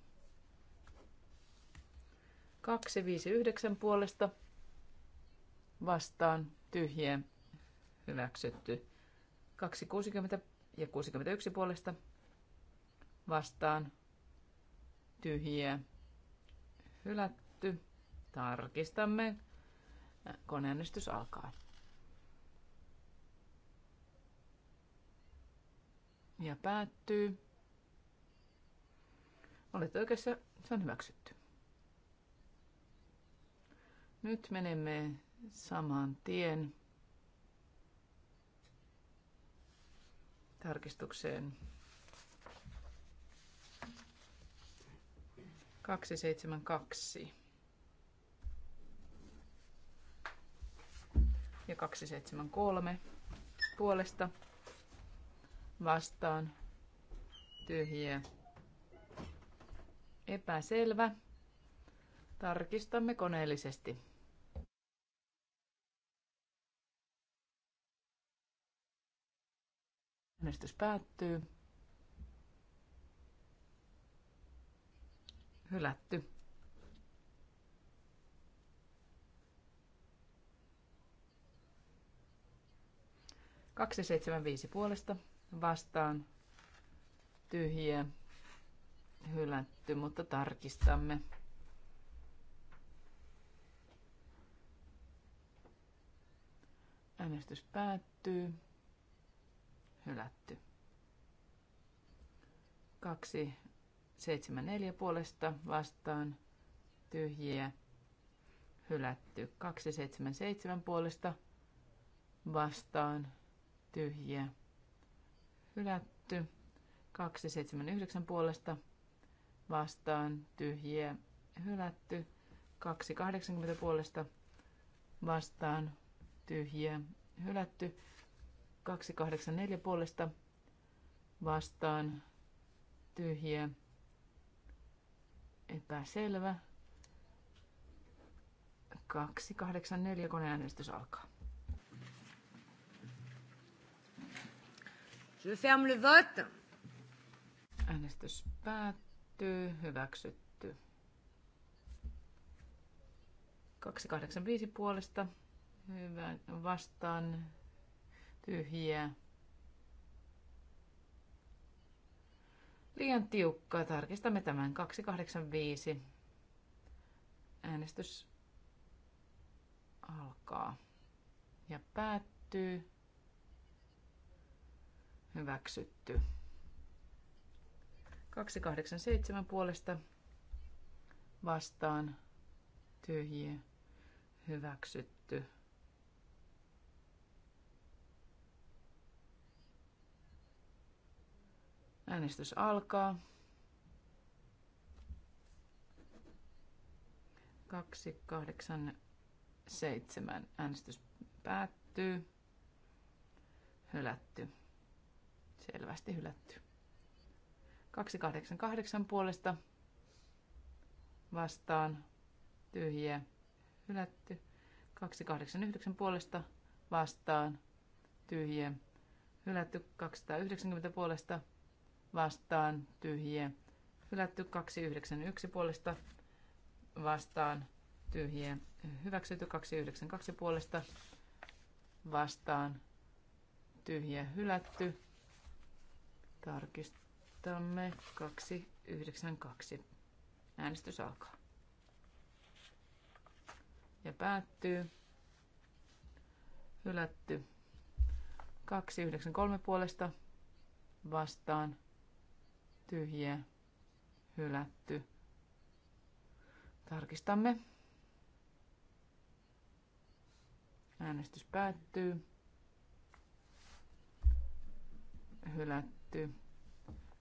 259 puolesta vastaan tyhjien hyväksytty. 260 ja 61 puolesta vastaan tyhjiä hylätty. Tarkistamme. Koneäänestys alkaa. Ja päättyy. Olet oikeassa, se on hyväksytty. Nyt menemme saman tien tarkistukseen 272 ja 273 puolesta vastaan tyhjiä epäselvä. Tarkistamme koneellisesti. Äänestys päättyy. Hylätty. Kaksi seitsemän viisi puolesta vastaan tyhjiä hylätty, mutta tarkistamme. Äänestys päättyy hylätty. 2, 7, 4 puolesta vastaan tyhjiä hylätty. 2, 7, 7 puolesta vastaan tyhjiä hylätty. 2, 7, 9 puolesta vastaan tyhjiä hylätty. 2, 80 puolesta vastaan tyhjiä hylätty. 284 puolesta vastaan tyhjiä epäselvä. 284 koneäänestys alkaa. Je ferme le vote. Äänestys päättyy. Hyväksytty. 285 puolesta. Hyvä. Vastaan tyhjiä. Liian tiukkaa. Tarkistamme tämän. 285. Äänestys alkaa ja päättyy. Hyväksytty. 287 puolesta vastaan tyhjiä. Hyväksytty. Äänestys alkaa. Kaksi, kahdeksan, seitsemän. Äänestys päättyy. Hylätty. Selvästi hylätty. kahdeksan puolesta vastaan tyhjiä hylätty. yhdeksän puolesta vastaan tyhjiä hylätty. 290 puolesta vastaan tyhjiä. Hylätty 291 puolesta vastaan tyhjiä. Hyväksytty 292 puolesta vastaan tyhjiä. Hylätty. Tarkistamme 292. Äänestys alkaa. Ja päättyy. Hylätty. 293 puolesta vastaan tyhjiä, hylätty. Tarkistamme. Äänestys päättyy. Hylätty.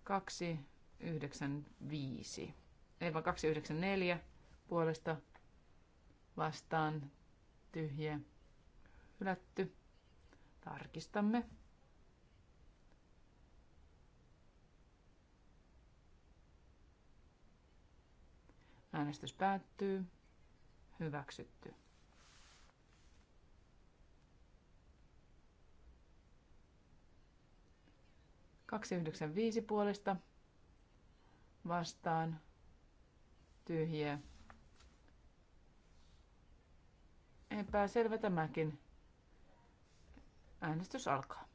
295. Ei vaan 294 puolesta vastaan tyhjä. Hylätty. Tarkistamme. Äänestys päättyy. Hyväksytty. Kaksi yhdeksän viisi puolesta vastaan tyhjiä. Epäselvä tämäkin. Äänestys alkaa.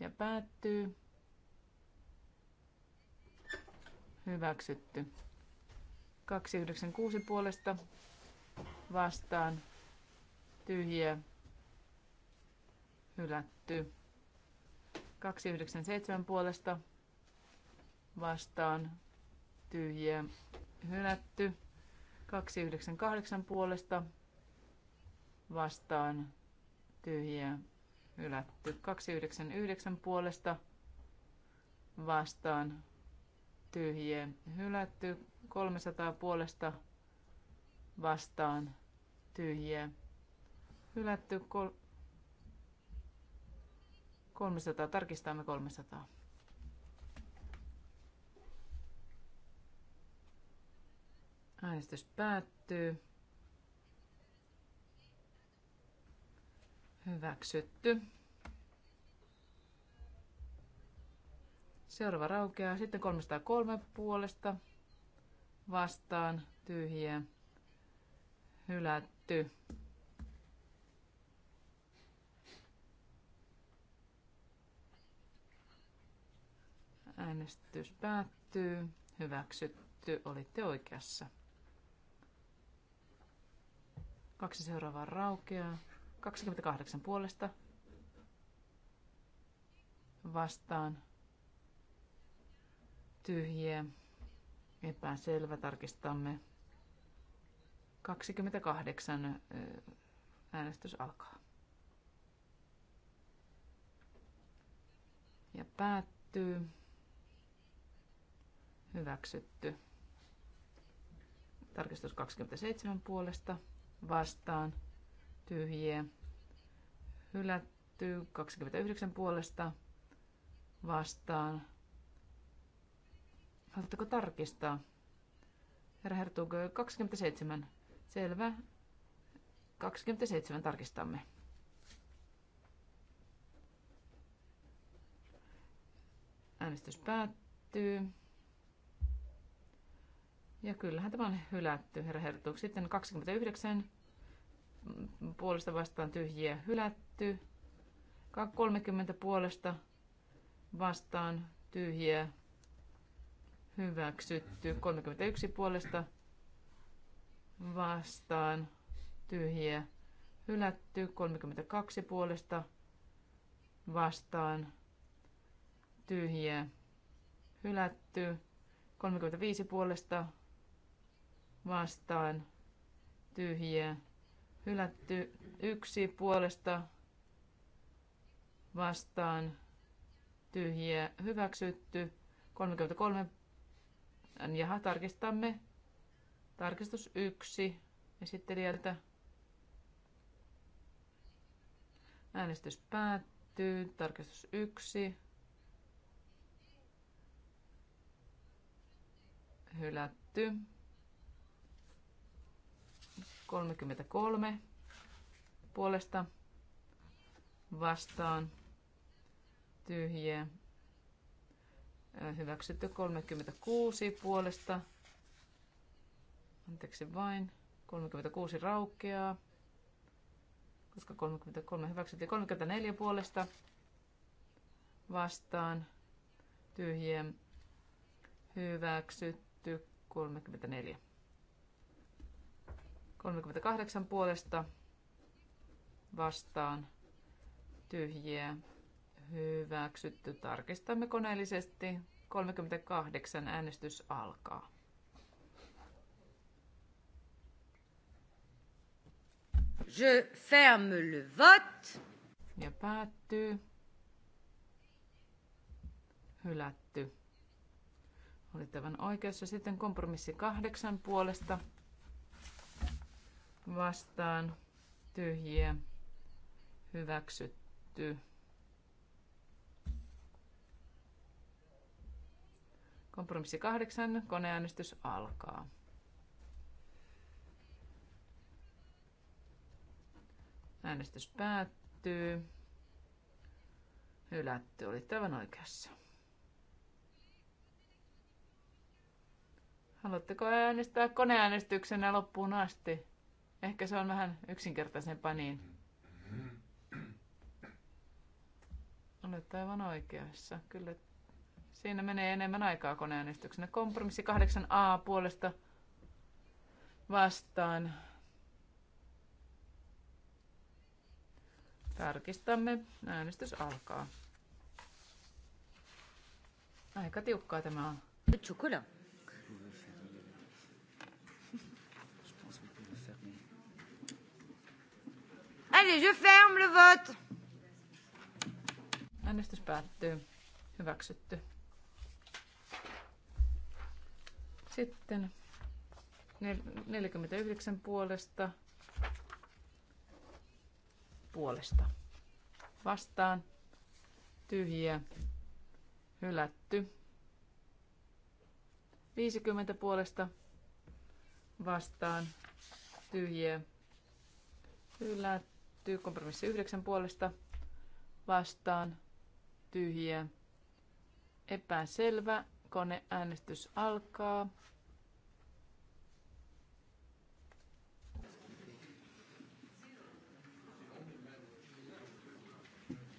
Ja päättyy. Hyväksytty. 296 puolesta vastaan tyhjiä hylätty. 297 puolesta vastaan tyhjiä hylätty. 298 puolesta vastaan tyhjiä hylätty. 299 puolesta vastaan tyhjiä hylätty. 300 puolesta vastaan tyhjiä hylätty. Kol- 300, tarkistamme 300. Äänestys päättyy. Hyväksytty. Seuraava raukeaa. Sitten 303 puolesta vastaan tyhjiä hylätty. Äänestys päättyy. Hyväksytty. Olitte oikeassa. Kaksi seuraavaa raukeaa. 28 puolesta vastaan tyhjiä, epäselvä, tarkistamme. 28 äänestys alkaa. Ja päättyy. Hyväksytty. Tarkistus 27 puolesta vastaan. Tyhjiä. Hylätty 29 puolesta vastaan Haluatteko tarkistaa? Herra Hertug, 27. Selvä. 27 tarkistamme. Äänestys päättyy. Ja kyllähän tämä on hylätty, herra Hertug. Sitten 29 puolesta vastaan tyhjiä hylätty. 30 puolesta vastaan tyhjiä hyväksytty. 31 puolesta vastaan tyhjiä hylätty. 32 puolesta vastaan tyhjiä hylätty. 35 puolesta vastaan tyhjiä hylätty. 1 puolesta vastaan tyhjiä hyväksytty. 33 Jaha, tarkistamme. Tarkistus yksi esittelijältä. Äänestys päättyy. Tarkistus yksi. Hylätty. 33 puolesta vastaan tyhjiä Hyväksytty 36 puolesta. Anteeksi vain. 36 raukeaa, koska 33 hyväksyttiin. 34 puolesta vastaan. Tyhjiä. Hyväksytty 34. 38 puolesta vastaan tyhjiä Hyväksytty. Tarkistamme koneellisesti. 38 äänestys alkaa. Je ferme le vote. Ja päättyy. Hylätty. Oli tämän oikeassa sitten kompromissi kahdeksan puolesta vastaan tyhjiä hyväksytty. Kompromissi kahdeksan, koneäänestys alkaa. Äänestys päättyy. Hylätty, oli aivan oikeassa. Haluatteko äänestää koneäänestyksenä loppuun asti? Ehkä se on vähän yksinkertaisempaa niin. Olet aivan oikeassa. Kyllä Siinä menee enemmän aikaa koneäänestyksenä. Kompromissi 8a puolesta vastaan. Tarkistamme. Äänestys alkaa. Aika tiukkaa tämä on. Allez, je ferme le vote. Äänestys päättyy. Hyväksytty. Sitten 49 puolesta puolesta. Vastaan tyhjiä, hylätty. 50 puolesta vastaan tyhjiä, hylätty. Kompromissi 9 puolesta vastaan tyhjiä, epäselvä. Koneäänestys alkaa.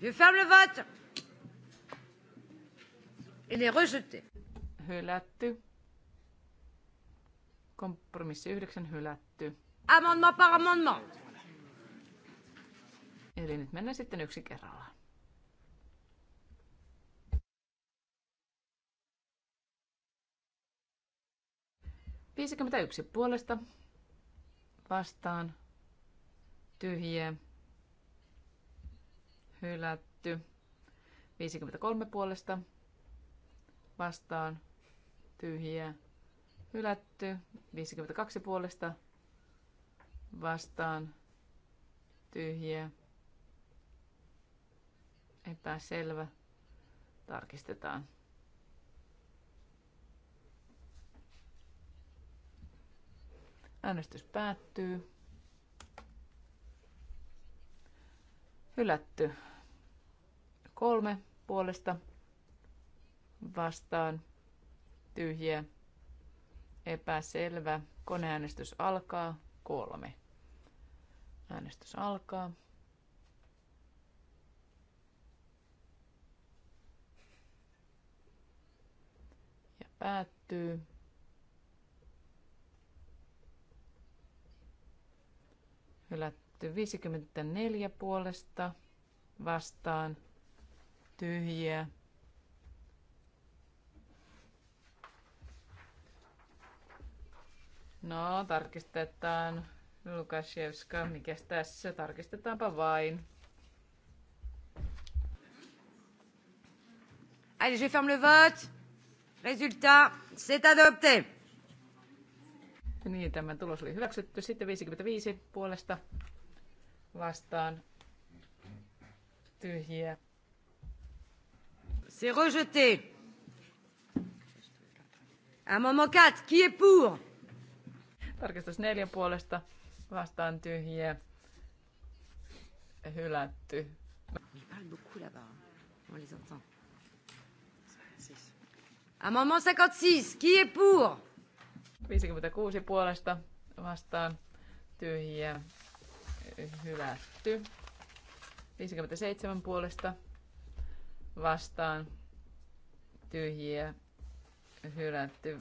Je ferme le vote. Il est rejeté. Hylätty. Kompromissi 9 hylätty. Amendement par amendement. Eli nyt mennään sitten yksi kerrallaan. 51 puolesta vastaan tyhjiä hylätty. 53 puolesta vastaan tyhjiä hylätty. 52 puolesta vastaan tyhjiä epäselvä. Tarkistetaan. Äänestys päättyy. Hylätty. Kolme puolesta vastaan. Tyhjiä. Epäselvä. Koneäänestys alkaa. Kolme. Äänestys alkaa. Ja päättyy. hylätty 54 puolesta vastaan tyhjiä. No, tarkistetaan. Lukashevska, mikä tässä? Tarkistetaanpa vain. Allez, je ferme le vote. Résultat, c'est adopté. Niin, tämä tulos oli hyväksytty. Sitten 55 puolesta vastaan tyhjiä. C'est rejeté. Amendement 4, qui est pour? Tarkistus neljän puolesta vastaan tyhjiä. Hylätty. Amendement 56, qui est pour? 56 puolesta vastaan tyhjiä hylätty. 57 puolesta vastaan tyhjiä hylätty.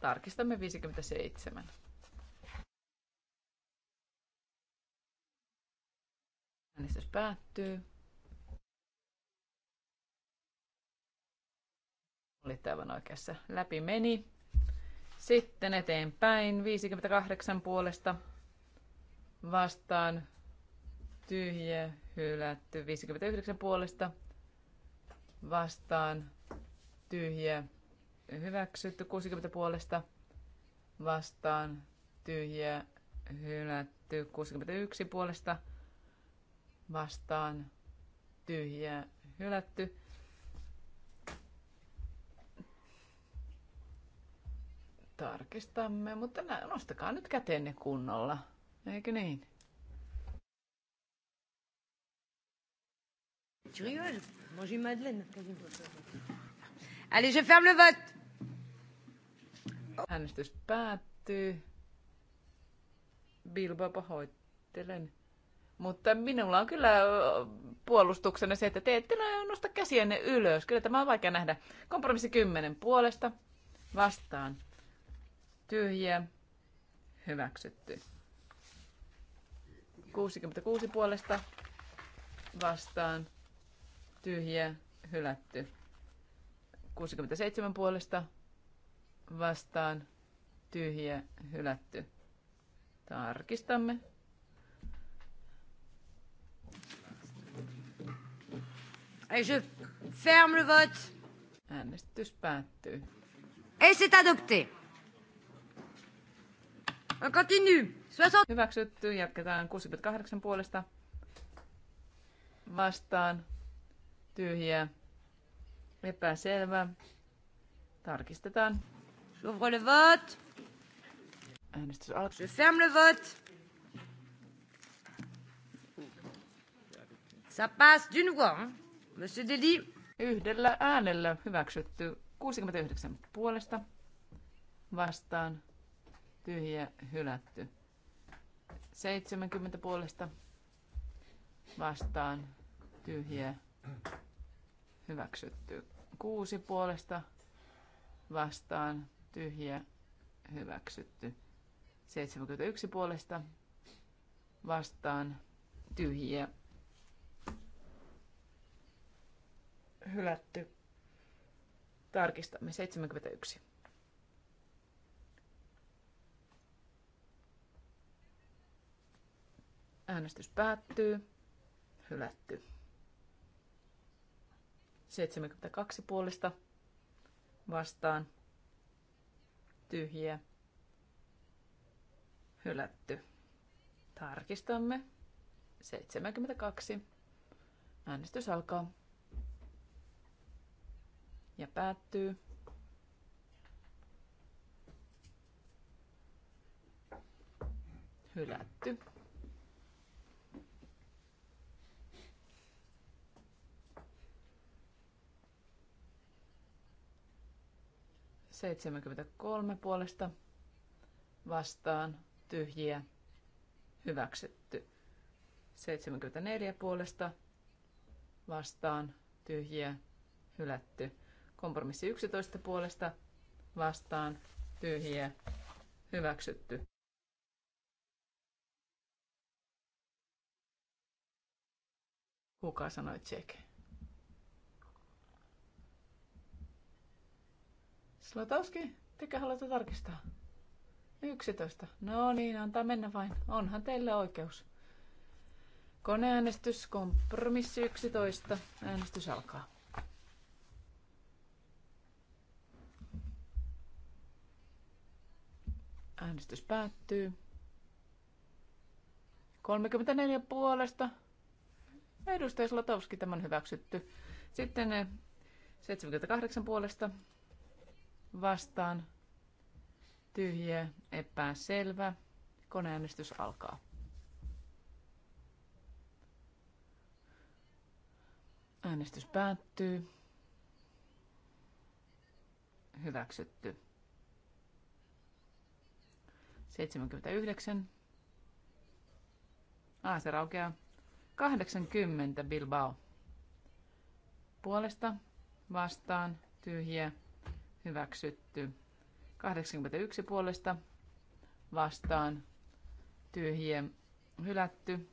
Tarkistamme 57. Äänestys päättyy. Olitte aivan oikeassa. Läpi meni. Sitten eteenpäin. 58 puolesta vastaan tyhjä, hylätty. 59 puolesta vastaan tyhjä, hyväksytty. 60 puolesta vastaan tyhjä, hylätty. 61 puolesta vastaan tyhjä, hylätty. Tarkistamme, mutta nostakaa nyt käteenne kunnolla, eikö niin? Tu rigoles Mange une madeleine. Allez, je ferme le vote. Oh. Äänestys päättyy. Bilba pahoittelen. Mutta minulla on kyllä puolustuksena se, että te ette nosta käsienne ylös. Kyllä tämä on vaikea nähdä. Kompromissi 10 puolesta vastaan tyhjiä, hyväksytty. 66 puolesta vastaan, tyhjiä, hylätty. 67 puolesta vastaan, tyhjiä, hylätty. Tarkistamme. Et je ferme le vote. Äänestys päättyy. Et c'est adopté. Continue. Hyväksytty. Jatketaan 68 puolesta. Vastaan. Tyhjää. Epäselvä. Tarkistetaan. J'ouvre le vote. Äänestys alkaa. Je ferme le vote. Ça passe d'une voix, Monsieur Deli. Yhdellä äänellä hyväksytty 69 puolesta vastaan tyhjä hylätty. 70 puolesta vastaan tyhjä hyväksytty. 6 puolesta vastaan tyhjä hyväksytty. 71 puolesta vastaan tyhjä hylätty. Tarkistamme 71. Äänestys päättyy. Hylätty. 72 puolesta vastaan. Tyhjiä. Hylätty. Tarkistamme. 72. Äänestys alkaa. Ja päättyy. Hylätty. 73 puolesta vastaan tyhjiä hyväksytty. 74 puolesta vastaan tyhjiä hylätty. Kompromissi 11 puolesta vastaan tyhjiä hyväksytty. Kuka sanoi check? Slotowski, tekä haluatte tarkistaa? 11. No niin, antaa mennä vain. Onhan teillä oikeus. Koneäänestys, kompromissi 11. Äänestys alkaa. Äänestys päättyy. 34 puolesta. Edustaja Slotowski tämän hyväksytty. Sitten 78 eh, puolesta vastaan tyhjä epäselvä. Koneäänestys alkaa. Äänestys päättyy. Hyväksytty. 79. Ah, se raukeaa. 80 Bilbao. Puolesta vastaan tyhjiä hyväksytty. 81 puolesta vastaan tyhjiä hylätty.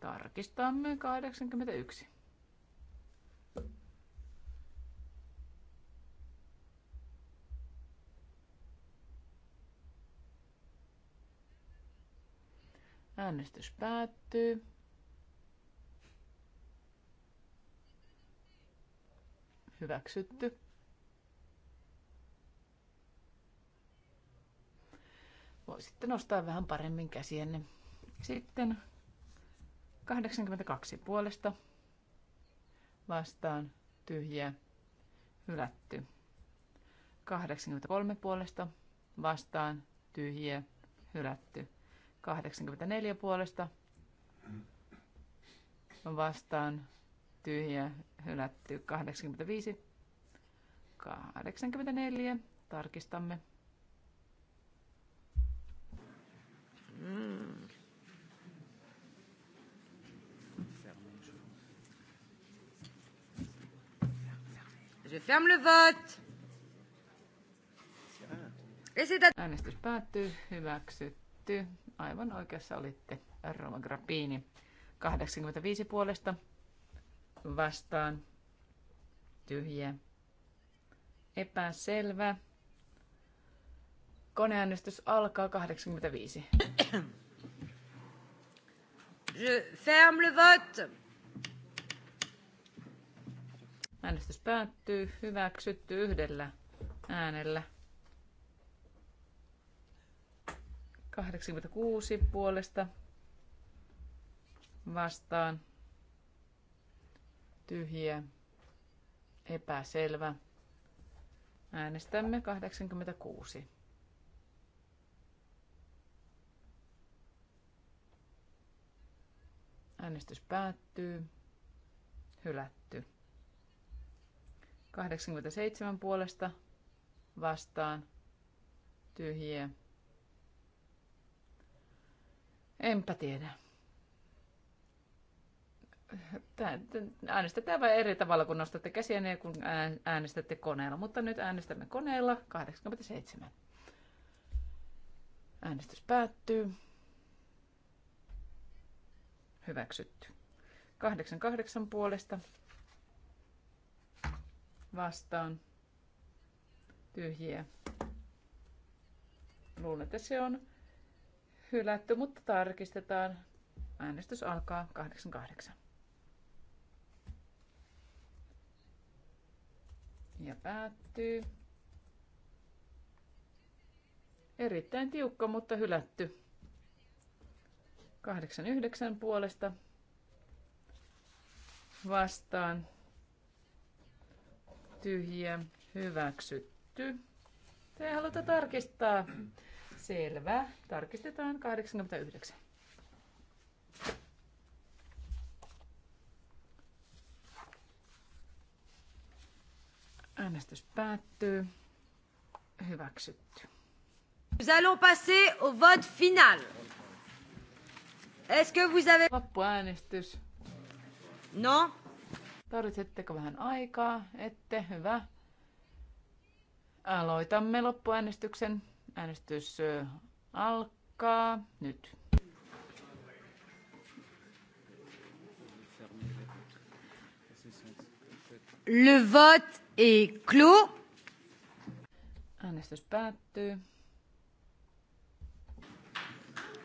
Tarkistamme 81. Äänestys päättyy. hyväksytty. Sitten nostaa vähän paremmin käsienne. Sitten 82 puolesta vastaan tyhjä, hylätty. 83 puolesta vastaan tyhjä, hylätty. 84 puolesta vastaan tyhjä, hylätty 85, 84, tarkistamme. Mm. Je ferme le vote. Esitä... Äänestys päättyy. Hyväksytty. Aivan oikeassa olitte. Roma Grappini. 85 puolesta vastaan tyhjä Epäselvä. Koneäänestys alkaa 85. Je ferme le vote. Äänestys päättyy. Hyväksytty yhdellä äänellä. 86 puolesta vastaan tyhjiä, epäselvä. Äänestämme 86. Äänestys päättyy. Hylätty. 87 puolesta vastaan tyhjiä. Enpä tiedä äänestetään vain eri tavalla, kun nostatte niin kun äänestätte koneella. Mutta nyt äänestämme koneella 87. Äänestys päättyy. Hyväksytty. 88 puolesta. Vastaan. Tyhjiä. Luulen, että se on hylätty, mutta tarkistetaan. Äänestys alkaa 88. ja päättyy. Erittäin tiukka, mutta hylätty. 89 puolesta vastaan Tyhjä, hyväksytty. Te haluatte tarkistaa. Selvä. Tarkistetaan 89. Äänestys päättyy. Hyväksytty. Nous allons passer au vote final. Est-ce que vous avez... Loppuäänestys. No? Tarvitsetteko vähän aikaa? Ette, hyvä. Aloitamme loppuäänestyksen. Äänestys alkaa nyt. Le vote est clos. Äänestys päättyy.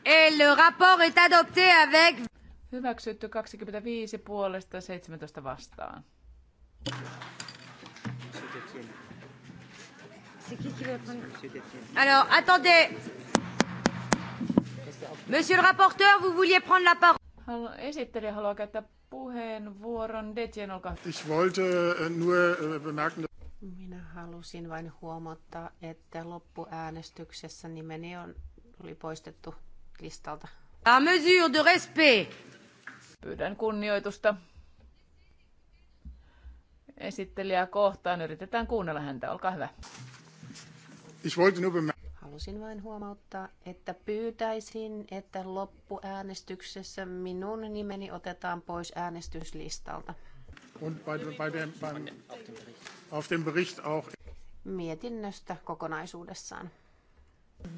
Et le rapport est adopté avec... Hyväksytty 25 puolesta 17 vastaan. Alors, attendez. Monsieur le rapporteur, vous vouliez prendre la parole. Esittelijä haluaa käyttää puheenvuoron. Detjen, olkaa Ich wollte äh, nur äh, bemerken, minä halusin vain huomauttaa, että loppuäänestyksessä nimeni on, oli poistettu listalta. À mesure de respect. Pyydän kunnioitusta esittelijää kohtaan. Yritetään kuunnella häntä. Olkaa hyvä. Ich wollte nur Halusin vain huomauttaa, että pyytäisin, että loppuäänestyksessä minun nimeni otetaan pois äänestyslistalta. Und bei, bei dem, auf dem Bericht auch. Mietinnöstä kokonaisuudessaan.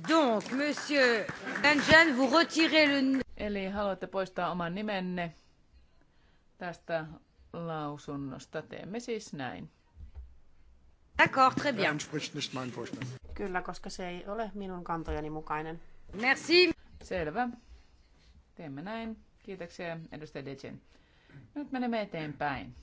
Donc, monsieur Angel, vous retirez le... Eli haluatte poistaa oman nimenne tästä lausunnosta. Teemme siis näin. D'accord, très bien. Kyllä, koska se ei ole minun kantojani mukainen. Merci. Selvä. Teemme näin. Kiitoksia, edustaja Dejen. Nyt menemme eteenpäin. Mm.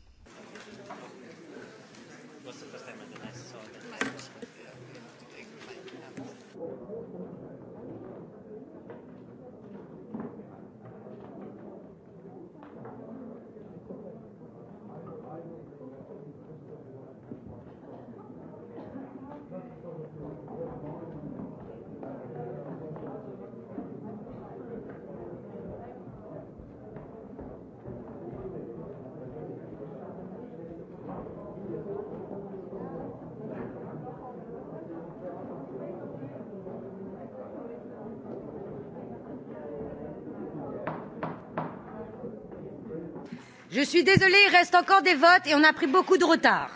Je suis désolée, il reste encore des votes et on a pris beaucoup de retard.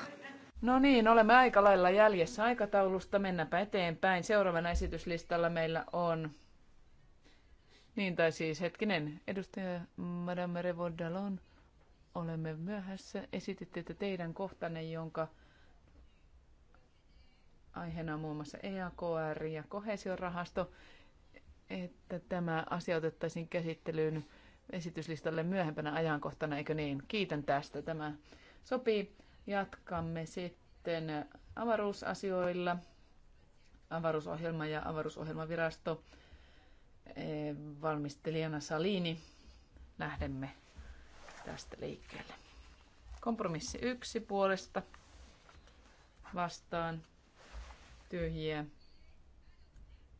No niin, olemme aika lailla jäljessä aikataulusta. Mennäänpä eteenpäin. Seuraavana esityslistalla meillä on... Niin tai siis hetkinen, edustaja Madame Revaudalon, olemme myöhässä. Esititte, että teidän kohtanne, jonka aiheena on muun muassa EAKR ja kohesiorahasto, että tämä asia otettaisiin käsittelyyn esityslistalle myöhempänä ajankohtana, eikö niin? Kiitän tästä. Tämä sopii. Jatkamme sitten avaruusasioilla. Avaruusohjelma ja avaruusohjelmavirasto eh, valmistelijana Salini. Lähdemme tästä liikkeelle. Kompromissi yksi puolesta vastaan tyhjiä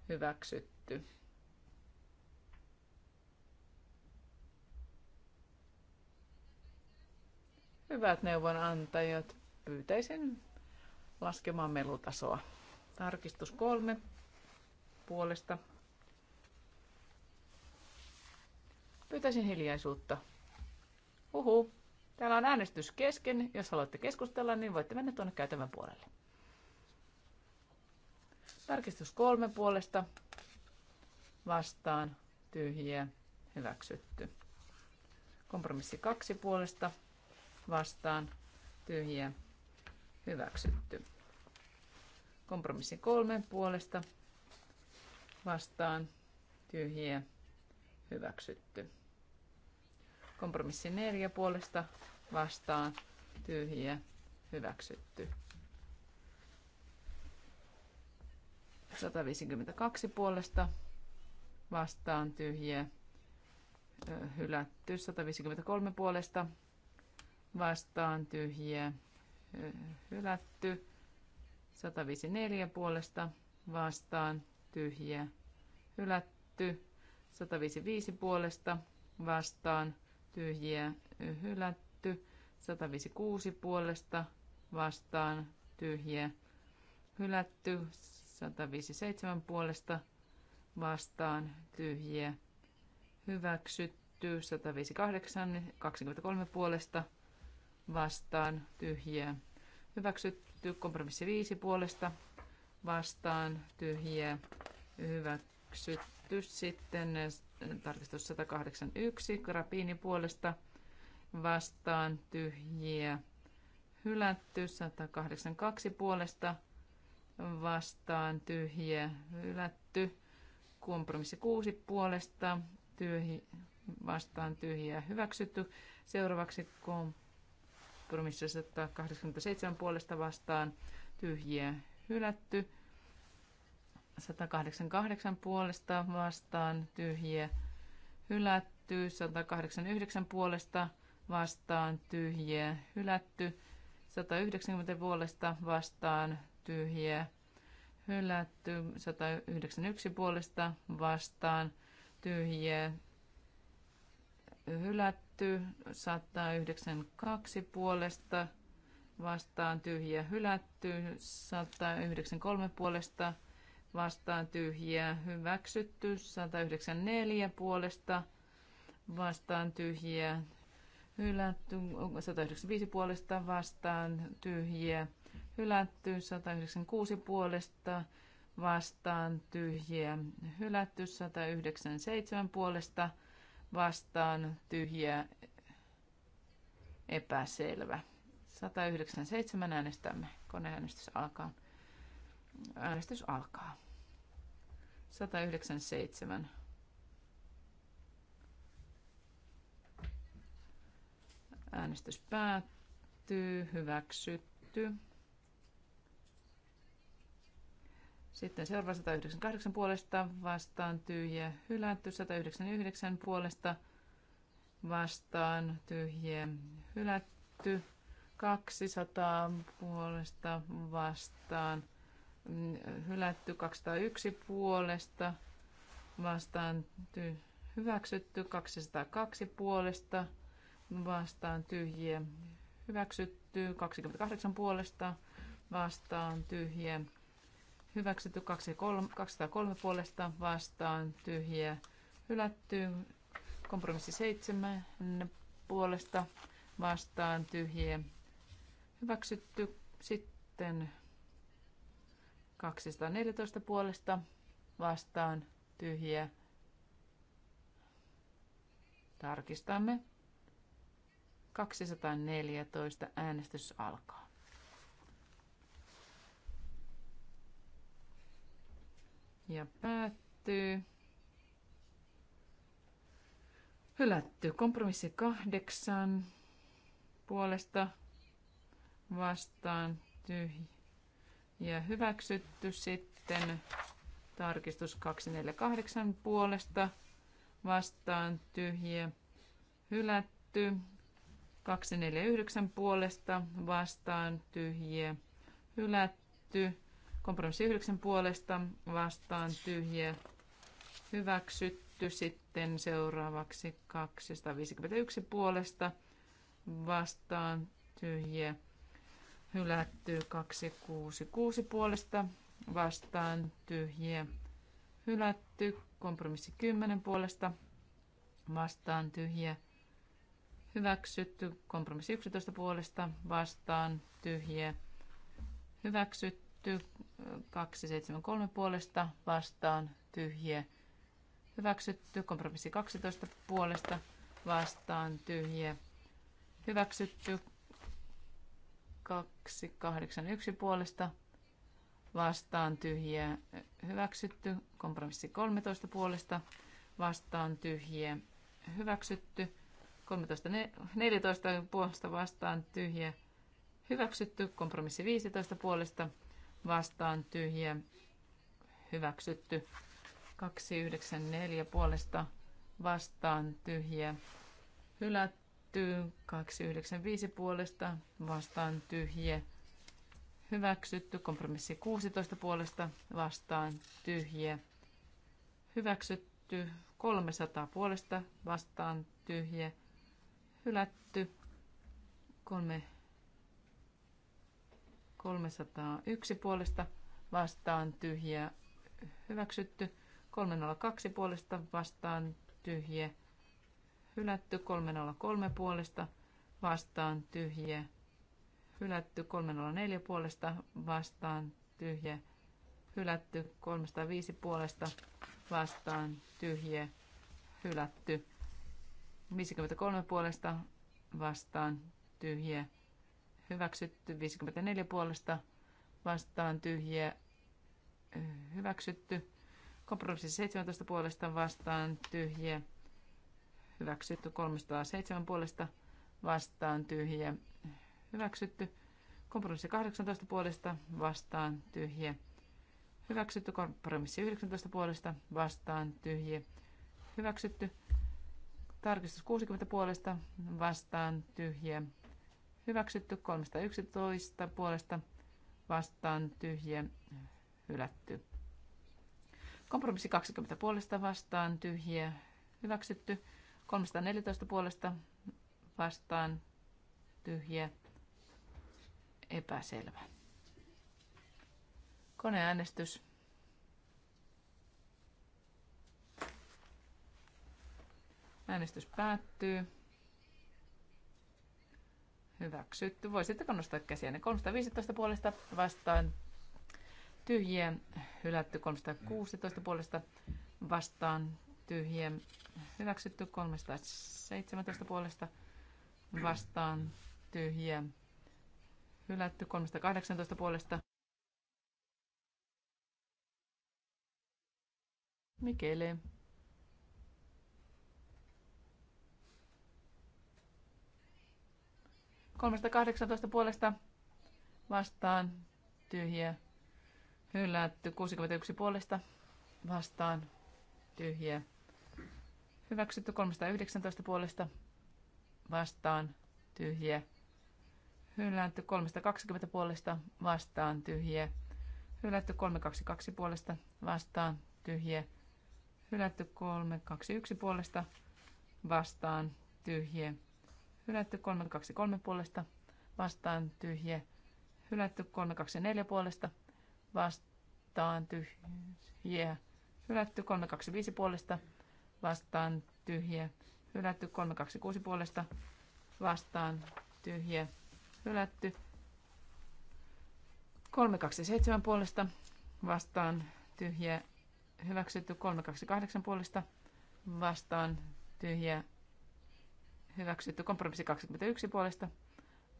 hyväksytty. Hyvät neuvonantajat, pyytäisin laskemaan melutasoa. Tarkistus kolme puolesta. Pyytäisin hiljaisuutta. Huhu, täällä on äänestys kesken. Jos haluatte keskustella, niin voitte mennä tuonne käytävän puolelle. Tarkistus kolme puolesta. Vastaan tyhjiä. Hyväksytty. Kompromissi kaksi puolesta vastaan tyhjiä hyväksytty. Kompromissi kolme puolesta vastaan tyhjiä hyväksytty. Kompromissi neljä puolesta vastaan tyhjiä hyväksytty. 152 puolesta vastaan tyhjiä hylätty. 153 puolesta vastaan tyhjiä hylätty. 154 puolesta vastaan tyhjiä hylätty. 155 puolesta vastaan tyhjiä hylätty. 156 puolesta vastaan tyhjiä hylätty. 157 puolesta vastaan tyhjiä hyväksytty. 158 23 puolesta vastaan tyhjiä. Hyväksytty kompromissi 5 puolesta vastaan tyhjiä. Hyväksytty sitten eh, tarkistus 181 rapiini puolesta vastaan tyhjiä. Hylätty 182 puolesta vastaan tyhjiä. Hylätty kompromissi 6 puolesta tyhjiä vastaan tyhjiä hyväksytty. Seuraavaksi kom- Kompromissi 187 puolesta vastaan tyhjiä hylätty. 188 puolesta vastaan tyhjiä hylätty. 189 puolesta vastaan tyhjiä hylätty. 190 puolesta vastaan tyhjiä hylätty. 191 puolesta vastaan tyhjiä hylätty hylätty, 192 puolesta vastaan tyhjiä hylätty, 193 puolesta vastaan tyhjiä hyväksytty, 194 puolesta vastaan tyhjiä hylätty, 195 puolesta vastaan tyhjiä hylätty, 196 puolesta vastaan tyhjiä hylätty, 197 puolesta vastaan, vastaan tyhjä epäselvä. 197 äänestämme. Koneäänestys alkaa. Äänestys alkaa. 197. Äänestys päättyy. Hyväksytty. Sitten seuraava 198 puolesta vastaan tyhjä hylätty, 199 puolesta vastaan tyhjä hylätty, 200 puolesta vastaan mm, hylätty, 201 puolesta vastaan ty- hyväksytty, 202 puolesta vastaan tyhjä, hyväksytty, 28 puolesta vastaan tyhjä hyväksytty 203 puolesta vastaan tyhjiä hylätty. Kompromissi 7 puolesta vastaan tyhjiä hyväksytty. Sitten 214 puolesta vastaan tyhjiä. Tarkistamme. 214 äänestys alkaa. ja päättyy. Hylätty. Kompromissi kahdeksan puolesta vastaan tyhjä. Ja hyväksytty sitten tarkistus 248 puolesta vastaan tyhjä. Hylätty. 249 puolesta vastaan tyhjä. Hylätty. Kompromissi yhdeksän puolesta vastaan tyhjä hyväksytty. Sitten seuraavaksi 251 puolesta vastaan tyhjä hylätty. 266 puolesta vastaan tyhjä hylätty. Kompromissi 10 puolesta vastaan tyhjä hyväksytty. Kompromissi 11 puolesta vastaan tyhjä hyväksytty hyväksytty. 273 puolesta vastaan tyhjä hyväksytty. Kompromissi 12 puolesta vastaan tyhjä hyväksytty. 281 puolesta vastaan tyhjä hyväksytty. Kompromissi 13 puolesta vastaan tyhjä hyväksytty. 13, 14 puolesta vastaan tyhjä hyväksytty. Kompromissi 15 puolesta vastaan tyhjä, hyväksytty. 294 puolesta vastaan tyhjä, hylätty. 295 puolesta vastaan tyhjä, hyväksytty. Kompromissi 16 puolesta vastaan tyhjä, hyväksytty. 300 puolesta vastaan tyhjä, hylätty. 3 301 puolesta vastaan tyhjä hyväksytty. 302 puolesta vastaan tyhjä hylätty. 303 puolesta vastaan tyhjä hylätty. 304 puolesta vastaan tyhjä hylätty. 305 puolesta vastaan tyhjä hylätty. 53 puolesta vastaan tyhjä hylätty hyväksytty, 54 puolesta vastaan tyhjiä hyväksytty, kompromissi 17 puolesta vastaan tyhjiä hyväksytty, 307 puolesta vastaan tyhjiä hyväksytty, kompromissi 18 puolesta vastaan tyhjiä hyväksytty, kompromissi 19 puolesta vastaan tyhjiä hyväksytty, tarkistus 60 puolesta vastaan tyhjiä hyväksytty 311 puolesta vastaan tyhjä hylätty. Kompromissi 20 puolesta vastaan tyhjä hyväksytty 314 puolesta vastaan tyhjä epäselvä. Koneäänestys. Äänestys päättyy. Hyväksytty. Voisitteko nostaa ne 315 puolesta vastaan. Tyhjiä. Hylätty. 316 puolesta vastaan. Tyhjiä. Hyväksytty. 317 puolesta vastaan. Tyhjiä. Hylätty. 318 puolesta. mikäli 318 puolesta vastaan tyhjiä. Hylätty 61 puolesta vastaan tyhjiä. Hyväksytty 319 puolesta vastaan tyhjiä. Hylätty 320 puolesta vastaan tyhjiä. Hylätty 322 puolesta vastaan tyhjiä. Hylätty 321 puolesta vastaan tyhjiä. Hylätty 323 puolesta vastaan tyhjä. Hylätty 324 puolesta vastaan tyhjä. Hylätty 325 puolesta vastaan tyhjä. Hylätty 326 puolesta vastaan tyhjä. Hylätty 327 puolesta vastaan tyhjä. Hyväksytty 328 puolesta vastaan tyhjä Hyväksytty kompromissi 21 puolesta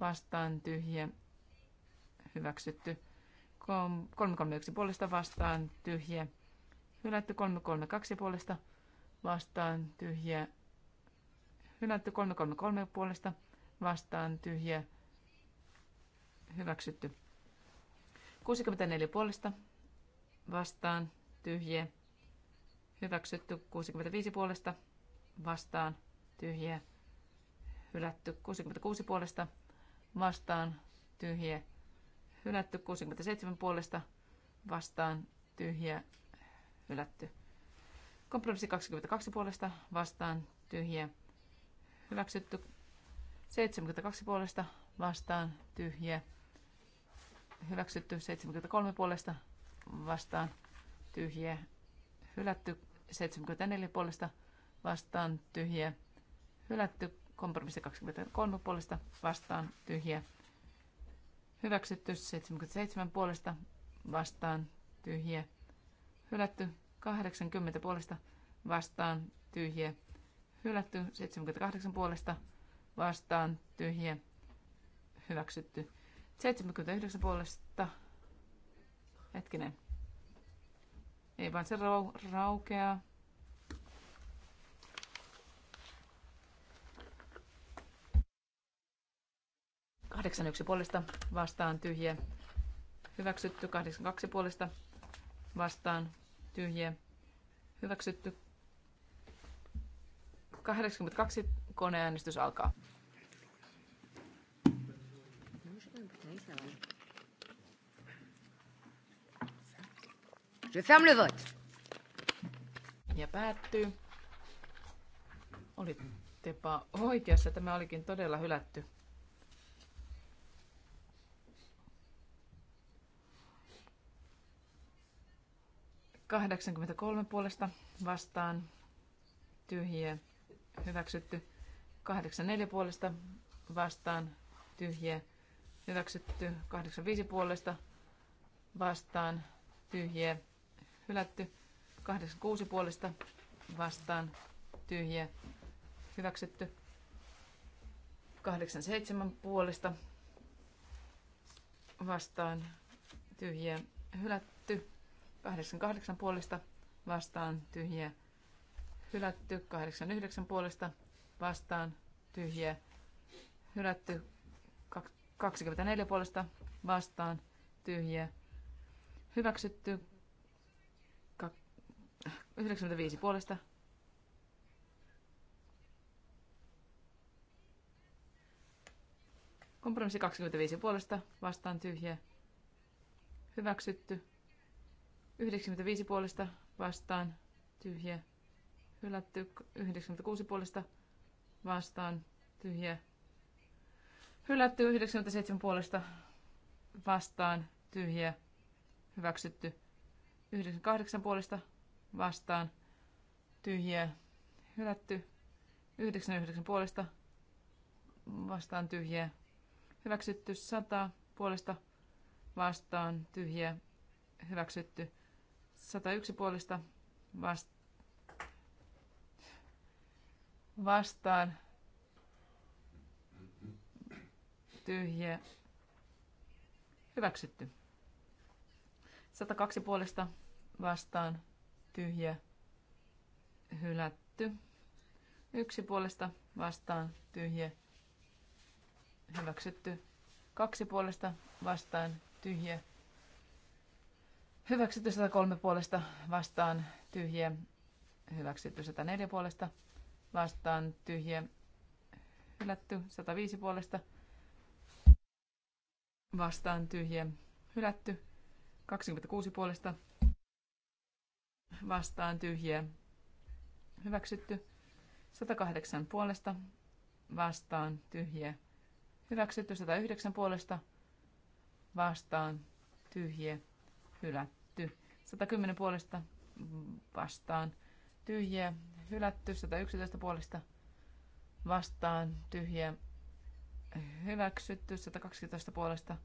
vastaan tyhjä. Hyväksytty 331 puolesta vastaan tyhjä. Hylätty 332 puolesta vastaan tyhjä. Hylätty 333 puolesta vastaan tyhjä. Hyväksytty 64 puolesta vastaan tyhjä. Hyväksytty 65 puolesta vastaan tyhjä hylätty 66 puolesta vastaan tyhjä hylätty 67 puolesta vastaan tyhjä hylätty. Kompromissi 22 puolesta vastaan tyhjä hyväksytty 72 puolesta vastaan tyhjä hyväksytty 73 puolesta vastaan tyhjä hylätty 74 puolesta vastaan tyhjä hylätty Kompromissi 23 puolesta vastaan tyhjä. Hyväksytty 77 puolesta vastaan tyhjä. Hylätty 80 puolesta vastaan tyhjä. Hylätty 78 puolesta vastaan tyhjä. Hyväksytty 79 puolesta. Hetkinen. Ei vaan se rau, raukeaa. 81 puolesta vastaan tyhjä. Hyväksytty 82 puolesta vastaan tyhjä. Hyväksytty 82 koneäänestys alkaa. Je ferme le vote. Ja päättyy. Olitte oikeassa. Tämä olikin todella hylätty. 83 puolesta vastaan tyhjiä hyväksytty. 84 puolesta vastaan tyhjiä hyväksytty. 85 puolesta vastaan tyhjiä hylätty. 86 puolesta vastaan tyhjiä hyväksytty. 87 puolesta vastaan tyhjiä hylätty. 88 puolesta vastaan tyhjiä hylätty. 89 puolesta vastaan tyhjiä hylätty. 24 puolesta vastaan tyhjiä hyväksytty. 95 puolesta Kompromissi 25 puolesta vastaan tyhjä. Hyväksytty. 95 puolesta vastaan tyhjä hylätty. 96 puolesta vastaan tyhjä hylätty. 97 puolesta vastaan tyhjä hyväksytty. 98 puolesta vastaan tyhjä hylätty. 99 puolesta vastaan tyhjä hyväksytty. 100 puolesta vastaan tyhjä hyväksytty 101 puolista vastaan tyhjä hyväksytty. 102 puolista vastaan tyhjä hylätty. Yksi puolesta vastaan tyhjä hyväksytty. Kaksi puolesta vastaan tyhjä Hyväksytty 103 puolesta vastaan tyhjä. Hyväksytty 104 puolesta vastaan tyhjä. Hylätty 105 puolesta vastaan tyhjä. Hylätty 26 puolesta vastaan tyhjä. Hyväksytty 108 puolesta vastaan tyhjä. Hyväksytty 109 puolesta vastaan tyhjä hylätty. 110 puolesta vastaan tyhjiä, hylätty. 111 puolesta vastaan tyhjiä, hyväksytty. 112 puolesta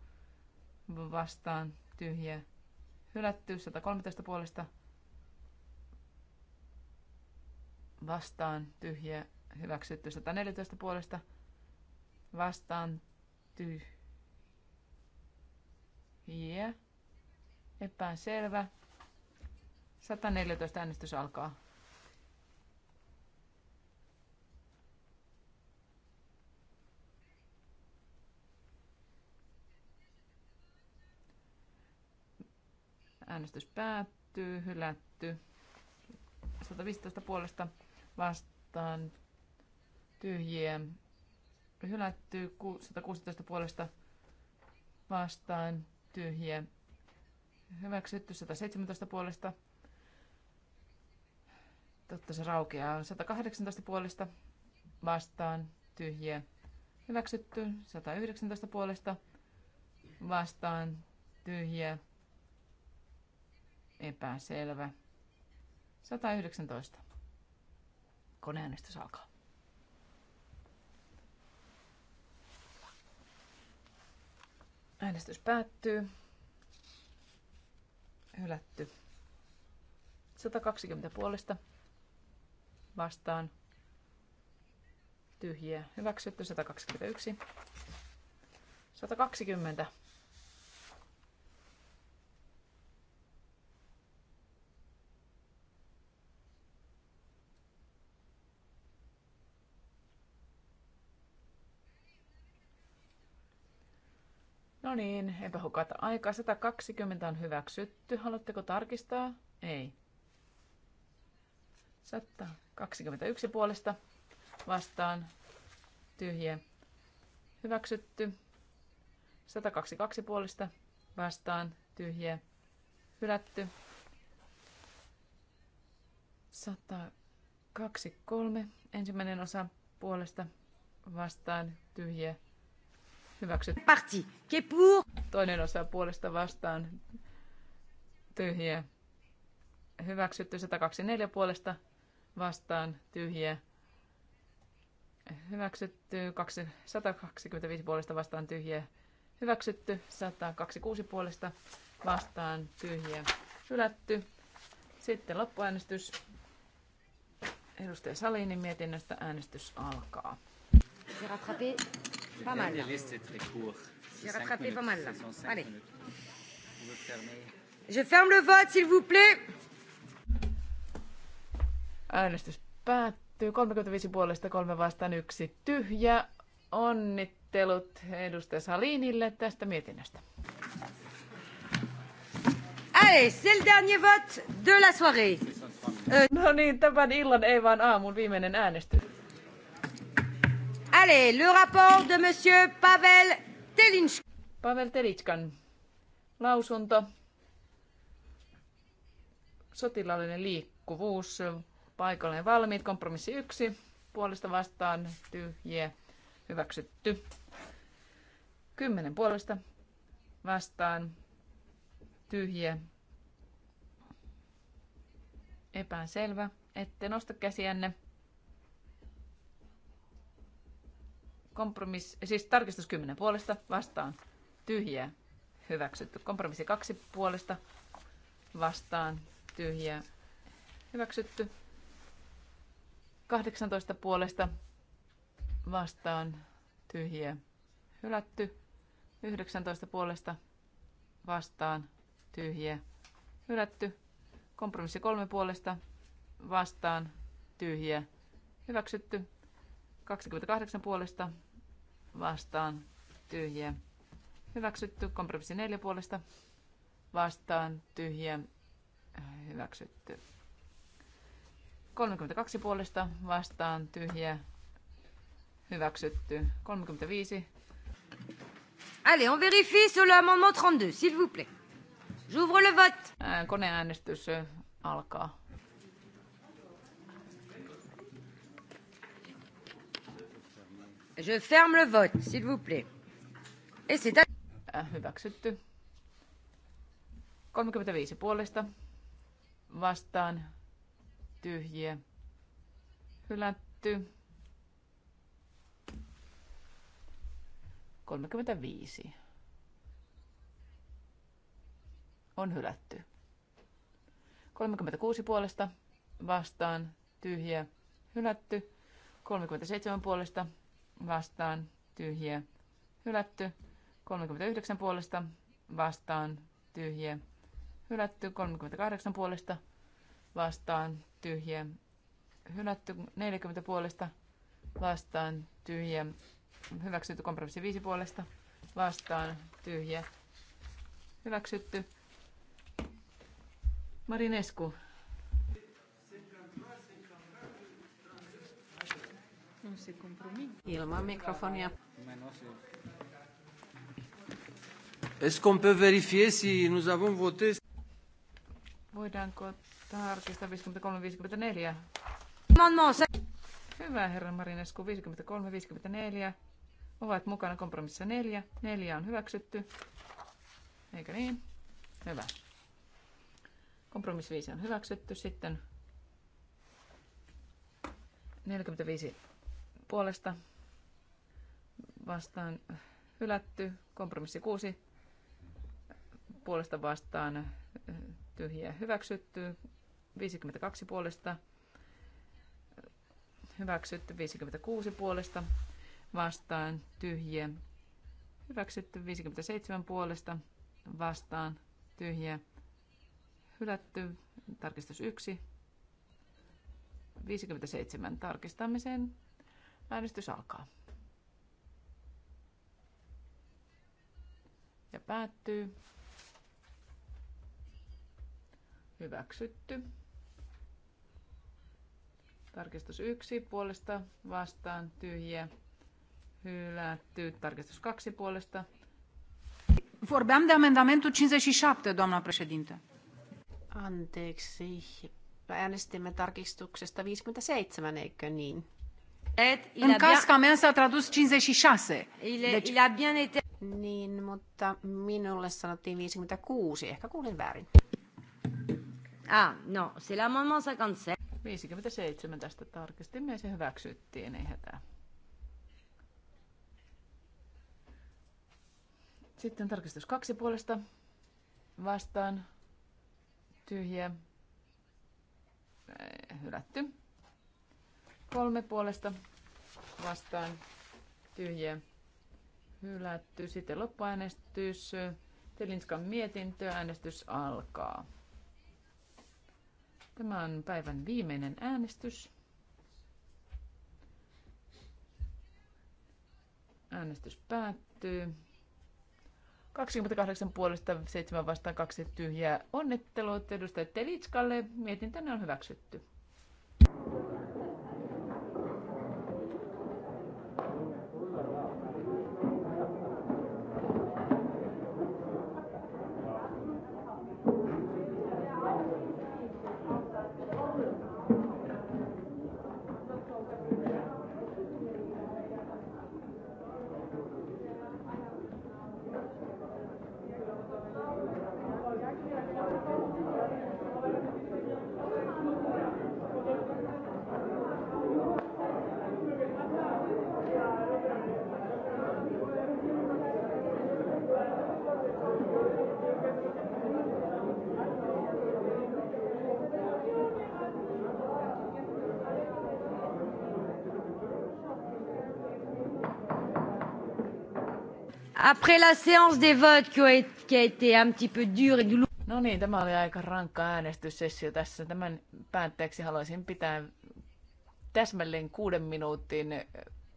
vastaan tyhjiä, hylätty. 113 puolesta vastaan tyhjiä, hyväksytty. 114 puolesta vastaan tyhjiä. Yeah. Epäselvä. 114 äänestys alkaa. Äänestys päättyy, hylätty. 115 puolesta vastaan tyhjiä. Hylätty 116 puolesta vastaan tyhjiä hyväksytty 117 puolesta. Totta se raukeaa 118 puolesta vastaan tyhjiä. Hyväksytty 119 puolesta vastaan tyhjiä. Epäselvä. 119. Koneäänestys alkaa. Äänestys päättyy hylätty. 120 puolesta vastaan tyhjiä hyväksytty 121. 120 No niin, eipä hukata aikaa. 120 on hyväksytty. Haluatteko tarkistaa? Ei. 121 puolesta vastaan tyhjä. Hyväksytty. 122 puolesta vastaan tyhjä. Hylätty. 123 ensimmäinen osa puolesta vastaan tyhjä Hyväksyt. Parti. Kepur. Toinen osa puolesta vastaan. Tyhjiä. Hyväksytty 124 puolesta vastaan. Tyhjiä. Hyväksytty 125 puolesta vastaan. Tyhjiä. Hyväksytty 126 puolesta vastaan. Tyhjiä. Hylätty. Sitten loppuäänestys. Edustaja Salinin mietinnöstä äänestys alkaa. Se rattrapé Pas mal. La liste est très courte. J'ai rattrapé minutes. pas mal là. Allez. Je ferme le vote, s'il vous plaît. Äänestys päättyy. 35 puolesta, 3 vastaan, 1 tyhjä. Onnittelut edustaja Salinille tästä mietinnöstä. Allez, c'est le dernier vote de la soirée. No niin, tämän illan ei vaan aamun viimeinen äänestys. Allez, le rapport de monsieur Pavel Telinsk. Pavel Telitskan lausunto. Sotilaallinen liikkuvuus, paikallinen valmiit, kompromissi yksi, puolesta vastaan, tyhjiä, hyväksytty. Kymmenen puolesta vastaan, tyhjiä, epäselvä, ette nosta käsiänne. Kompromissi, siis tarkistus 10 puolesta vastaan tyhjää hyväksytty. Kompromissi 2 puolesta vastaan tyhjää hyväksytty. 18 puolesta vastaan tyhjää hylätty. 19 puolesta vastaan tyhjää hylätty. Kompromissi 3 puolesta vastaan tyhjää hyväksytty. 28 puolesta vastaan tyhjiä. Hyväksytty. Kompromissi 4 puolesta vastaan tyhjiä. Hyväksytty. 32 puolesta vastaan tyhjiä. Hyväksytty. 35. Allez, on vérifie sur amendement 32, s'il vous plaît. J'ouvre le vote. Koneäänestys alkaa. Je ferme le vote, s'il vous plaît. Et c'est... à... Äh, hyväksytty. 35 puolesta vastaan tyhjiä. Hylätty. 35. On hylätty. 36 puolesta vastaan tyhjiä. Hylätty. 37 puolesta vastaan tyhjiä hylätty. 39 puolesta vastaan tyhjiä hylätty. 38 puolesta vastaan tyhjiä hylätty. 40 puolesta vastaan tyhjiä hyväksytty. Kompromissi 5 puolesta vastaan tyhjiä hyväksytty. Marinescu. Ilman mikrofonia. Est-ce qu'on peut vérifier si nous avons voté? Voidaanko tarkistaa 53-54? No, se... Hyvä, herra Marinesku. 53-54 ovat mukana kompromississa 4. 4 on hyväksytty. Eikö niin? Hyvä. Kompromissi 5 on hyväksytty. Sitten 45 puolesta vastaan hylätty. Kompromissi 6 äh, äh, puolesta vastaan tyhjiä hyväksytty. 52 puolesta hyväksytty. 56 puolesta vastaan tyhjiä hyväksytty. 57 puolesta vastaan tyhjiä hylätty. Tarkistus 1 57 tarkistamiseen. Äänestys alkaa. Ja päättyy. Hyväksytty. Tarkistus 1 puolesta vastaan tyhjä. Hylätty. Tarkistus 2 puolesta. Vorbeam de amendamentul 57, doamna președinte. Anteeksi. Äänestimme tarkistuksesta 57, eikö niin? În casca mea s-a tradus 56. Deci... Niin, mutta minulle sanottiin 56. Ehkä kuulin väärin. Ah, no, sillä on 57. 57 tästä tarkistimme Me se hyväksyttiin, ei hätää. Sitten tarkistus kaksi puolesta. Vastaan. Tyhjä. Hylätty. Kolme puolesta vastaan tyhjiä hylätty. Sitten loppuäänestys. Telinskan mietintö. Äänestys alkaa. Tämä on päivän viimeinen äänestys. Äänestys päättyy. 28 puolesta 7 vastaan 2 tyhjää. Onnittelut edustaja Telitskalle. Mietintänne on hyväksytty. Après la séance des votes qui a été un petit peu dure et douloureuse. No niin, tämä oli aika rankka äänestyssessio tässä. Tämän päätteeksi haluaisin pitää täsmälleen kuuden minuutin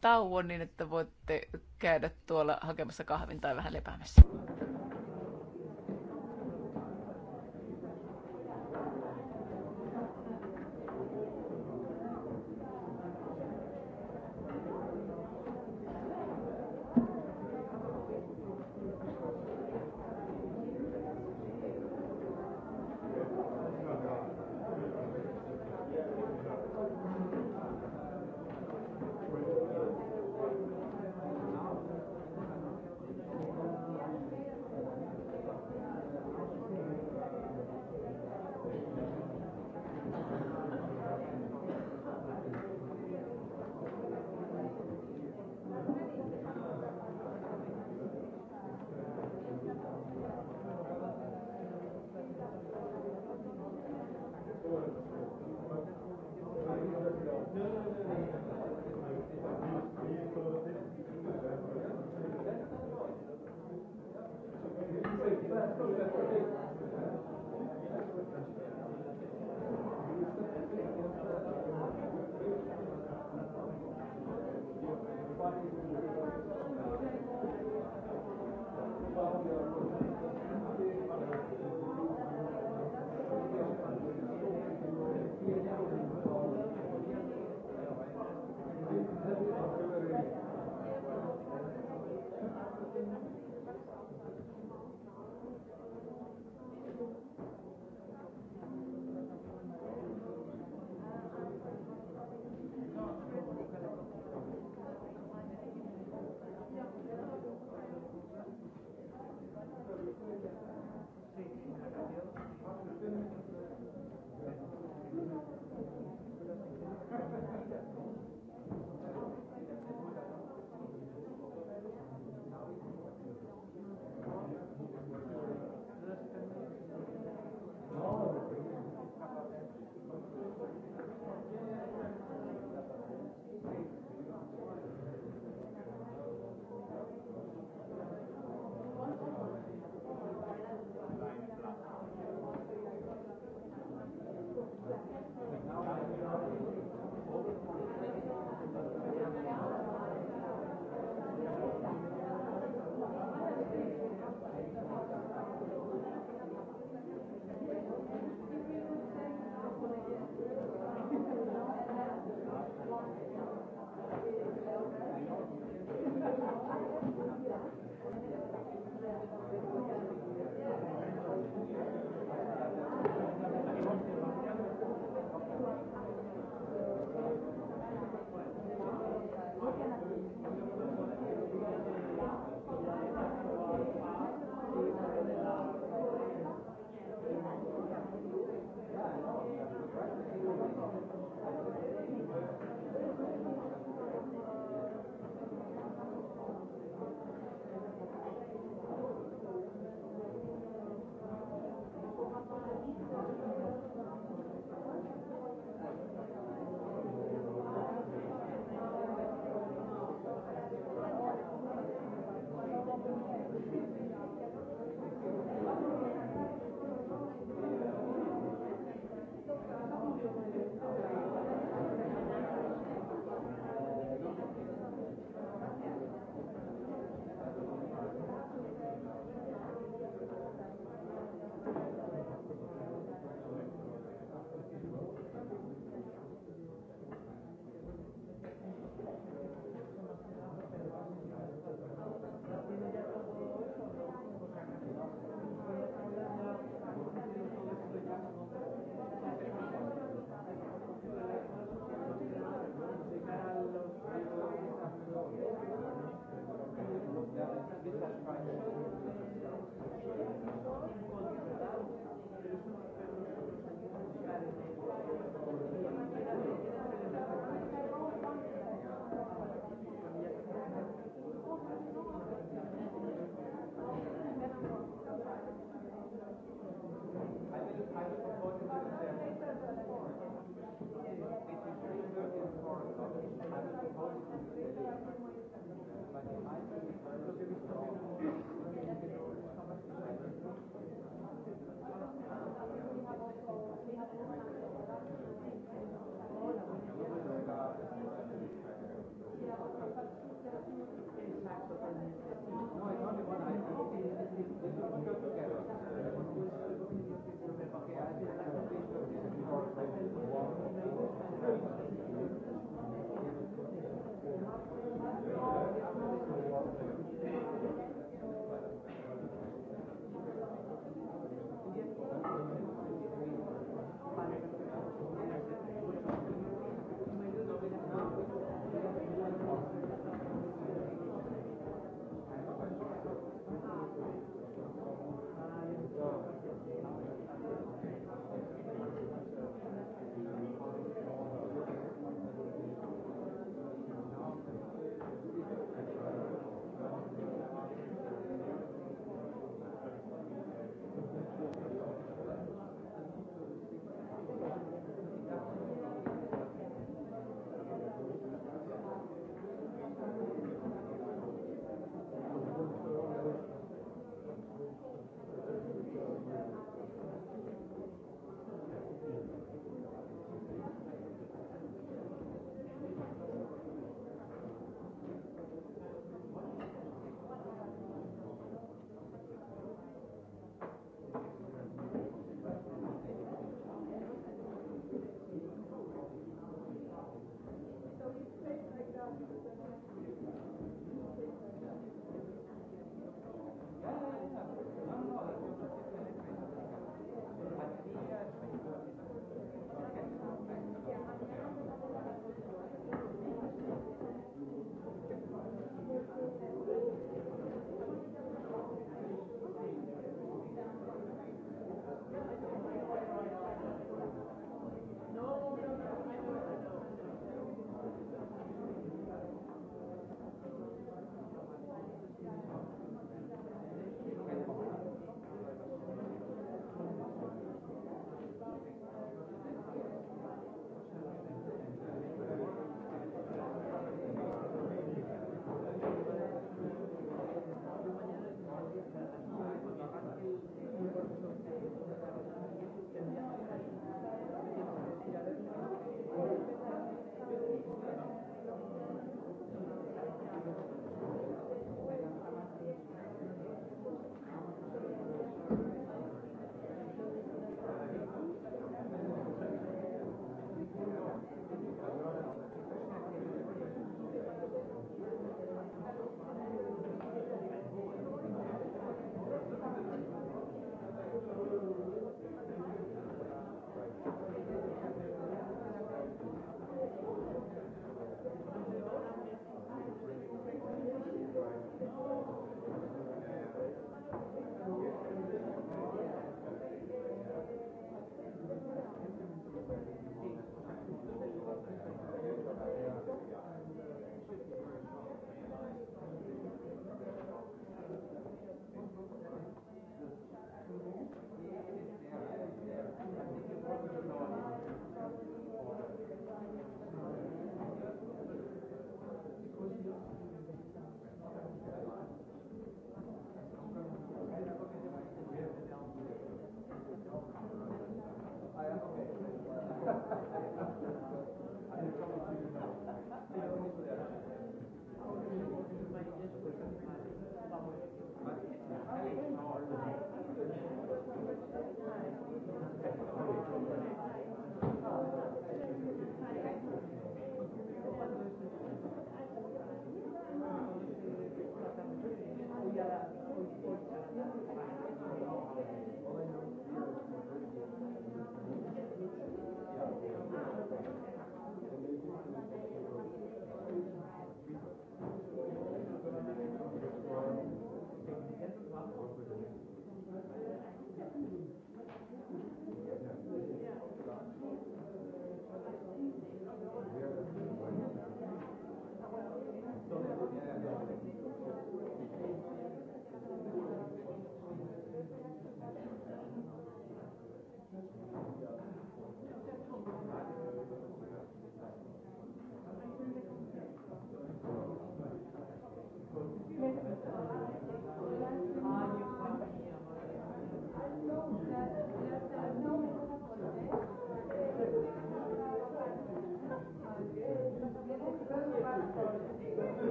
tauon niin, että voitte käydä tuolla hakemassa kahvin tai vähän lepäämässä.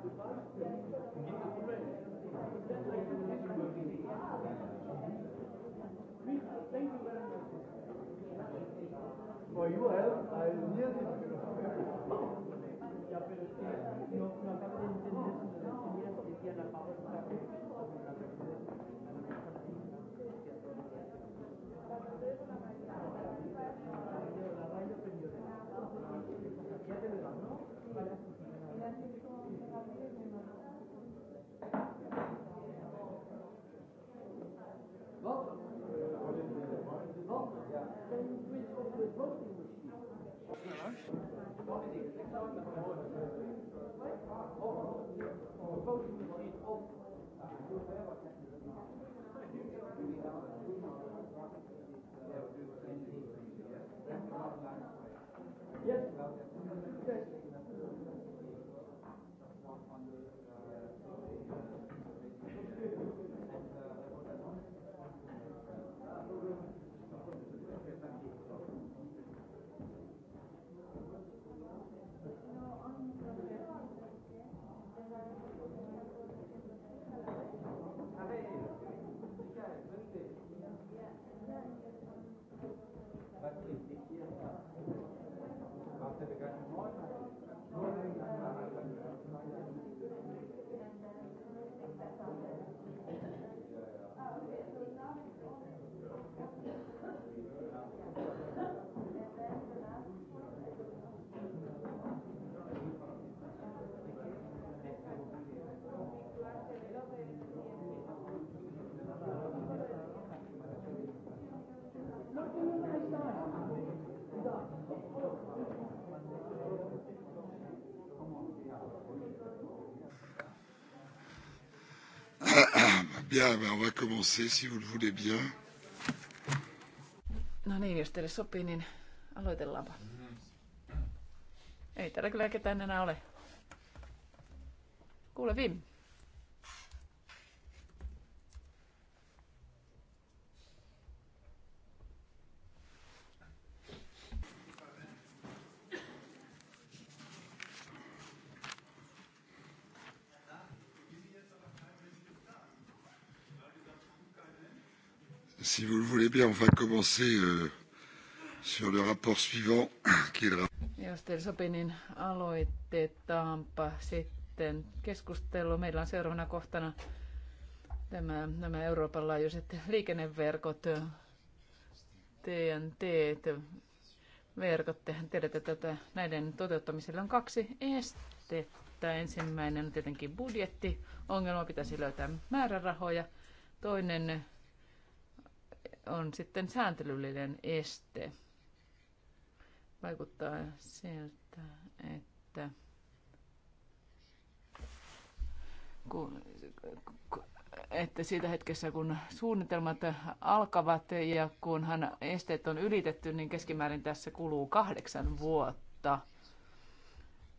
For your help, I nearly. No. Yes. Yes. Bien, ben on va commencer si vous le voulez bien. No niin, jos teille sopii, niin aloitellaanpa. Ei täällä kyllä ketään enää ole. Kuule Vim. Si vous le voulez bien, on va commencer euh, sur le rapport suivant, qui est le rapport. Jos teille sopii, niin aloitetaanpa sitten keskustelu. Meillä on seuraavana kohtana tämä, nämä Euroopan laajuiset liikenneverkot, TNT, verkot. Tehän tiedätte, että tätä, näiden toteuttamiselle on kaksi estettä. Ensimmäinen on tietenkin budjetti. Ongelma pitäisi löytää määrärahoja. Toinen on sitten sääntelyllinen este. Vaikuttaa siltä, että kun, että siitä hetkessä, kun suunnitelmat alkavat ja kunhan esteet on ylitetty, niin keskimäärin tässä kuluu kahdeksan vuotta.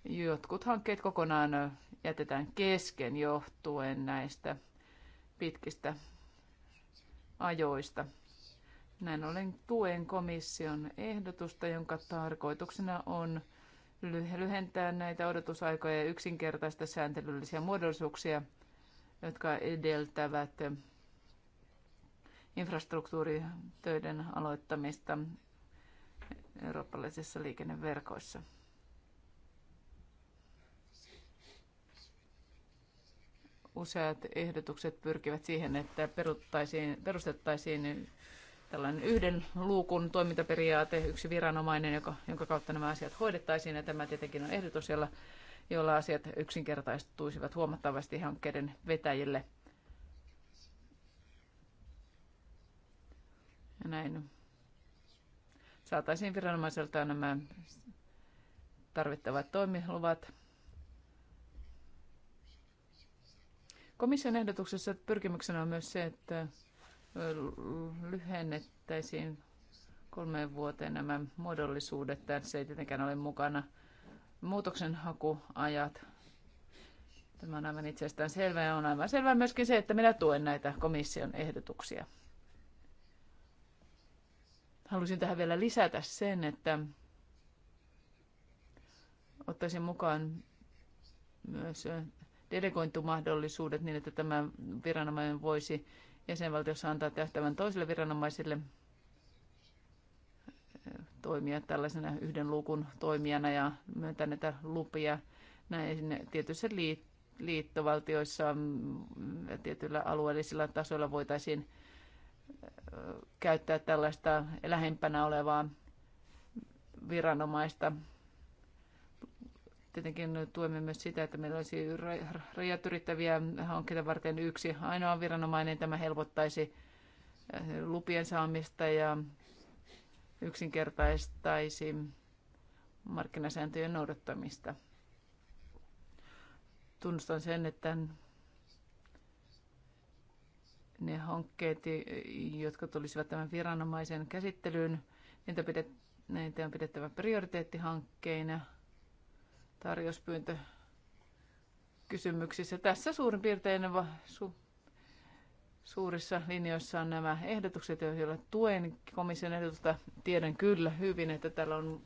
Jotkut hankkeet kokonaan jätetään kesken johtuen näistä pitkistä ajoista. Näin ollen tuen komission ehdotusta, jonka tarkoituksena on lyhentää näitä odotusaikoja ja yksinkertaista sääntelyllisiä muodollisuuksia, jotka edeltävät infrastruktuuritöiden aloittamista eurooppalaisissa liikenneverkoissa. Useat ehdotukset pyrkivät siihen, että perustettaisiin tällainen yhden luukun toimintaperiaate, yksi viranomainen, joka, jonka kautta nämä asiat hoidettaisiin. Ja tämä tietenkin on ehdotus, jolla, jolla asiat yksinkertaistuisivat huomattavasti hankkeiden vetäjille. Ja näin saataisiin viranomaiselta nämä tarvittavat toimiluvat. Komission ehdotuksessa pyrkimyksenä on myös se, että lyhennettäisiin kolmeen vuoteen nämä muodollisuudet. Tässä ei tietenkään ole mukana muutoksenhakuajat. Tämä on aivan itsestään selvää ja on aivan selvää myöskin se, että minä tuen näitä komission ehdotuksia. Haluaisin tähän vielä lisätä sen, että ottaisin mukaan myös delegointumahdollisuudet niin, että tämä viranomainen voisi jäsenvaltiossa antaa tehtävän toiselle viranomaisille toimia tällaisena yhden luukun toimijana ja myöntää näitä lupia näin tietyissä liittovaltioissa mm, tietyillä alueellisilla tasoilla voitaisiin käyttää tällaista lähempänä olevaa viranomaista Tietenkin tuemme myös sitä, että meillä olisi rajat yrittäviä hankkeita varten yksi ainoa viranomainen. Tämä helpottaisi eh, lupien saamista ja yksinkertaistaisi markkinasääntöjen noudattamista. Tunnustan sen, että ne hankkeet, jotka tulisivat tämän viranomaisen käsittelyyn, niitä, on pidettävä prioriteettihankkeina – tarjouspyyntö kysymyksissä. Tässä suurin piirtein su- suurissa linjoissa on nämä ehdotukset, joilla tuen komission ehdotusta. Tiedän kyllä hyvin, että täällä on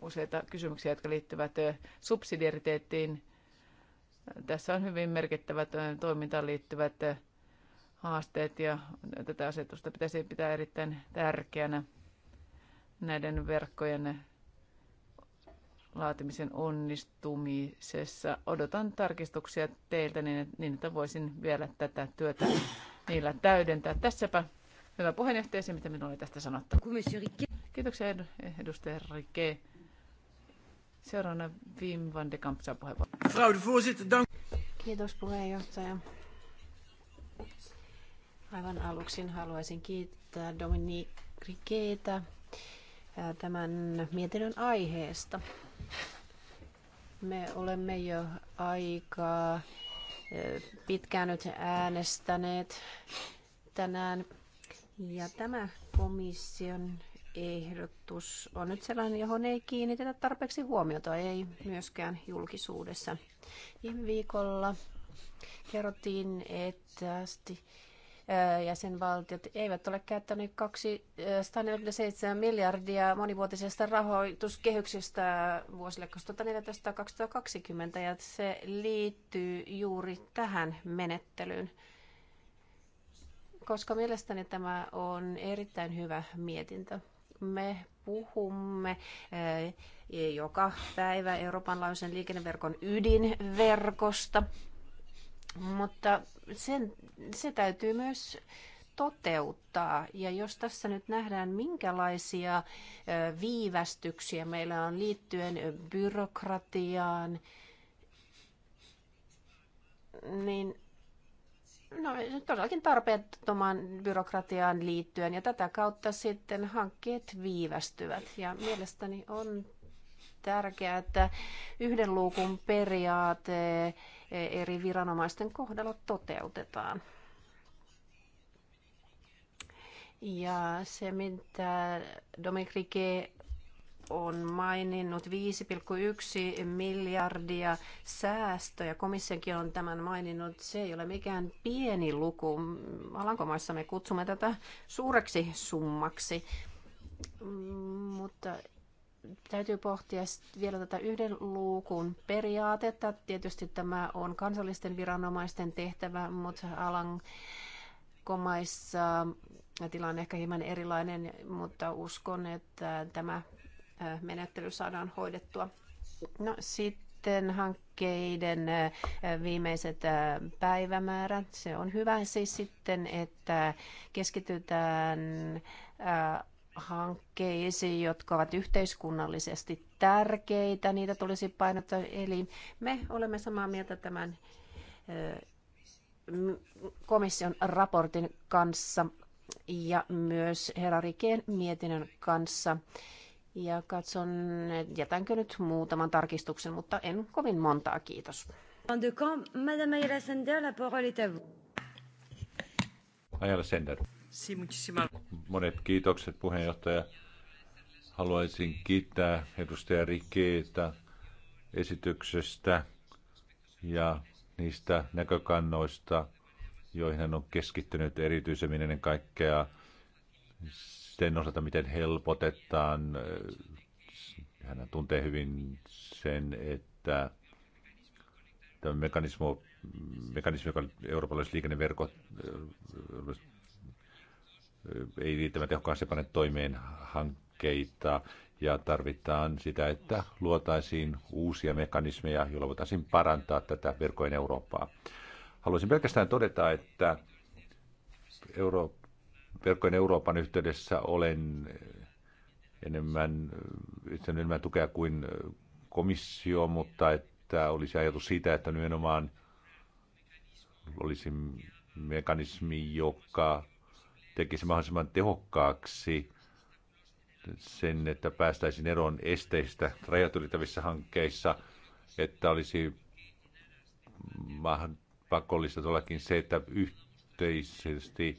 useita kysymyksiä, jotka liittyvät subsidiariteettiin. Tässä on hyvin merkittävät toimintaan liittyvät haasteet ja tätä asetusta pitäisi pitää erittäin tärkeänä näiden verkkojen laatimisen onnistumisessa. Odotan tarkistuksia teiltä niin, niin, että voisin vielä tätä työtä niillä täydentää. Tässäpä hyvä puheenjohtaja se, mitä minulla oli tästä sanottu. Kiitoksia edustaja Rike. Seuraavana Wim van de Kamp saa puheenvuoron. Kiitos puheenjohtaja. Aivan aluksi haluaisin kiittää Dominique Rikeitä tämän mietinnön aiheesta. Me olemme jo aikaa eh, pitkään nyt äänestäneet tänään. Ja tämä komission ehdotus on nyt sellainen, johon ei kiinnitetä tarpeeksi huomiota, ei myöskään julkisuudessa. Viime viikolla kerrottiin, että jäsenvaltiot eivät ole käyttäneet 247 miljardia monivuotisesta rahoituskehyksestä vuosille 2014-2020 ja se liittyy juuri tähän menettelyyn. Koska mielestäni tämä on erittäin hyvä mietintö. Me puhumme joka päivä Euroopan laajuisen liikenneverkon ydinverkosta mutta sen, se täytyy myös toteuttaa. Ja jos tässä nyt nähdään, minkälaisia viivästyksiä meillä on liittyen byrokratiaan, niin no, todellakin tarpeettoman byrokratiaan liittyen ja tätä kautta sitten hankkeet viivästyvät. Ja mielestäni on tärkeää, että yhden luukun periaate eri viranomaisten kohdalla toteutetaan. Ja se, mitä Dominic Riquet on maininnut 5,1 miljardia säästöjä. Komissiokin on tämän maininnut. Se ei ole mikään pieni luku. Alankomaissa me kutsumme tätä suureksi summaksi. Mutta täytyy pohtia vielä tätä yhden luukun periaatetta. Tietysti tämä on kansallisten viranomaisten tehtävä, mutta alankomaissa äh, tilanne ehkä hieman erilainen, mutta uskon, että tämä äh, menettely saadaan hoidettua. No sitten hankkeiden äh, viimeiset päivämäärät. Se on hyvä siis sitten, että keskitytään hankkeisiin, jotka ovat yhteiskunnallisesti tärkeitä. Niitä tulisi painottaa. Eli me olemme samaa mieltä tämän komission raportin kanssa ja myös herra Rikeen mietinnön kanssa. Ja katson, jätänkö nyt muutaman tarkistuksen, mutta en kovin montaa, kiitos. Madame Ayala Sender, la parole est à vous. Ayala Sender. Monet kiitokset puheenjohtaja. Haluaisin kiittää edustaja Rikeetä esityksestä ja niistä näkökannoista, joihin hän on keskittynyt erityisemmin ennen kaikkea sen osalta, miten helpotetaan. Hän tuntee hyvin sen, että tämä mekanismo, mekanismi, joka eurooppalaiset liikenneverkot ei riittävän tehokkaasti pane toimeen hankkeita ja tarvitaan sitä, että luotaisiin uusia mekanismeja, joilla voitaisiin parantaa tätä verkkojen Eurooppaa. Haluaisin pelkästään todeta, että Euro- verkkojen Euroopan yhteydessä olen enemmän, enemmän tukea kuin komissio, mutta että olisi ajatus siitä, että nimenomaan olisi mekanismi, joka tekisi mahdollisimman tehokkaaksi sen, että päästäisiin eroon esteistä rajat ylittävissä hankkeissa, että olisi pakollista tuollakin se, että yhteisesti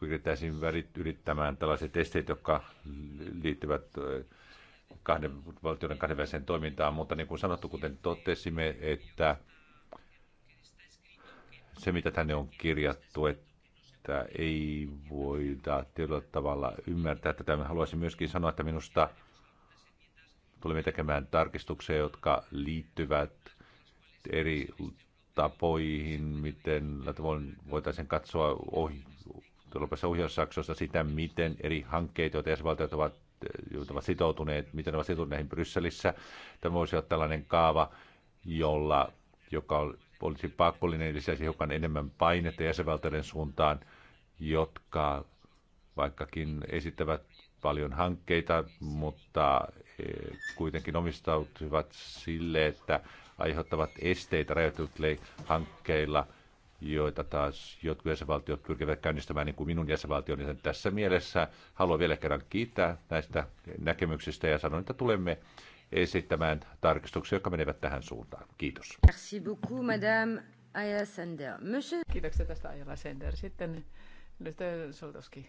pyritäisiin yrittämään tällaiset esteet, jotka liittyvät äh, kahden, valtioiden kahdenväliseen toimintaan, mutta niin kuin sanottu, kuten totesimme, että se mitä tänne on kirjattu, että että ei voida tietyllä tavalla ymmärtää tätä. Mä haluaisin myöskin sanoa, että minusta tulemme tekemään tarkistuksia, jotka liittyvät eri tapoihin, miten voitaisiin katsoa ohi, ohjaussaksosta sitä, miten eri hankkeet, joita jäsenvaltiot ovat joita ovat sitoutuneet, miten ne ovat sitoutuneet Brysselissä. Tämä voisi olla tällainen kaava, jolla, joka olisi pakollinen, niin lisäisi hiukan enemmän painetta jäsenvaltioiden suuntaan, jotka vaikkakin esittävät paljon hankkeita, mutta eh, kuitenkin omistautuvat sille, että aiheuttavat esteitä rajoitetuille hankkeilla, joita taas jotkut jäsenvaltiot pyrkivät käynnistämään, niin kuin minun jäsenvaltioni. tässä mielessä haluan vielä kerran kiittää näistä näkemyksistä ja sanon, että tulemme esittämään tarkistuksia, jotka menevät tähän suuntaan. Kiitos. Merci beaucoup, madame Aya Ayasender. Monsieur... Kiitoksia tästä Aya Sender. Sitten nyt Soltoski.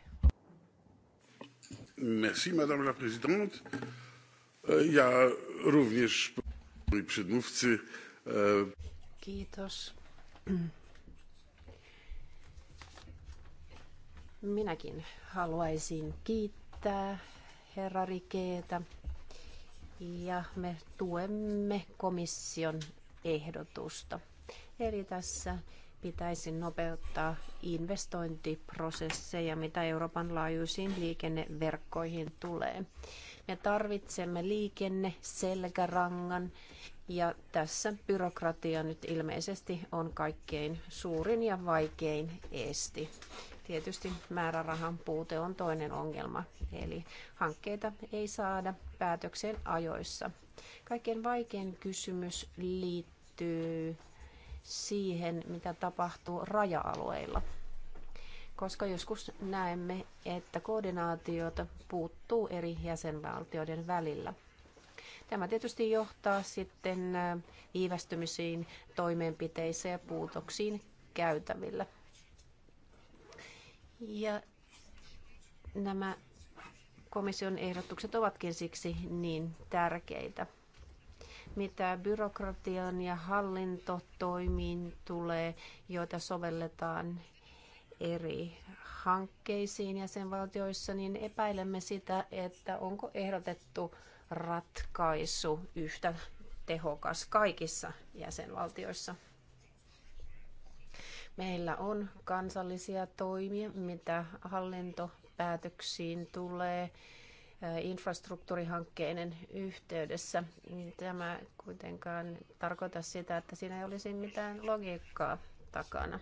Merci, madame la présidente. E, ja również przedmówcy. E, Kiitos. Minäkin haluaisin kiittää herra Rikeetä ja me tuemme komission ehdotusta. Eli tässä pitäisi nopeuttaa investointiprosesseja, mitä Euroopan laajuisiin liikenneverkkoihin tulee. Me tarvitsemme liikenne selkärangan ja tässä byrokratia nyt ilmeisesti on kaikkein suurin ja vaikein esti. Tietysti määrärahan puute on toinen ongelma, eli hankkeita ei saada päätökseen ajoissa. Kaikkein vaikein kysymys liittyy siihen, mitä tapahtuu raja-alueilla. Koska joskus näemme, että koordinaatiota puuttuu eri jäsenvaltioiden välillä. Tämä tietysti johtaa sitten viivästymisiin toimenpiteissä ja puutoksiin käytävillä. Ja nämä komission ehdotukset ovatkin siksi niin tärkeitä. Mitä byrokratian ja hallintotoimiin tulee, joita sovelletaan eri hankkeisiin jäsenvaltioissa, niin epäilemme sitä, että onko ehdotettu ratkaisu yhtä tehokas kaikissa jäsenvaltioissa. Meillä on kansallisia toimia, mitä hallintopäätöksiin tulee infrastruktuurihankkeiden yhteydessä. Tämä kuitenkaan tarkoita sitä, että siinä ei olisi mitään logiikkaa takana.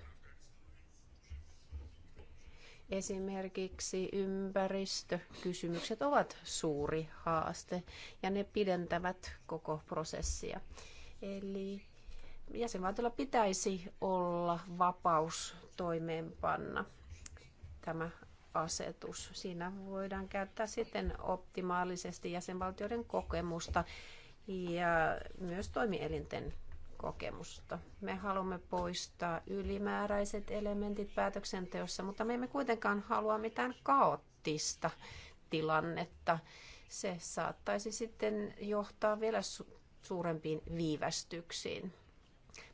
Esimerkiksi ympäristökysymykset ovat suuri haaste ja ne pidentävät koko prosessia. Eli Jäsenvaltiolla pitäisi olla vapaus toimeenpanna tämä asetus. Siinä voidaan käyttää sitten optimaalisesti jäsenvaltioiden kokemusta ja myös toimielinten kokemusta. Me haluamme poistaa ylimääräiset elementit päätöksenteossa, mutta me emme kuitenkaan halua mitään kaoottista tilannetta. Se saattaisi sitten johtaa vielä suurempiin viivästyksiin.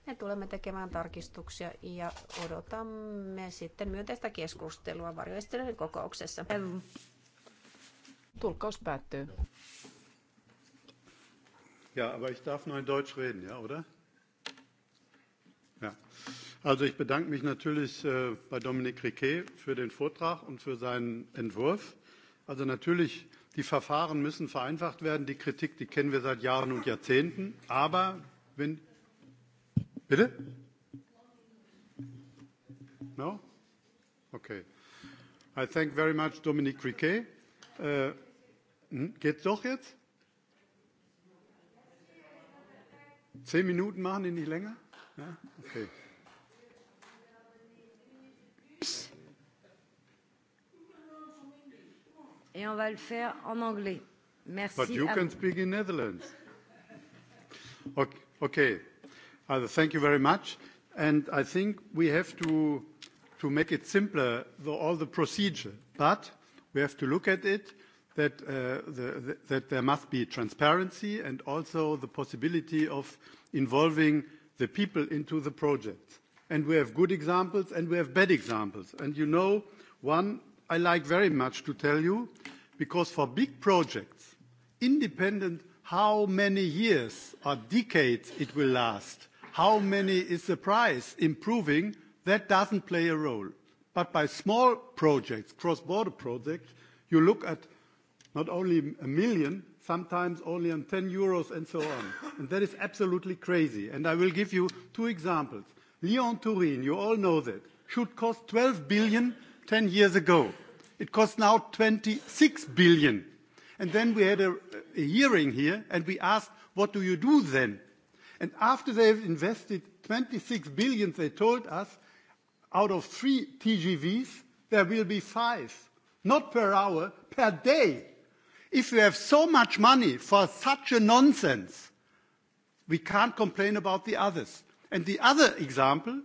Me tulemme tekemään tarkistuksia ja odotamme sitten myönteistä keskustelua varjoesteiden kokouksessa. Tulkkaus päättyy. Ja, aber ich darf nur in Deutsch reden, ja, oder? Ja. Also ich bedanke mich natürlich äh, bei Dominique Riquet für den Vortrag und für seinen Entwurf. Also natürlich, die Verfahren müssen vereinfacht werden. Die Kritik, die kennen wir seit Jahren und Jahrzehnten. Aber wenn Bitte? No? Okay. I thank very much Dominique Riquet. Äh, geht's doch jetzt? Zehn Minuten machen die nicht länger? Ja? Okay. Et on va le faire en anglais. Merci. But you à... can speak in Netherlands. Okay. okay. Either. Thank you very much. And I think we have to, make it simpler, the, all the procedure. But we have to look at it that, uh, that there must be transparency and also the possibility of involving the people into the project. And we have good examples and we have bad examples. And you know, one I like very much to tell you, because for big projects, independent how many years or decades it will last, how many is the price improving, that doesn't play a role. But by small projects, cross-border projects, you look at not only 1 million, sometimes only on 10 euros and so on. and That is absolutely crazy. And I will give you two examples. Lyon-Turin, you all know that, should cost 12 billion 10 years ago. It costs now 26 billion. And Then we had a, a hearing here, and we asked, "What do you do then?" And after they've invested 26 billion, they told us, out of three TGVs, there will be five, not per hour, per day. If you have so much money for such a nonsense, we can't complain about the others. And the other example,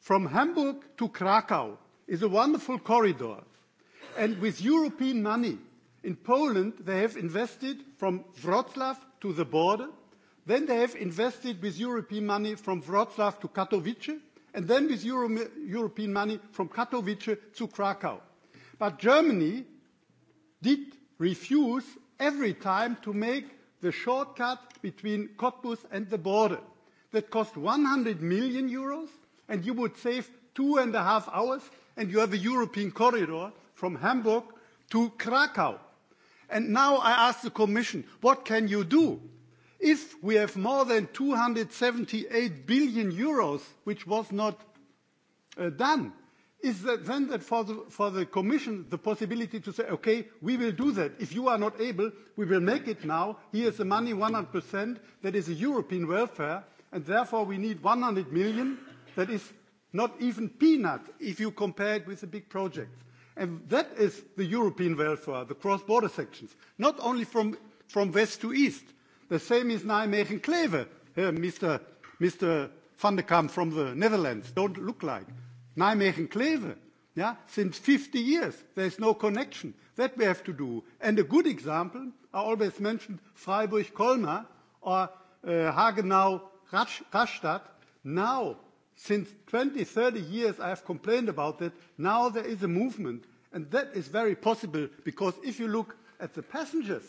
from Hamburg to Krakow, is a wonderful corridor. And with European money, in Poland, they have invested from Wrocław to the border Then they have invested with European money from Wrocław to Katowice, and then with Euro European money from Katowice to Krakow. But Germany did refuse every time to make the shortcut between Cottbus and the border. That cost 100 million euros, and you would save two and a half hours, and you have a European corridor from Hamburg to Krakow. And now I ask the Commission, what can you do? If we have more than 278 billion euros, which was not uh, done, is that then that for the, for the commission, the possibility to say, "Okay, we will do that. If you are not able, we will make it now. Here's the money, 100%. That is a European welfare, and therefore we need 100 million. That is not even peanut if you compare it with the big projects." And that is the European welfare, the cross-border sections, not only from, from west to east, The same is Nijmegen Kleve, uh, Mr. Mr. van de Kamp from the Netherlands. Don't look like. Nijmegen Kleve, yeah, since 50 years, there's no connection. That we have to do. And a good example, I always mentioned Freiburg Colmar or uh, Hagenau Rastatt. Now, since 20, 30 years, I have complained about that. Now there is a movement. And that is very possible because if you look at the passengers,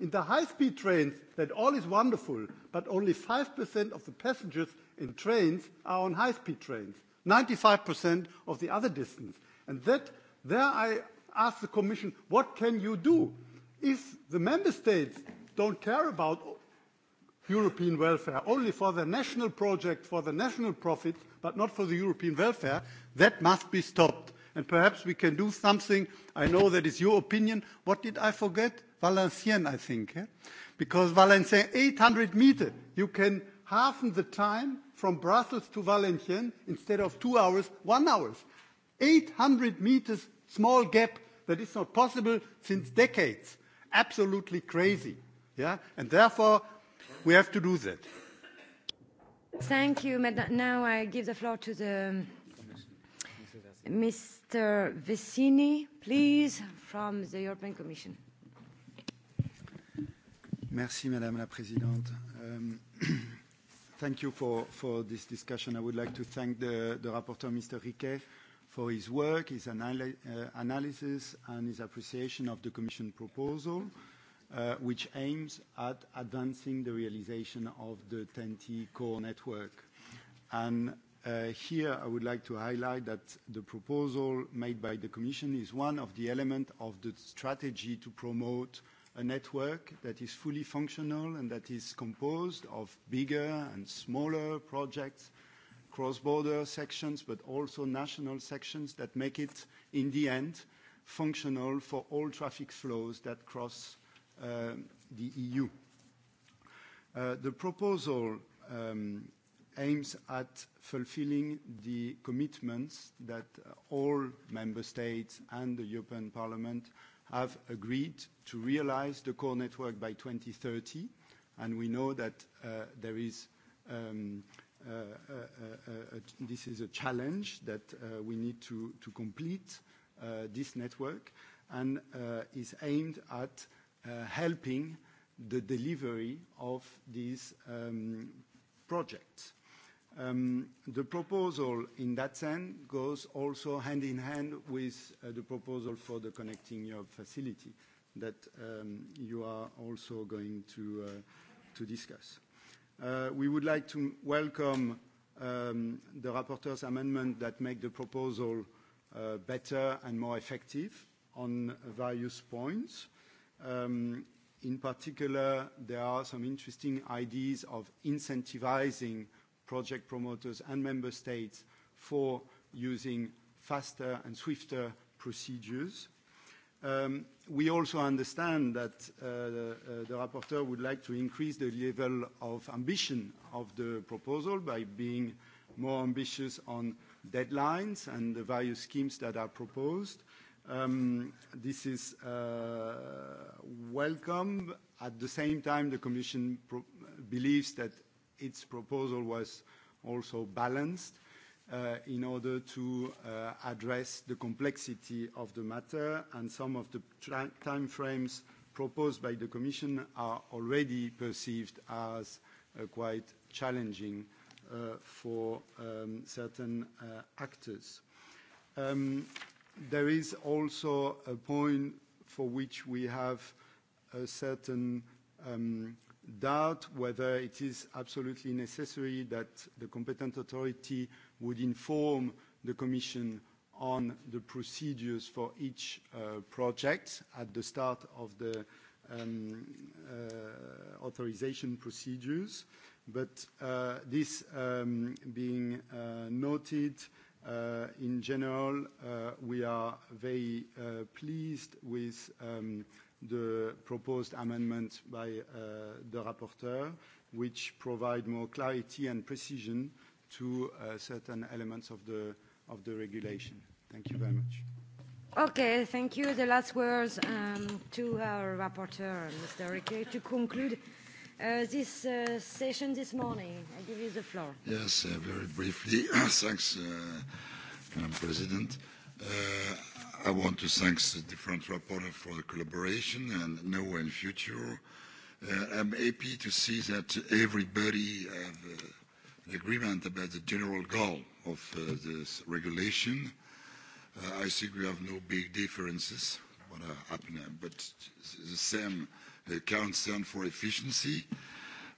In the high-speed trains, that all is wonderful, but only 5% of the passengers in trains are on high-speed trains, 95% of the other distance. And that, there I ask the Commission, what can you do? If the member states don't care about European welfare, only for the national project, for the national profit, but not for the European welfare, that must be stopped. And perhaps we can do something. I know that is your opinion. What did I forget? Valenciennes, I think, Yeah? because Valenciennes, 800 meters, you can half the time from Brussels to Valenciennes instead of two hours, one hours. 800 meters small gap that is not possible since decades. Absolutely crazy. Yeah? And therefore, we have to do that. Thank you. Now I give the floor to the Mr. Um, Vecini, please, from the European Commission. Merci, Madame la Présidente. Um, thank you for, for this discussion. I would like to thank the, the rapporteur, Mr. Riquet, for his work, his anali uh, analysis, and his appreciation of the Commission proposal, uh, which aims at advancing the realization of the TEN-T core network. And uh, here, I would like to highlight that the proposal made by the Commission is one of the elements of the strategy to promote a network that is fully functional and that is composed of bigger and smaller projects, cross-border sections, but also national sections that make it, in the end, functional for all traffic flows that cross uh, the EU. Uh, the proposal um, aims at fulfilling the commitments that uh, all member states and the European Parliament have agreed to realize the core network by 2030, and we know that uh, there is um, uh, uh, this is a challenge that we need to, complete this network and is aimed at helping the delivery of these um, projects. Um, the proposal in that sense goes also hand in hand with uh, the proposal for the Connecting Europe facility that um, you are also going to, uh, discuss. Uh, we would like to welcome um, the rapporteur's amendment that make the proposal better and more effective on various points. In particular, there are some interesting ideas of incentivizing project promoters and member states for using faster and swifter procedures. Um, we also understand that uh, the, uh, the rapporteur would like to increase the level of ambition of the proposal by being more ambitious on deadlines and the various schemes that are proposed. Um, this is uh, welcome. At the same time, the Commission believes that its proposal was also balanced uh, in order to uh, address the complexity of the matter, and some of the time frames proposed by the Commission are already perceived as uh, quite challenging uh, for um, certain uh, actors. Um, there is also a point for which we have a certain um, doubt whether it is absolutely necessary that the competent authority would inform the Commission on the procedures for each uh, project at the start of the um, uh, authorization procedures. But uh, this um, being uh, noted, uh, in general, uh, we are very pleased with um, the proposed amendment by uh, the rapporteur, which provide more clarity and precision to uh, certain elements of the, of the regulation. Thank you very much. Okay, thank you. The last words um, to our rapporteur, Mr. Riquet, to conclude uh, this uh, session this morning. I give you the floor. Yes, uh, very briefly. Thanks, uh, Madam President. Uh, I want to thank the different rapporteurs for the collaboration and now and future. Uh, I'm happy to see that everybody have uh, an agreement about the general goal of uh, this regulation. Uh, I think we have no big differences, what are happening, but the same uh, concern for efficiency.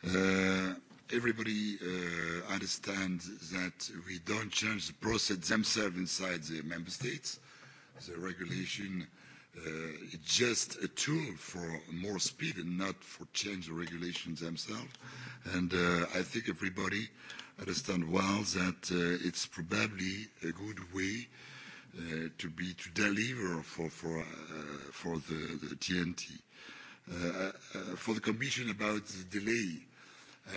Uh, everybody uh, understands that we don't change the process themselves inside the member states the regulation uh, is just a tool for more speed and not for change the regulations themselves. And uh, I think everybody understand well that uh, it's probably a good way uh, to be to deliver for for uh, for the, the TNT. Uh, uh, for the Commission about the delay,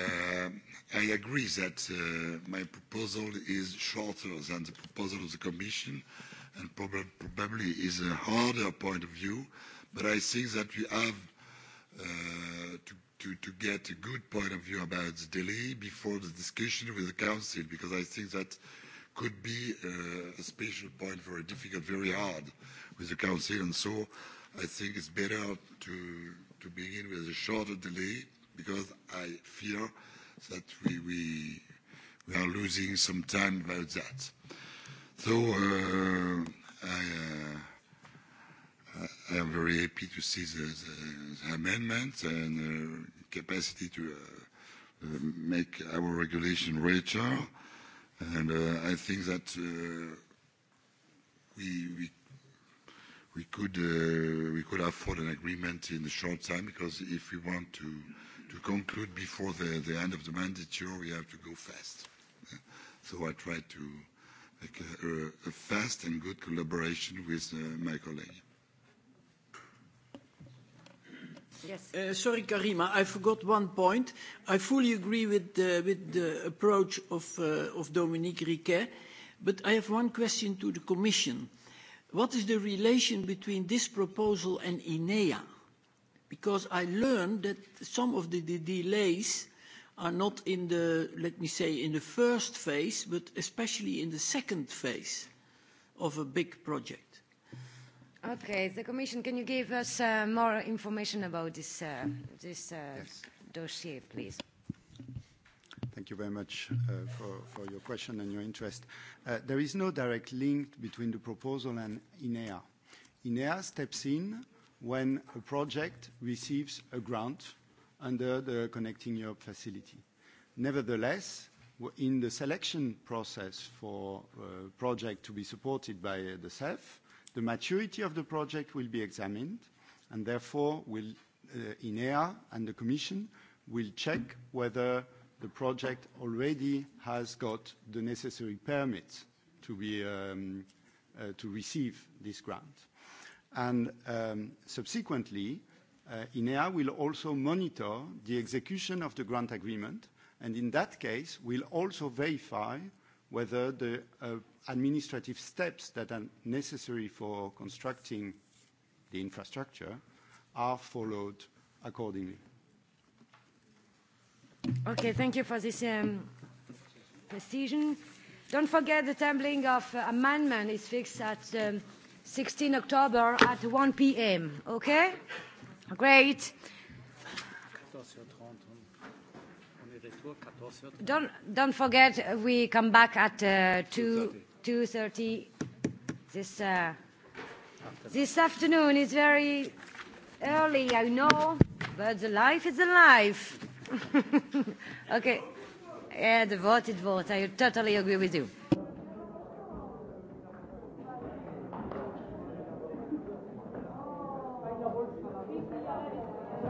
uh, I agree that uh, my proposal is shorter than the proposal of the Commission. Uh, and probably is a harder point of view. But I think that we have uh, to, to, to get a good point of view about the delay before the discussion with the Council, because I think that could be uh, a special point very difficult, very hard with the Council. And so I think it's better to, to begin with a shorter delay, because I fear that we, we, we are losing some time about that. So uh, I, uh, I am very happy to see the, the, the amendments and uh, capacity to uh, make our regulation richer. And uh, I think that uh, we, we we could uh, we could afford an agreement in a short time because if we want to to conclude before the, the end of the mandate, we have to go fast. So I try to fast and good collaboration with uh, my colleague. Yes. Uh, sorry, Karima, I forgot one point. I fully agree with the, with the approach of, uh, of Dominique Riquet, but I have one question to the Commission. What is the relation between this proposal and INEA? Because I learned that some of the, the delays are not in the, let me say, in the first phase, but especially in the second phase of a big project. Okay. The Commission, can you give us uh, more information about this, uh, this uh, yes. dossier, please? Thank you very much uh, for, for your question and your interest. Uh, there is no direct link between the proposal and INEA. INEA steps in when a project receives a grant under the Connecting Europe facility. Nevertheless, in the selection process for uh, project to be supported by uh, the CEF, the maturity of the project will be examined, and therefore will uh, INEA and the Commission will check whether the project already has got the necessary permits to be um, uh, to receive this grant. And um, subsequently, Uh, INEA will also monitor the execution of the grant agreement, and in that case, will also verify whether the uh, administrative steps that are necessary for constructing the infrastructure are followed accordingly. Okay, thank you for this um, precision. Don't forget the tabling of uh, amendment is fixed at 16 um, October at 1 P.M., okay? Ah, great. Don't, don't forget, uh, we come back at uh, 2, 2.30 this, uh, this afternoon. It's very early, I know, but the life is the life. okay. Yeah, the vote is vote. I totally agree with you.